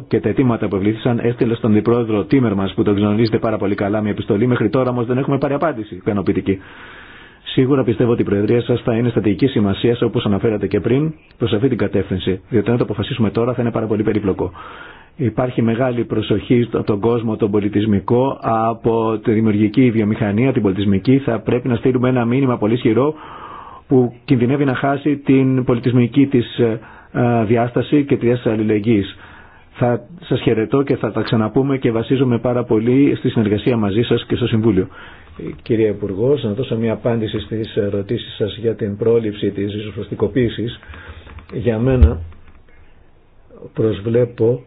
2018 και τα αιτήματα που ευλήθησαν έστειλε στον Διπρόεδρο Τίμερμας που τον γνωρίζετε πάρα πολύ καλά μια επιστολή. Μέχρι τώρα όμως δεν έχουμε πάρει απάντηση ικανοποιητική. Σίγουρα πιστεύω ότι η Προεδρία σα θα είναι στατική σημασία, όπω αναφέρατε και πριν, προ αυτή την κατεύθυνση. Διότι αν το αποφασίσουμε τώρα θα είναι πάρα πολύ περίπλοκο. Υπάρχει μεγάλη προσοχή στον κόσμο τον πολιτισμικό από τη δημιουργική βιομηχανία, την πολιτισμική. Θα πρέπει να στείλουμε ένα μήνυμα πολύ ισχυρό που κινδυνεύει να χάσει την πολιτισμική της ε, διάσταση και τη διάσταση αλληλεγγύης. Θα σας χαιρετώ και θα τα ξαναπούμε και βασίζομαι πάρα πολύ στη συνεργασία μαζί σας και στο Συμβούλιο. Ε, Κυρία Υπουργό, να δώσω μια απάντηση στις ερωτήσεις σας για την πρόληψη της ριζοσπαστικοποίησης. Για μένα προσβλέπω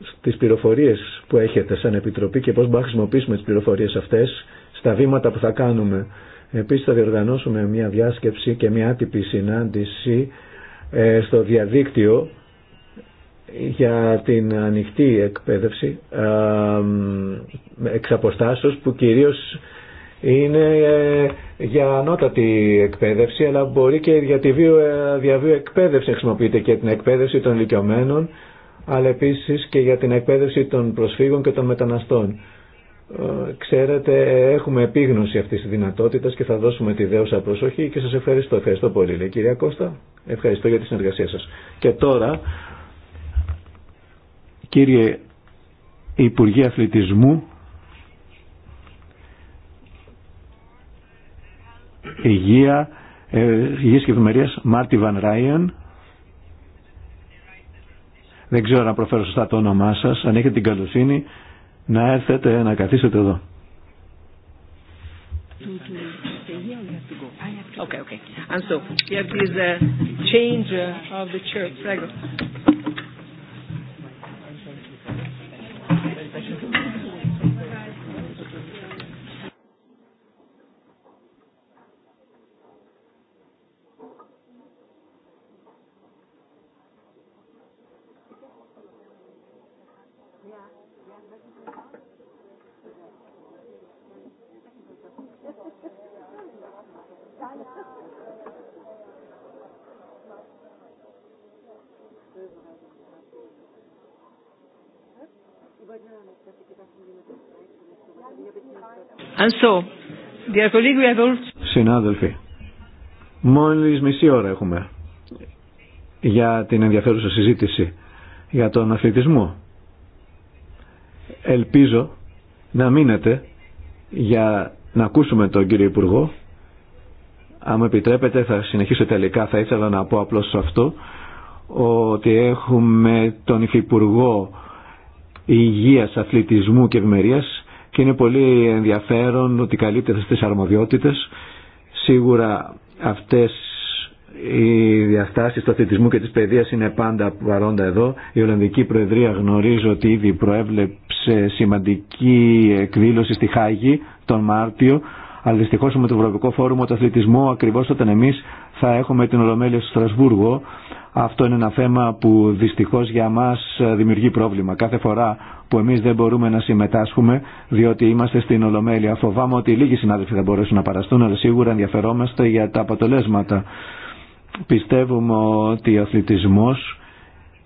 στις πληροφορίες που έχετε σαν Επιτροπή και πώς μπορούμε να χρησιμοποιήσουμε τις πληροφορίες αυτές στα βήματα που θα κάνουμε. Επίσης θα διοργανώσουμε μια διάσκεψη και μια άτυπη συνάντηση ε, στο διαδίκτυο για την ανοιχτή εκπαίδευση ε, εξ που κυρίως είναι ε, για ανώτατη εκπαίδευση αλλά μπορεί και για τη διαβίου εκπαίδευση χρησιμοποιείται και την εκπαίδευση των ηλικιωμένων αλλά επίσης και για την εκπαίδευση των προσφύγων και των μεταναστών. Ε, ξέρετε, έχουμε επίγνωση αυτής της δυνατότητας και θα δώσουμε τη δέουσα προσοχή και σας ευχαριστώ. Ευχαριστώ πολύ, λέει κυρία Κώστα. Ευχαριστώ για τη συνεργασία σας. Και τώρα, κύριε Υπουργέ Αθλητισμού, Υγεία, ε, Υγείας και Ευημερίας, Μάρτι Βαν Ράιεν, δεν ξέρω να προφέρω σωστά το όνομά σας, αν έχετε την καλοσύνη να έρθετε να καθίσετε εδώ. Okay, okay. And so, the change of the church. Συνάδελφοι, μόλις μισή ώρα έχουμε για την ενδιαφέρουσα συζήτηση για τον αθλητισμό. Ελπίζω να μείνετε για να ακούσουμε τον κύριο Υπουργό. Αν με επιτρέπετε θα συνεχίσω τελικά, θα ήθελα να πω απλώς αυτό ότι έχουμε τον Υφυπουργό Υγείας, Αθλητισμού και Ευημερίας και είναι πολύ ενδιαφέρον ότι καλύπτει αυτές τις αρμοδιότητες. Σίγουρα αυτές οι διαστάσεις του αθλητισμού και της παιδείας είναι πάντα παρόντα εδώ. Η Ολλανδική Προεδρία γνωρίζω ότι ήδη προέβλεψε σημαντική εκδήλωση στη Χάγη τον Μάρτιο αλλά δυστυχώ με το Ευρωπαϊκό Φόρουμο του Αθλητισμού, ακριβώ όταν εμεί θα έχουμε την Ολομέλεια στο Στρασβούργο, αυτό είναι ένα θέμα που δυστυχώς για μας ε, δημιουργεί πρόβλημα. Κάθε φορά που εμείς δεν μπορούμε να συμμετάσχουμε, διότι είμαστε στην Ολομέλεια, φοβάμαι ότι λίγοι συνάδελφοι θα μπορέσουν να παραστούν, αλλά σίγουρα ενδιαφερόμαστε για τα αποτελέσματα. Πιστεύουμε ότι ο αθλητισμός,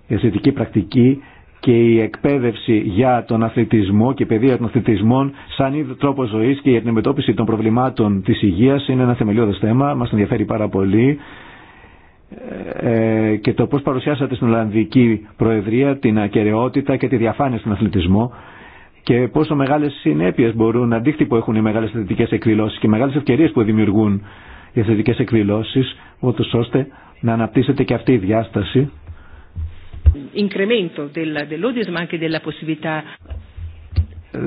η αθλητική πρακτική και η εκπαίδευση για τον αθλητισμό και η παιδεία των αθλητισμών σαν είδο τρόπο ζωής και η αντιμετώπιση των προβλημάτων της υγείας είναι ένα θεμελιώδες θέμα, μας ενδιαφέρει πάρα πολύ ε, ε, και το πώς παρουσιάσατε στην Ολλανδική Προεδρία την ακαιρεότητα και τη διαφάνεια στον αθλητισμό και πόσο μεγάλες συνέπειες μπορούν, να αντίκτυπο έχουν οι μεγάλες θετικές εκδηλώσεις και οι μεγάλες ευκαιρίες που δημιουργούν οι θετικές εκδηλώσεις, ούτως ώστε να αναπτύσσεται και αυτή η διάσταση. Ε,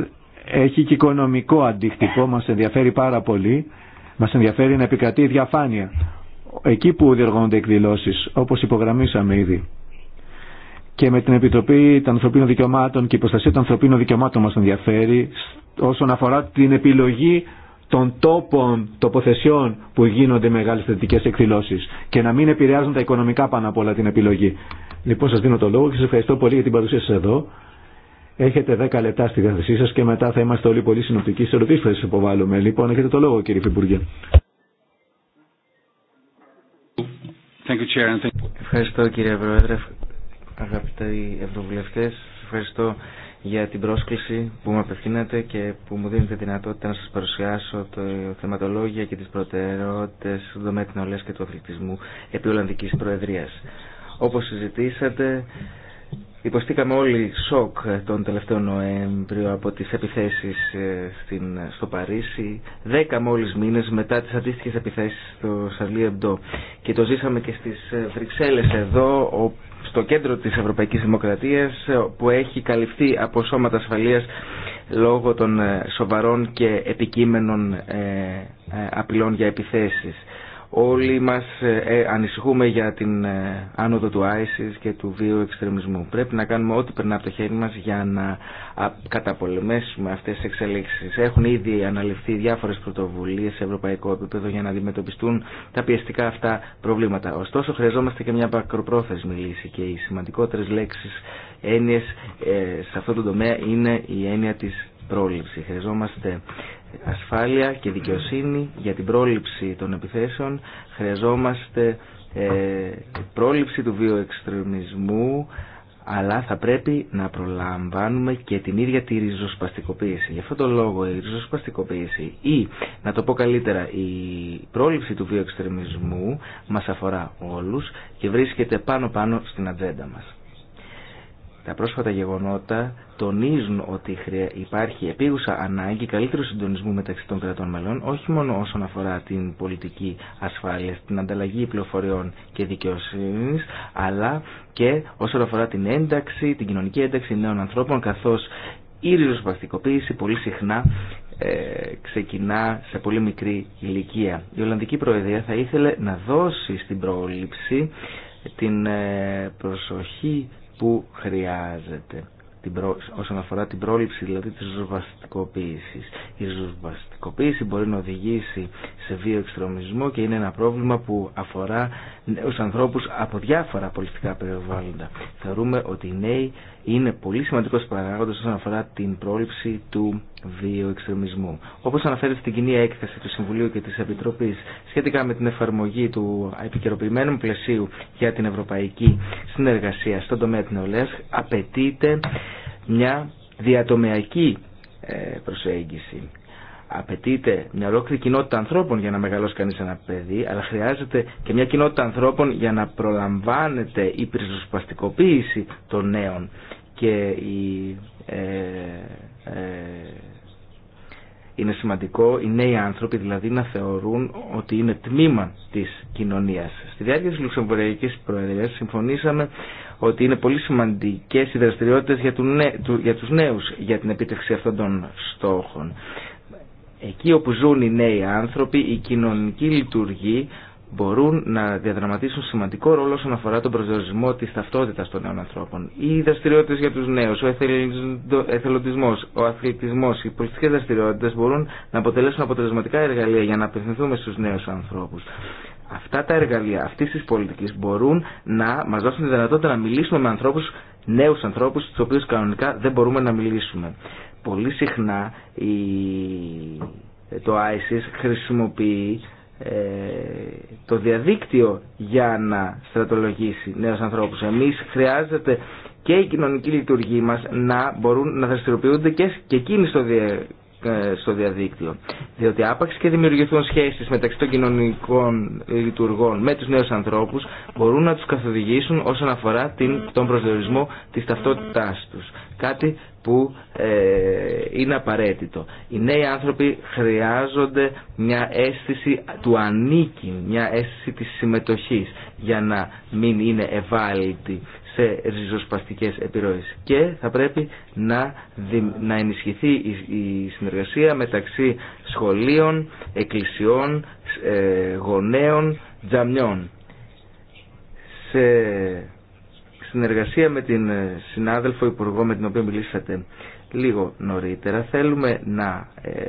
έχει και οικονομικό αντίκτυπο, μας ενδιαφέρει πάρα πολύ, μας ενδιαφέρει να επικρατεί η διαφάνεια εκεί που διοργανώνονται εκδηλώσεις, όπως υπογραμμίσαμε ήδη. Και με την Επιτροπή των Ανθρωπίνων Δικαιωμάτων και η προστασία των ανθρωπίνων δικαιωμάτων μας ενδιαφέρει όσον αφορά την επιλογή των τόπων, τοποθεσιών που γίνονται μεγάλες θετικέ εκδηλώσεις και να μην επηρεάζουν τα οικονομικά πάνω απ' όλα την επιλογή. Λοιπόν, σα δίνω το λόγο και σα ευχαριστώ πολύ για την παρουσία σας εδώ. Έχετε 10 λεπτά στη διάθεσή σας και μετά θα είμαστε όλοι πολύ συνοπτικοί σε ερωτήσει που θα υποβάλλουμε. Λοιπόν, έχετε το λόγο, κύριε Υπουργέ. Ευχαριστώ κύριε Πρόεδρε, αγαπητοί ευρωβουλευτές. Ευχαριστώ για την πρόσκληση που μου απευθύνατε και που μου δίνετε τη δυνατότητα να σας παρουσιάσω το θεματολόγια και τις προτεραιότητες του δομέα και του αθλητισμού επί Ολλανδικής Προεδρίας. Όπως συζητήσατε, Υποστήκαμε όλοι σοκ τον τελευταίο Νοέμβριο από τις επιθέσεις ε, στην, στο Παρίσι, δέκα μόλις μήνες μετά τις αντίστοιχες επιθέσεις στο Σαρλί Και το ζήσαμε και στις ε, Βρυξέλλες εδώ, στο κέντρο της Ευρωπαϊκής Δημοκρατίας, ε, που έχει καλυφθεί από σώματα ασφαλείας λόγω των σοβαρών και επικείμενων απειλών για επιθέσεις όλοι μας ε, ε, ανησυχούμε για την ε, άνοδο του ISIS και του βίου εξτρεμισμού. Πρέπει να κάνουμε ό,τι περνά από το χέρι μας για να καταπολεμήσουμε αυτές τις εξελίξεις. Έχουν ήδη αναλυφθεί διάφορες πρωτοβουλίες σε ευρωπαϊκό επίπεδο για να αντιμετωπιστούν τα πιεστικά αυτά προβλήματα. Ωστόσο χρειαζόμαστε και μια πακροπρόθεσμη λύση και οι σημαντικότερες λέξεις έννοιες ε, σε αυτό το τομέα είναι η έννοια της πρόληψη. Χρειαζόμαστε ασφάλεια και δικαιοσύνη για την πρόληψη των επιθέσεων. Χρειαζόμαστε ε, πρόληψη του βιοεξτρεμισμού αλλά θα πρέπει να προλαμβάνουμε και την ίδια τη ριζοσπαστικοποίηση. Γι' αυτόν τον λόγο η ριζοσπαστικοποίηση ή, να το πω καλύτερα, η πρόληψη του βιοεξτρεμισμού μας αφορά όλους και βρίσκεται πάνω-πάνω στην ατζέντα μας. Τα πρόσφατα γεγονότα τονίζουν ότι υπάρχει επίγουσα ανάγκη καλύτερου συντονισμού μεταξύ των κρατών μελών, όχι μόνο όσον αφορά την πολιτική ασφάλεια, την ανταλλαγή πληροφοριών και δικαιοσύνη, αλλά και όσον αφορά την ένταξη, την κοινωνική ένταξη νέων ανθρώπων, καθώ η ριζοσπαστικοποίηση πολύ συχνά ε, ξεκινά σε πολύ μικρή ηλικία. Η Ολλανδική Προεδρία θα ήθελε να δώσει στην πρόληψη την ε, προσοχή που χρειάζεται όσον αφορά την πρόληψη δηλαδή της ριζοσβαστικοποίησης. Η ζωσβαστικοποίηση μπορεί να οδηγήσει σε βιοεξτρομισμό και είναι ένα πρόβλημα που αφορά νέους ανθρώπους από διάφορα πολιτικά περιβάλλοντα. Θεωρούμε ότι οι νέοι είναι πολύ σημαντικός παράγοντας όσον αφορά την πρόληψη του βιοεξτρεμισμού. Όπως αναφέρεται στην κοινή έκθεση του Συμβουλίου και τη Επιτροπή σχετικά με την εφαρμογή του επικαιροποιημένου πλαισίου για την ευρωπαϊκή συνεργασία στον τομέα τη νεολαία, απαιτείται μια διατομιακή ε, προσέγγιση. Απαιτείται μια ολόκληρη κοινότητα ανθρώπων για να μεγαλώσει κάνει ένα παιδί, αλλά χρειάζεται και μια κοινότητα ανθρώπων για να προλαμβάνεται η πριζοσπαστικοποίηση των νέων και η ε, ε είναι σημαντικό οι νέοι άνθρωποι δηλαδή να θεωρούν ότι είναι τμήμα της κοινωνίας. Στη διάρκεια της Λουξεμβουργικής Προεδρίας συμφωνήσαμε ότι είναι πολύ σημαντικές οι δραστηριότητες για, για τους νέους για την επίτευξη αυτών των στόχων. Εκεί όπου ζουν οι νέοι άνθρωποι η κοινωνική λειτουργή μπορούν να διαδραματίσουν σημαντικό ρόλο όσον αφορά τον προσδιορισμό της ταυτότητας των νέων ανθρώπων. Οι δραστηριότητε για τους νέους, ο εθελοντισμός, ο αθλητισμός, οι πολιτικές δραστηριότητε μπορούν να αποτελέσουν αποτελεσματικά εργαλεία για να απευθυνθούμε στους νέους ανθρώπους. Αυτά τα εργαλεία αυτής της πολιτικής μπορούν να μας δώσουν τη δυνατότητα να μιλήσουμε με ανθρώπους, νέους ανθρώπους, του οποίους κανονικά δεν μπορούμε να μιλήσουμε. Πολύ συχνά η... το ISIS χρησιμοποιεί το διαδίκτυο για να στρατολογήσει νέους ανθρώπους. Εμείς χρειάζεται και οι κοινωνικοί λειτουργοί μας να μπορούν να δραστηριοποιούνται και, και εκείνοι ε, στο, διαδίκτυο. Διότι άπαξ και δημιουργηθούν σχέσεις μεταξύ των κοινωνικών λειτουργών με τους νέους ανθρώπους μπορούν να τους καθοδηγήσουν όσον αφορά την, τον προσδιορισμό της ταυτότητάς τους. Κάτι που ε, είναι απαραίτητο. Οι νέοι άνθρωποι χρειάζονται μια αίσθηση του ανήκει, μια αίσθηση της συμμετοχής για να μην είναι ευάλωτοι σε ριζοσπαστικές επιρροές και θα πρέπει να, να ενισχυθεί η, συνεργασία μεταξύ σχολείων, εκκλησιών, ε, γονέων, τζαμιών. Σε συνεργασία με την ε, συνάδελφο υπουργό με την οποία μιλήσατε λίγο νωρίτερα, θέλουμε να ε,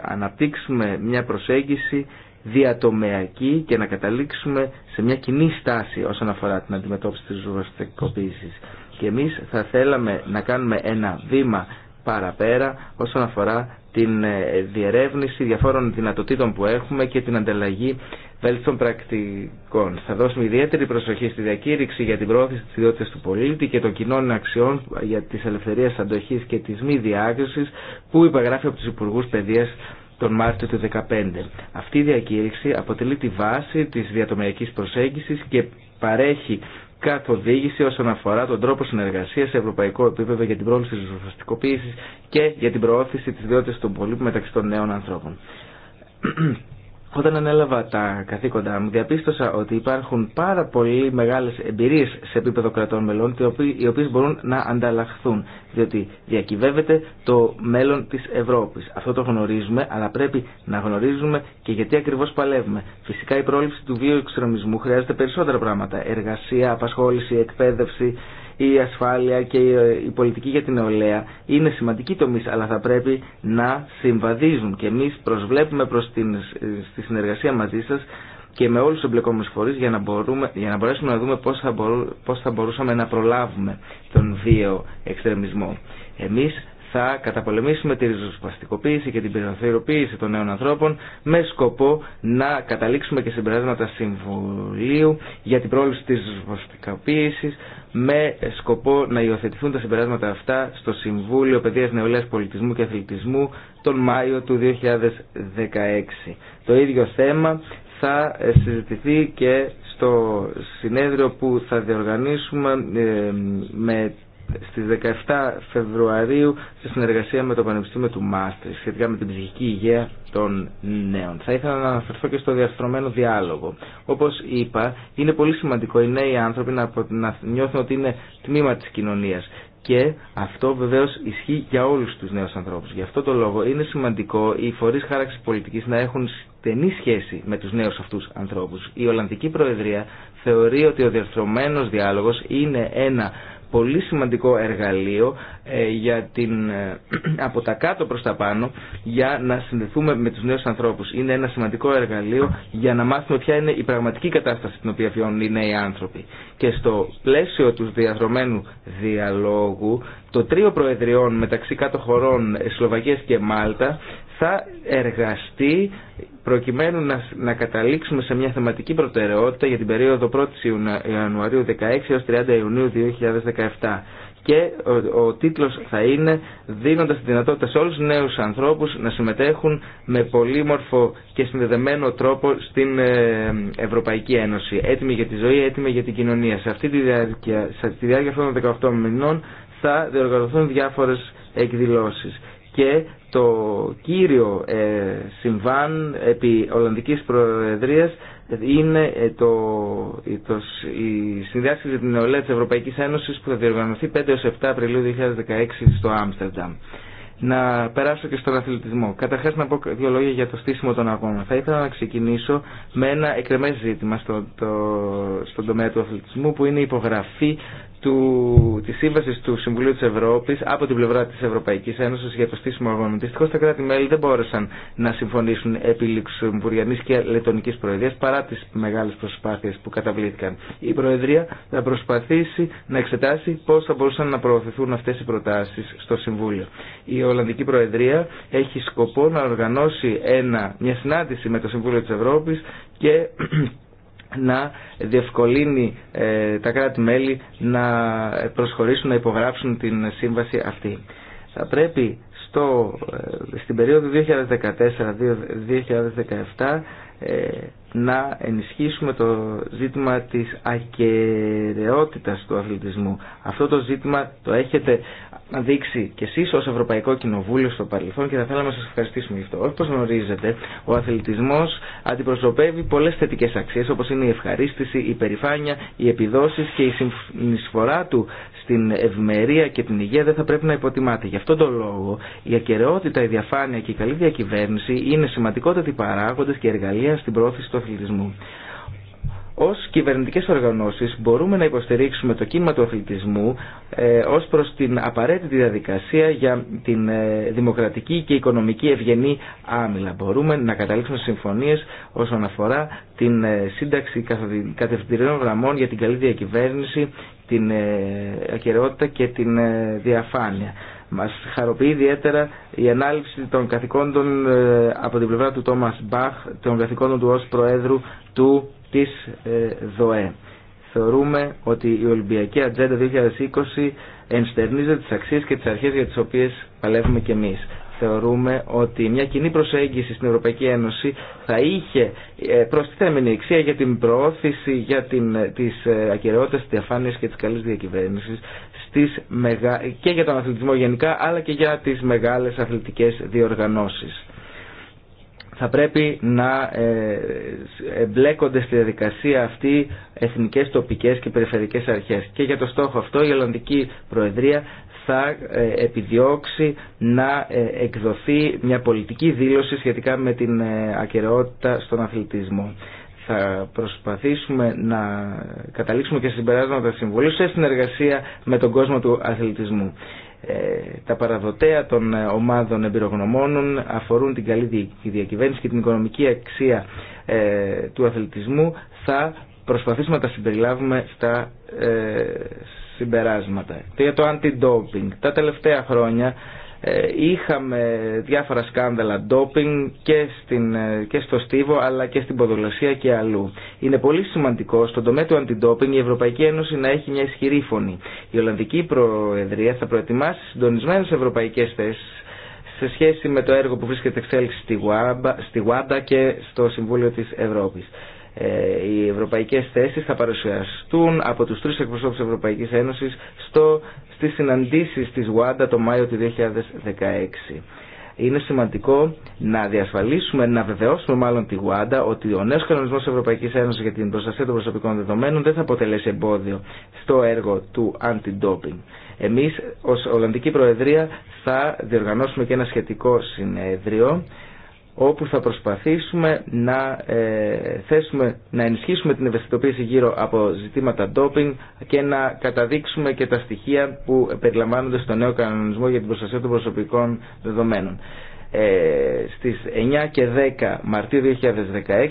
αναπτύξουμε μια προσέγγιση διατομεακή και να καταλήξουμε σε μια κοινή στάση όσον αφορά την αντιμετώπιση της ζωοστικοποίησης. Και εμείς θα θέλαμε να κάνουμε ένα βήμα παραπέρα όσον αφορά την ε, διερεύνηση διαφόρων δυνατοτήτων που έχουμε και την ανταλλαγή βέλτιστων πρακτικών. Θα δώσουμε ιδιαίτερη προσοχή στη διακήρυξη για την προώθηση της ιδιότητας του πολίτη και των κοινών αξιών για τις ελευθερίες αντοχής και της μη διάκρισης που υπαγράφει από τους Υπουργούς Παιδείας τον Μάρτιο του 2015. Αυτή η διακήρυξη αποτελεί τη βάση της διατομιακής προσέγγισης και παρέχει καθοδήγηση όσον αφορά τον τρόπο συνεργασία σε ευρωπαϊκό επίπεδο για την πρόληψη τη ριζοσπαστικοποίηση και για την προώθηση τη ιδιότητα των πολίτων μεταξύ των νέων ανθρώπων. Όταν ανέλαβα τα καθήκοντά μου, διαπίστωσα ότι υπάρχουν πάρα πολύ μεγάλε εμπειρίε σε επίπεδο κρατών μελών, οι οποίε μπορούν να ανταλλαχθούν. Διότι διακυβεύεται το μέλλον τη Ευρώπη. Αυτό το γνωρίζουμε, αλλά πρέπει να γνωρίζουμε και γιατί ακριβώ παλεύουμε. Φυσικά η πρόληψη του βίου χρειάζεται περισσότερα πράγματα. Εργασία, απασχόληση, εκπαίδευση, η ασφάλεια και η πολιτική για την νεολαία είναι σημαντική τομή, αλλά θα πρέπει να συμβαδίζουν. Και εμεί προσβλέπουμε προ τη συνεργασία μαζί σα και με όλου του εμπλεκόμενου φορεί για, να για να μπορέσουμε να δούμε πώ θα, θα μπορούσαμε να προλάβουμε τον βίαιο εξτρεμισμό. Εμείς θα καταπολεμήσουμε τη ριζοσπαστικοποίηση και την περιοθεροποίηση των νέων ανθρώπων με σκοπό να καταλήξουμε και συμπεράσματα συμβουλίου για την πρόληψη της ριζοσπαστικοποίησης με σκοπό να υιοθετηθούν τα συμπεράσματα αυτά στο Συμβούλιο Παιδείας Νεολαίας Πολιτισμού και Αθλητισμού τον Μάιο του 2016. Το ίδιο θέμα θα συζητηθεί και στο συνέδριο που θα διοργανίσουμε ε, με στις 17 Φεβρουαρίου σε συνεργασία με το Πανεπιστήμιο του Μάστρη σχετικά με την ψυχική υγεία των νέων. Θα ήθελα να αναφερθώ και στο διαστρωμένο διάλογο. Όπως είπα, είναι πολύ σημαντικό οι νέοι άνθρωποι να, νιώθουν ότι είναι τμήμα της κοινωνίας. Και αυτό βεβαίως ισχύει για όλους τους νέους ανθρώπους. Γι' αυτό το λόγο είναι σημαντικό οι φορείς χάραξης πολιτικής να έχουν στενή σχέση με τους νέους αυτούς ανθρώπους. Η Ολλανδική Προεδρία θεωρεί ότι ο διαστρωμένος διάλογος είναι ένα πολύ σημαντικό εργαλείο ε, για την, ε, από τα κάτω προς τα πάνω για να συνδεθούμε με τους νέους ανθρώπους. Είναι ένα σημαντικό εργαλείο για να μάθουμε ποια είναι η πραγματική κατάσταση την οποία βιώνουν οι νέοι άνθρωποι. Και στο πλαίσιο του διαδρομένου διαλόγου, το τρίο προεδριών μεταξύ κάτω χωρών ε, Σλοβακίας και Μάλτα θα εργαστεί προκειμένου να, να καταλήξουμε σε μια θεματική προτεραιότητα για την περίοδο 1η Ιανουαρίου 16 έως 30 Ιουνίου 2017 και ο, ο τίτλος θα είναι δίνοντας τη δυνατότητα σε όλους τους νέους ανθρώπους να συμμετέχουν με πολύμορφο και συνδεδεμένο τρόπο στην ε, Ευρωπαϊκή Ένωση. Έτοιμοι για τη ζωή, έτοιμοι για την κοινωνία. Σε αυτή τη διάρκεια, σε τη διάρκεια αυτών των 18 μηνών θα διοργανωθούν διάφορες εκδηλώσεις και το κύριο ε, συμβάν επί Ολλανδικής Προεδρίας είναι ε, το, το, η συνδιάσκεψη για την νεολαία της Ευρωπαϊκής Ένωσης που θα διοργανωθεί 5-7 Απριλίου 2016 στο Άμστερνταμ. Να περάσω και στον αθλητισμό. Καταρχάς να πω δύο λόγια για το στήσιμο των αγώνων. Θα ήθελα να ξεκινήσω με ένα εκκρεμές ζήτημα στον τομέα του αθλητισμού που είναι η υπογραφή του, της σύμβασης του Συμβουλίου της Ευρώπης από την πλευρά της Ευρωπαϊκής Ένωσης για το στήσιμο αγώνων. Δυστυχώς τα κράτη-μέλη δεν μπόρεσαν να συμφωνήσουν επί Λουξεμβουριανής και Λετωνικής Προεδρίας παρά τις μεγάλες προσπάθειες που καταβλήθηκαν. Η Προεδρία θα προσπαθήσει να εξετάσει πώς θα μπορούσαν να προωθηθούν αυτές οι προτάσεις στο Συμβούλιο. Η Ολλανδική Προεδρία έχει σκοπό να οργανώσει ένα, μια συνάντηση με το Συμβούλιο της Ευρώπης και να διευκολύνει ε, τα κράτη-μέλη να προσχωρήσουν, να υπογράψουν την σύμβαση αυτή. Θα πρέπει στο, ε, στην περίοδο 2014-2017 να ενισχύσουμε το ζήτημα της ακεραιότητας του αθλητισμού. Αυτό το ζήτημα το έχετε δείξει και εσείς ως Ευρωπαϊκό Κοινοβούλιο στο παρελθόν και θα θέλαμε να σας ευχαριστήσουμε γι' αυτό. Όπως γνωρίζετε, ο αθλητισμός αντιπροσωπεύει πολλές θετικές αξίες όπως είναι η ευχαρίστηση, η περηφάνεια, οι επιδόσεις και η συνεισφορά του στην ευμερία και την υγεία δεν θα πρέπει να υποτιμάται. Γι' αυτόν τον λόγο η ακαιρεότητα, η διαφάνεια και η καλή διακυβέρνηση είναι σημαντικότατοι παράγοντε και εργαλεία στην πρόθεση του αθλητισμού. Ω κυβερνητικέ οργανώσει μπορούμε να υποστηρίξουμε το κίνημα του αθλητισμού ε, ω προ την απαραίτητη διαδικασία για την ε, δημοκρατική και οικονομική ευγενή άμυλα. Μπορούμε να καταλήξουμε συμφωνίε όσον αφορά την ε, σύνταξη κατευθυντηρίων γραμμών για την καλή διακυβέρνηση την ε, ακεραιότητα και την ε, διαφάνεια. Μας χαροποιεί ιδιαίτερα η ανάληψη των καθηκόντων ε, από την πλευρά του Τόμας Μπαχ, των καθηκόντων του ως Προέδρου του της ΔΟΕ. Θεωρούμε ότι η Ολυμπιακή Ατζέντα 2020 ενστερνίζεται τις αξίες και τις αρχές για τις οποίες παλεύουμε και εμείς θεωρούμε ότι μια κοινή προσέγγιση στην Ευρωπαϊκή Ένωση θα είχε ε, προστιθέμενη αξία για την προώθηση για την, ε, τις ε, τι της και της καλής διακυβέρνησης στις μεγα... και για τον αθλητισμό γενικά αλλά και για τις μεγάλες αθλητικές διοργανώσεις. Θα πρέπει να εμπλέκονται στη διαδικασία αυτή εθνικές, τοπικές και περιφερειακές αρχές. Και για το στόχο αυτό η Ολλανδική Προεδρία θα ε, επιδιώξει να ε, εκδοθεί μια πολιτική δήλωση σχετικά με την ε, ακαιρεότητα στον αθλητισμό. Θα προσπαθήσουμε να καταλήξουμε και συμπεράσματα συμβολή σε συνεργασία με τον κόσμο του αθλητισμού. Τα παραδοτέα των ομάδων εμπειρογνωμόνων αφορούν την καλή διακυβέρνηση και την οικονομική αξία του αθλητισμού. Θα προσπαθήσουμε να τα συμπεριλάβουμε στα, συμπεράσματα. Για το αντι doping Τα τελευταία χρόνια ε, είχαμε διάφορα σκάνδαλα ντόπινγκ και, στην, ε, και στο στίβο αλλά και στην ποδολασία και αλλού. Είναι πολύ σημαντικό στον τομέα του αντι-doping η Ευρωπαϊκή Ένωση να έχει μια ισχυρή φωνή. Η Ολλανδική Προεδρία θα προετοιμάσει συντονισμένες ευρωπαϊκές θέσει σε σχέση με το έργο που βρίσκεται εξέλιξη στη Γουάντα και στο Συμβούλιο της Ευρώπης. Ε, οι ευρωπαϊκές θέσεις θα παρουσιαστούν από τους τρεις εκπροσώπους της Ευρωπαϊκής Ένωσης στο, στις συναντήσεις της ΟΑΝΤΑ το Μάιο του 2016. Είναι σημαντικό να διασφαλίσουμε, να βεβαιώσουμε μάλλον τη ΟΑΝΤΑ ότι ο νέος κανονισμός Ευρωπαϊκής Ένωσης για την προστασία των προσωπικών δεδομένων δεν θα αποτελέσει εμπόδιο στο έργο του anti-doping. Εμείς ως Ολλανδική Προεδρία θα διοργανώσουμε και ένα σχετικό συνέδριο όπου θα προσπαθήσουμε να, ε, να ενισχύσουμε την ευαισθητοποίηση γύρω από ζητήματα ντόπινγκ και να καταδείξουμε και τα στοιχεία που περιλαμβάνονται στο νέο κανονισμό για την προστασία των προσωπικών δεδομένων. Ε, στις 9 και 10 Μαρτίου 2016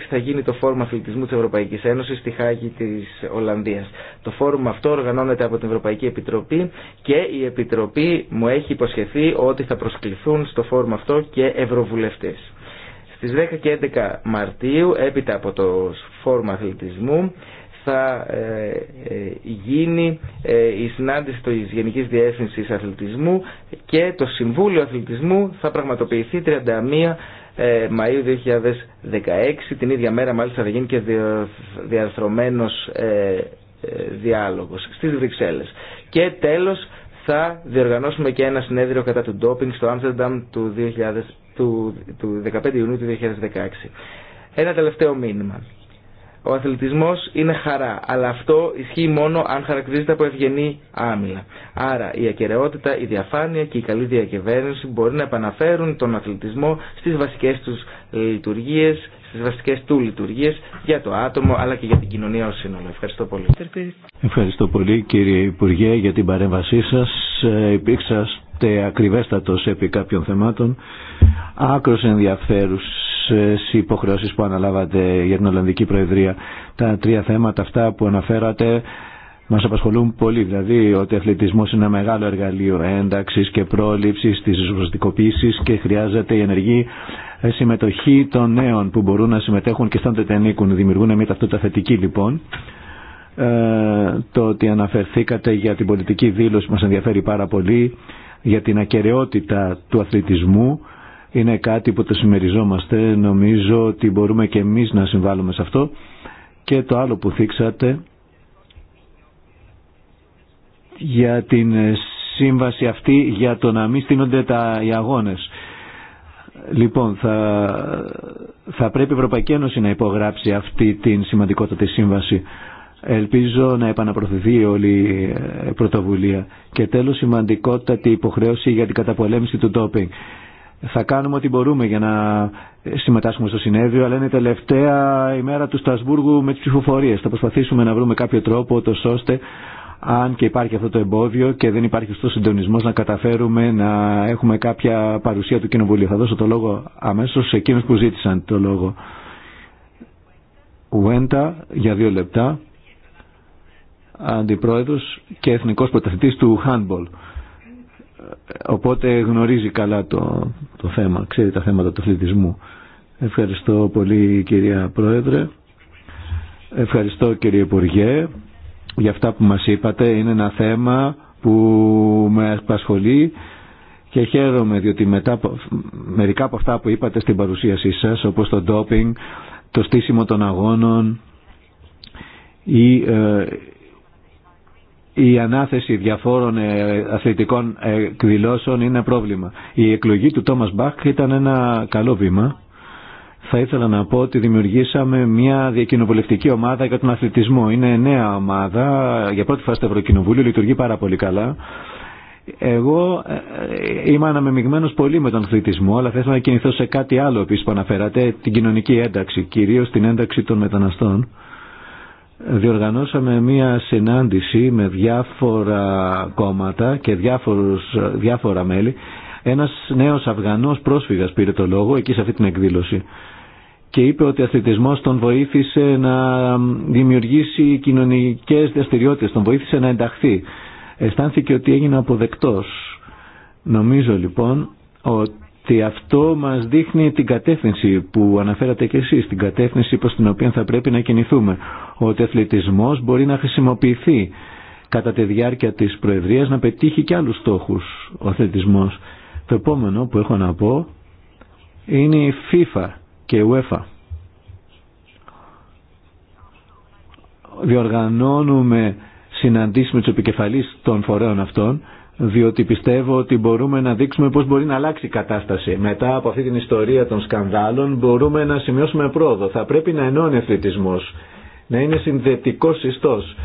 θα γίνει το Φόρουμ Αθλητισμού της Ευρωπαϊκής Ένωσης στη Χάγη της Ολλανδίας. Το φόρουμ αυτό οργανώνεται από την Ευρωπαϊκή Επιτροπή και η Επιτροπή μου έχει υποσχεθεί ότι θα προσκληθούν στο φόρουμ αυτό και ευρωβουλευτές. Στις 10 και 11 Μαρτίου, έπειτα από το Φόρμα Αθλητισμού, θα ε, ε, γίνει ε, η συνάντηση της Γενικής Διεύθυνσης Αθλητισμού και το Συμβούλιο Αθλητισμού θα πραγματοποιηθεί 31 Μαΐου 2016. Την ίδια μέρα μάλιστα θα γίνει και διαρθρωμένος διάλογος στις Βρυξέλλες. Και τέλος θα διοργανώσουμε και ένα συνέδριο κατά του ντόπινγκ στο Άμστερνταμ του του, του 15 Ιουνίου του 2016. Ένα τελευταίο μήνυμα. Ο αθλητισμό είναι χαρά, αλλά αυτό ισχύει μόνο αν χαρακτηρίζεται από ευγενή άμυλα. Άρα η ακαιρεότητα, η διαφάνεια και η καλή διακυβέρνηση μπορεί να επαναφέρουν τον αθλητισμό στι βασικέ του λειτουργίες, στις βασικές του λειτουργίε, για το άτομο αλλά και για την κοινωνία ω σύνολο. Ευχαριστώ πολύ. Ευχαριστώ πολύ κύριε Υπουργέ για την παρέμβασή ε, Υπήρξα ακούγεται ακριβέστατος επί κάποιων θεμάτων. Άκρο ενδιαφέρουσε υποχρεώσει υποχρεώσεις που αναλάβατε για την Ολλανδική Προεδρία. Τα τρία θέματα αυτά που αναφέρατε μας απασχολούν πολύ, δηλαδή ότι ο αθλητισμός είναι ένα μεγάλο εργαλείο ένταξης και πρόληψης τη ζωστικοποίησης και χρειάζεται η ενεργή συμμετοχή των νέων που μπορούν να συμμετέχουν και αισθάνονται ανήκουν. δημιουργούν μια ταυτότητα θετική λοιπόν. Ε, το ότι αναφερθήκατε για την πολιτική δήλωση μας ενδιαφέρει πάρα πολύ για την ακαιρεότητα του αθλητισμού είναι κάτι που το συμμεριζόμαστε. Νομίζω ότι μπορούμε και εμείς να συμβάλλουμε σε αυτό. Και το άλλο που θίξατε για την σύμβαση αυτή για το να μην στείνονται τα, οι αγώνες. Λοιπόν, θα, θα πρέπει η Ευρωπαϊκή Ένωση να υπογράψει αυτή την τη σύμβαση. Ελπίζω να επαναπροθεθεί όλη η ε, πρωτοβουλία. Και τέλος σημαντικότατη υποχρέωση για την καταπολέμηση του ντόπινγκ. Θα κάνουμε ό,τι μπορούμε για να ε, συμμετάσχουμε στο συνέδριο, αλλά είναι η τελευταία ημέρα του Στρασβούργου με τις ψηφοφορίες. Θα προσπαθήσουμε να βρούμε κάποιο τρόπο, ώστε αν και υπάρχει αυτό το εμπόδιο και δεν υπάρχει ο συντονισμό, να καταφέρουμε να έχουμε κάποια παρουσία του Κοινοβουλίου. Θα δώσω το λόγο αμέσω σε εκείνου που ζήτησαν το λόγο. Ουέντα, για δύο λεπτά αντιπρόεδρος και εθνικός πρωταθλητής του handball. Οπότε γνωρίζει καλά το, το θέμα, ξέρει τα θέματα του αθλητισμού. Ευχαριστώ πολύ κυρία Πρόεδρε. Ευχαριστώ κύριε Υπουργέ για αυτά που μας είπατε. Είναι ένα θέμα που με απασχολεί και χαίρομαι διότι μετά μερικά από αυτά που είπατε στην παρουσίασή σας όπως το ντόπινγκ, το στήσιμο των αγώνων ή ε, η ανάθεση διαφόρων ε, αθλητικών ε, εκδηλώσεων είναι πρόβλημα. Η εκλογή του Τόμας Μπαχ ήταν ένα καλό βήμα. Θα ήθελα να πω ότι δημιουργήσαμε μια διακοινοβουλευτική ομάδα για τον αθλητισμό. Είναι νέα ομάδα, για πρώτη φορά στο Ευρωκοινοβούλιο, λειτουργεί πάρα πολύ καλά. Εγώ ε, είμαι αναμεμειγμένος πολύ με τον αθλητισμό, αλλά θα ήθελα να κινηθώ σε κάτι άλλο επίσης που αναφέρατε, την κοινωνική ένταξη, κυρίως την ένταξη των μεταναστών διοργανώσαμε μία συνάντηση με διάφορα κόμματα και διάφορους, διάφορα μέλη. Ένας νέος Αφγανός πρόσφυγας πήρε το λόγο εκεί σε αυτή την εκδήλωση και είπε ότι ο αθλητισμός τον βοήθησε να δημιουργήσει κοινωνικές δραστηριότητες, τον βοήθησε να ενταχθεί. Αισθάνθηκε ότι έγινε αποδεκτός. Νομίζω λοιπόν ότι και αυτό μας δείχνει την κατεύθυνση που αναφέρατε και εσείς, την κατεύθυνση προς την οποία θα πρέπει να κινηθούμε. Ότι ο αθλητισμός μπορεί να χρησιμοποιηθεί κατά τη διάρκεια της Προεδρίας να πετύχει και άλλους στόχους ο αθλητισμός. Το επόμενο που έχω να πω είναι η FIFA και η UEFA. Διοργανώνουμε συναντήσεις με τους επικεφαλείς των φορέων αυτών διότι πιστεύω ότι μπορούμε να δείξουμε πώς μπορεί να αλλάξει η κατάσταση. Μετά από αυτή την ιστορία των σκανδάλων μπορούμε να σημειώσουμε πρόοδο. Θα πρέπει να ενώνει αθλητισμός, να είναι συνδετικός συστός.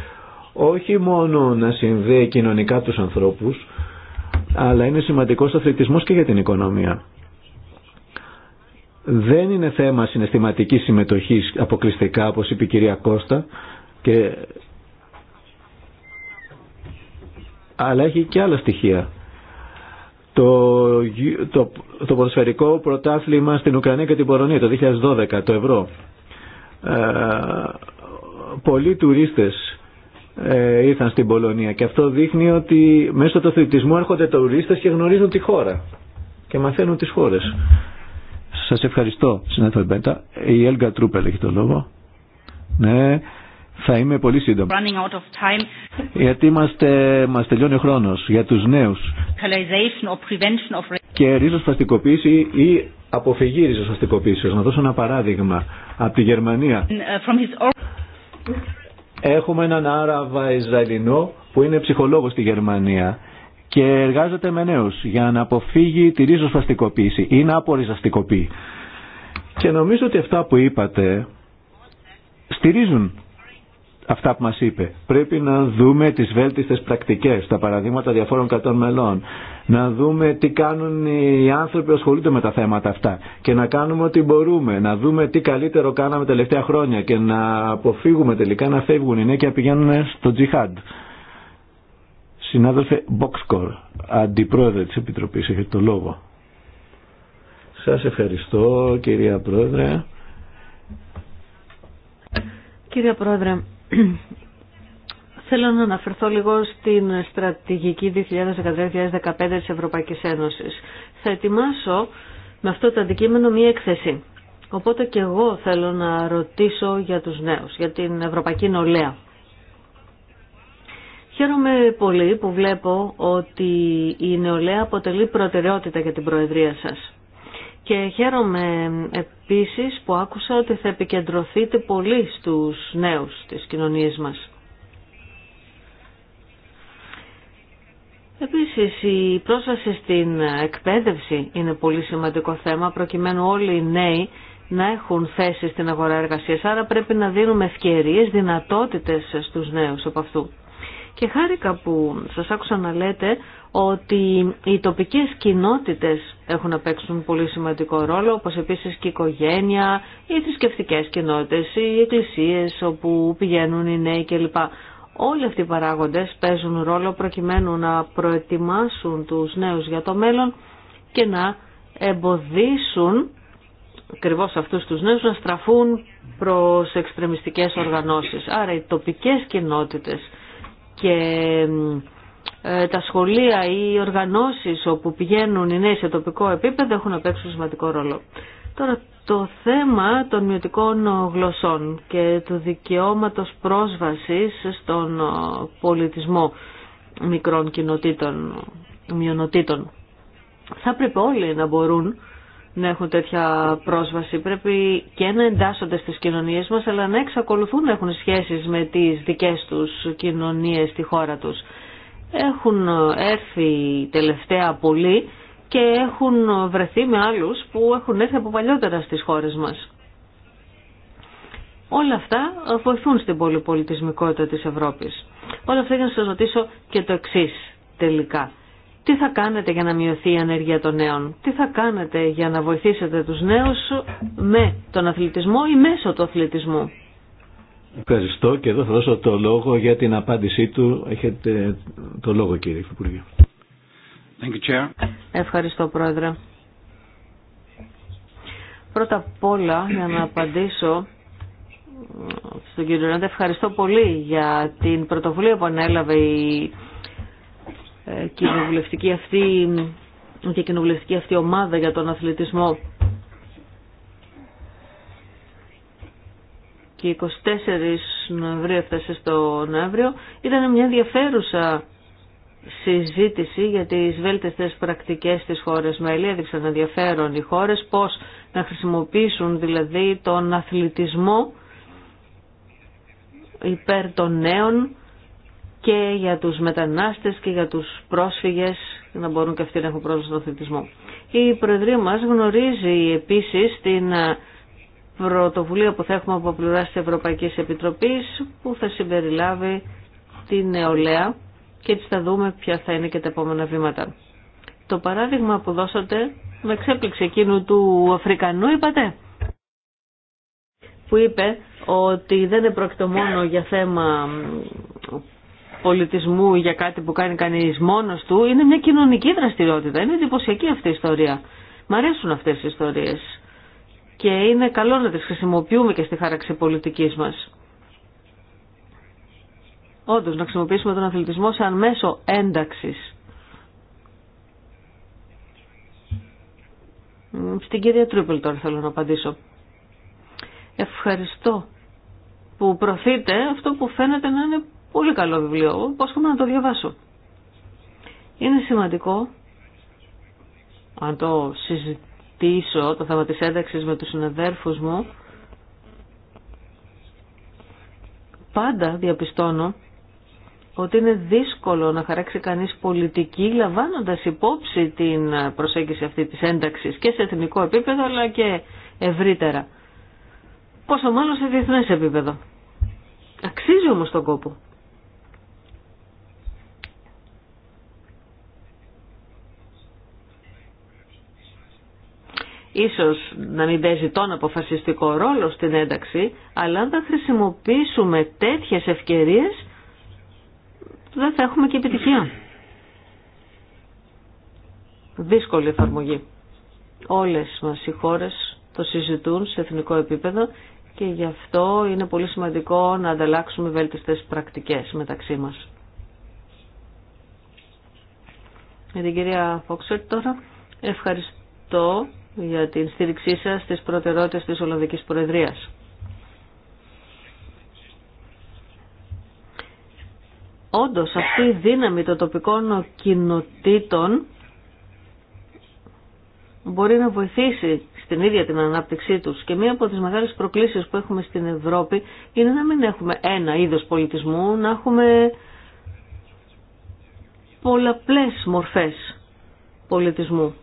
Όχι μόνο να συνδέει κοινωνικά τους ανθρώπους, αλλά είναι σημαντικός αθλητισμός και για την οικονομία. Δεν είναι θέμα συναισθηματικής συμμετοχής αποκλειστικά, όπως είπε η κυρία Κώστα, και αλλά έχει και άλλα στοιχεία. Το, το, το ποδοσφαιρικό πρωτάθλημα στην Ουκρανία και την Πολωνία το 2012, το ευρώ. Ε, πολλοί τουρίστες ε, ήρθαν στην Πολωνία και αυτό δείχνει ότι μέσω του αθλητισμού έρχονται τουρίστες και γνωρίζουν τη χώρα και μαθαίνουν τις χώρες. Σας ευχαριστώ, συνάδελφε Η Έλγα Τρούπελ έχει το λόγο. Ναι, θα είμαι πολύ σύντομο. Γιατί είμαστε, μας τελειώνει ο χρόνος για τους νέους. Of... Και φαστικοποίηση ή αποφυγή φαστικοποίησης. Να δώσω ένα παράδειγμα από τη Γερμανία. Uh, Έχουμε έναν Άραβα Ισραηλινό που είναι ψυχολόγος στη Γερμανία και εργάζεται με νέους για να αποφύγει τη φαστικοποίηση ή να απορριζαστικοποιεί. Και νομίζω ότι αυτά που είπατε στηρίζουν αυτά που μας είπε. Πρέπει να δούμε τις βέλτιστες πρακτικές, τα παραδείγματα διαφόρων κατών μελών. Να δούμε τι κάνουν οι άνθρωποι που ασχολούνται με τα θέματα αυτά. Και να κάνουμε ό,τι μπορούμε. Να δούμε τι καλύτερο κάναμε τελευταία χρόνια. Και να αποφύγουμε τελικά να φεύγουν οι νέοι και να πηγαίνουν στο τζιχάντ. Συνάδελφε Μπόξκορ, αντιπρόεδρε της Επιτροπής, έχετε το λόγο. Σας ευχαριστώ κυρία Πρόεδρε. Κύριε Πρόεδρε, Θέλω να αναφερθώ λίγο στην στρατηγική 2013-2015 της Ευρωπαϊκής Ένωσης. Θα ετοιμάσω με αυτό το αντικείμενο μία έκθεση. Οπότε και εγώ θέλω να ρωτήσω για τους νέους, για την Ευρωπαϊκή Νολέα. Χαίρομαι πολύ που βλέπω ότι η νεολαία αποτελεί προτεραιότητα για την Προεδρία σας. Και χαίρομαι επίσης που άκουσα ότι θα επικεντρωθείτε πολύ στους νέους της κοινωνίας μας. Επίσης η πρόσβαση στην εκπαίδευση είναι πολύ σημαντικό θέμα προκειμένου όλοι οι νέοι να έχουν θέση στην αγορά εργασίας. Άρα πρέπει να δίνουμε ευκαιρίες, δυνατότητες στους νέους από αυτού. Και χάρηκα που σας άκουσα να λέτε ότι οι τοπικές κοινότητες έχουν να παίξουν πολύ σημαντικό ρόλο, όπως επίσης και η οικογένεια, οι θρησκευτικέ κοινότητες, οι εκκλησίες όπου πηγαίνουν οι νέοι κλπ. Όλοι αυτοί οι παράγοντες παίζουν ρόλο προκειμένου να προετοιμάσουν τους νέους για το μέλλον και να εμποδίσουν ακριβώ αυτούς τους νέους να στραφούν προς εξτρεμιστικές οργανώσεις. Άρα οι τοπικές κοινότητες και ε, τα σχολεία ή οι οργανώσεις όπου πηγαίνουν οι νέοι σε τοπικό επίπεδο έχουν παίξει σημαντικό ρόλο. Τώρα το θέμα των μειωτικών γλωσσών και του δικαιώματος πρόσβασης στον ε, πολιτισμό μικρών κοινοτήτων, μειονοτήτων. Θα πρέπει όλοι να μπορούν να έχουν τέτοια πρόσβαση. Πρέπει και να εντάσσονται στις κοινωνίες μας, αλλά να εξακολουθούν να έχουν σχέσεις με τις δικές τους κοινωνίες στη χώρα τους. Έχουν έρθει τελευταία πολλοί και έχουν βρεθεί με άλλους που έχουν έρθει από παλιότερα στις χώρες μας. Όλα αυτά βοηθούν στην πολυπολιτισμικότητα της Ευρώπης. Όλα αυτά για να σας ρωτήσω και το εξή τελικά. Τι θα κάνετε για να μειωθεί η ανεργία των νέων, τι θα κάνετε για να βοηθήσετε τους νέους με τον αθλητισμό ή μέσω του αθλητισμού. Ευχαριστώ και εδώ θα δώσω το λόγο για την απάντησή του. Έχετε το λόγο κύριε Υπουργέ. Ευχαριστώ Πρόεδρε. Πρώτα απ' όλα για να απαντήσω στον κύριο Ρέντα, ευχαριστώ πολύ για την πρωτοβουλία που ανέλαβε η ε, κοινοβουλευτική αυτή και κοινοβουλευτική αυτή ομάδα για τον αθλητισμό και 24 Νοεμβρίου έφτασε στο Νοέμβριο ήταν μια ενδιαφέρουσα συζήτηση για τις βέλτιστες πρακτικές της χώρες μέλη έδειξαν ενδιαφέρον οι χώρες πώς να χρησιμοποιήσουν δηλαδή τον αθλητισμό υπέρ των νέων και για τους μετανάστες και για τους πρόσφυγες να μπορούν και αυτοί να έχουν πρόσβαση στον Η Προεδρία μας γνωρίζει επίσης την ε, πρωτοβουλία που θα έχουμε από πλευρά της Ευρωπαϊκής Επιτροπής που θα συμπεριλάβει την νεολαία και έτσι θα δούμε ποια θα είναι και τα επόμενα βήματα. Το παράδειγμα που δώσατε με εξέπληξε εκείνου του Αφρικανού είπατε που είπε ότι δεν επρόκειτο μόνο για θέμα πολιτισμού ή για κάτι που κάνει κανείς μόνος του, είναι μια κοινωνική δραστηριότητα. Είναι εντυπωσιακή αυτή ιστορία. Μ' αρέσουν αυτές οι ιστορίες. Και είναι καλό να τις χρησιμοποιούμε και στη χάραξη πολιτικής μας. Όντως, να χρησιμοποιήσουμε τον αθλητισμό σαν μέσο ένταξης. Στην κυρία Τρούπελ τώρα θέλω να απαντήσω. Ευχαριστώ που προθείτε αυτό που φαίνεται να είναι Πολύ καλό βιβλίο, πώς να το διαβάσω. Είναι σημαντικό, αν το συζητήσω, το θέμα της ένταξης με τους συναδέρφους μου, πάντα διαπιστώνω ότι είναι δύσκολο να χαράξει κανείς πολιτική λαμβάνοντας υπόψη την προσέγγιση αυτή της ένταξης και σε εθνικό επίπεδο αλλά και ευρύτερα. Πόσο μάλλον σε διεθνές επίπεδο. Αξίζει όμως τον κόπο. ίσως να μην παίζει τον αποφασιστικό ρόλο στην ένταξη, αλλά αν δεν χρησιμοποιήσουμε τέτοιες ευκαιρίες, δεν θα έχουμε και επιτυχία. Δύσκολη εφαρμογή. Όλες μας οι χώρες το συζητούν σε εθνικό επίπεδο και γι' αυτό είναι πολύ σημαντικό να ανταλλάξουμε βέλτιστες πρακτικές μεταξύ μας. Με την κυρία Φόξερ τώρα. Ευχαριστώ για την στήριξή σας στις προτεραιότητες της Ολλανδικής Προεδρίας. Όντως αυτή η δύναμη των τοπικών κοινοτήτων μπορεί να βοηθήσει στην ίδια την ανάπτυξή τους και μία από τις μεγάλες προκλήσεις που έχουμε στην Ευρώπη είναι να μην έχουμε ένα είδος πολιτισμού, να έχουμε πολλαπλές μορφές πολιτισμού.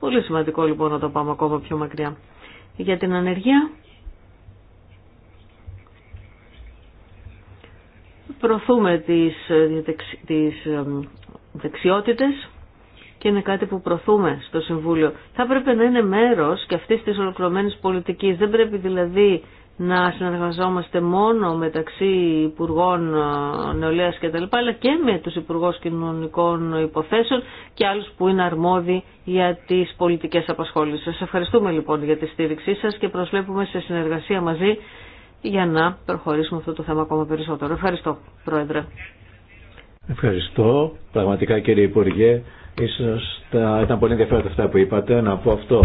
Πολύ σημαντικό λοιπόν να το πάμε ακόμα πιο μακριά. Για την ανεργία, προωθούμε τις, τις δεξιότητες και είναι κάτι που προωθούμε στο Συμβούλιο. Θα πρέπει να είναι μέρος και αυτής της ολοκληρωμένης πολιτικής. Δεν πρέπει δηλαδή να συνεργαζόμαστε μόνο μεταξύ Υπουργών ε, Νεολαίας και τα λοιπά, αλλά και με τους Υπουργούς Κοινωνικών Υποθέσεων και άλλους που είναι αρμόδιοι για τις πολιτικές απασχόλησεις. Σας ευχαριστούμε λοιπόν για τη στήριξή σας και προσβλέπουμε σε συνεργασία μαζί για να προχωρήσουμε αυτό το θέμα ακόμα περισσότερο. Ευχαριστώ, Πρόεδρε. Ευχαριστώ. Πραγματικά κύριε Υπουργέ, ίσως τα... ήταν πολύ ενδιαφέροντα αυτά που είπατε. Να πω αυτό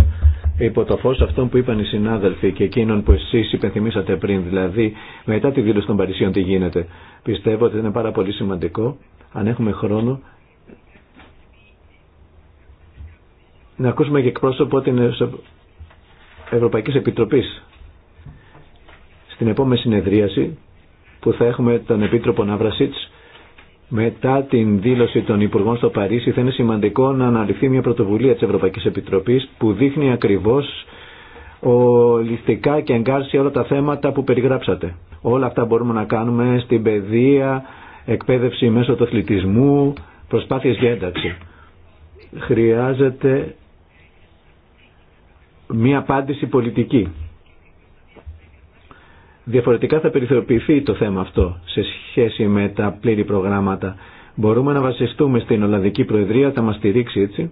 υπό το φως αυτών που είπαν οι συνάδελφοι και εκείνων που εσείς υπενθυμίσατε πριν, δηλαδή μετά τη δήλωση των Παρισίων τι γίνεται. Πιστεύω ότι είναι πάρα πολύ σημαντικό, αν έχουμε χρόνο, να ακούσουμε και εκπρόσωπο την ευρωπαϊκή Επιτροπή στην επόμενη συνεδρίαση που θα έχουμε τον Επίτροπο Ναύρασίτς μετά την δήλωση των Υπουργών στο Παρίσι θα είναι σημαντικό να αναλυθεί μια πρωτοβουλία της Ευρωπαϊκής Επιτροπής που δείχνει ακριβώς ολιστικά και εγκάρσει όλα τα θέματα που περιγράψατε. Όλα αυτά μπορούμε να κάνουμε στην παιδεία, εκπαίδευση μέσω του αθλητισμού, προσπάθειες για ένταξη. Χρειάζεται μια απάντηση πολιτική Διαφορετικά θα περιθωριοποιηθεί το θέμα αυτό σε σχέση με τα πλήρη προγράμματα. Μπορούμε να βασιστούμε στην Ολλανδική Προεδρία, θα μας στηρίξει έτσι,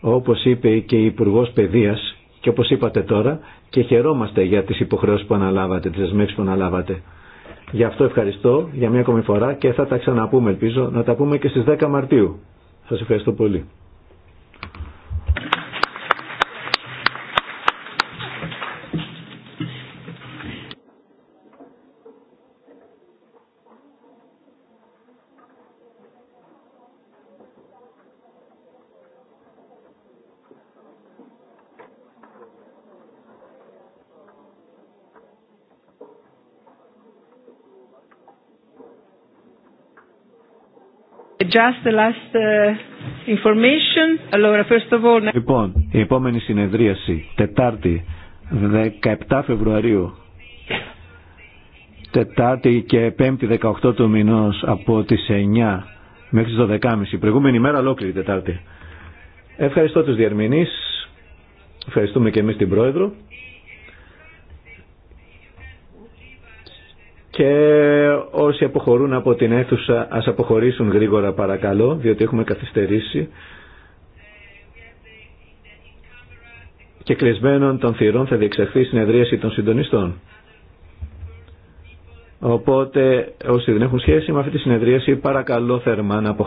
όπως είπε και η Υπουργό Παιδείας και όπως είπατε τώρα και χαιρόμαστε για τις υποχρεώσεις που αναλάβατε, τις δεσμεύσεις που αναλάβατε. Γι' αυτό ευχαριστώ για μια ακόμη φορά και θα τα ξαναπούμε ελπίζω να τα πούμε και στις 10 Μαρτίου. Σας ευχαριστώ πολύ. Uh, λοιπόν, η επόμενη συνεδρίαση, Τετάρτη, 17 Φεβρουαρίου. Τετάρτη και Πέμπτη, 18 του μηνός, από τις 9 μέχρι τις 12.30. Προηγούμενη μέρα ολόκληρη Τετάρτη. Ευχαριστώ τους διερμηνείς. Ευχαριστούμε και εμείς την Πρόεδρο. και όσοι αποχωρούν από την αίθουσα ας αποχωρήσουν γρήγορα παρακαλώ διότι έχουμε καθυστερήσει και κλεισμένων των θυρών θα διεξαχθεί η συνεδρίαση των συντονιστών. Οπότε όσοι δεν έχουν σχέση με αυτή τη συνεδρίαση παρακαλώ θερμά να αποχωρήσουν.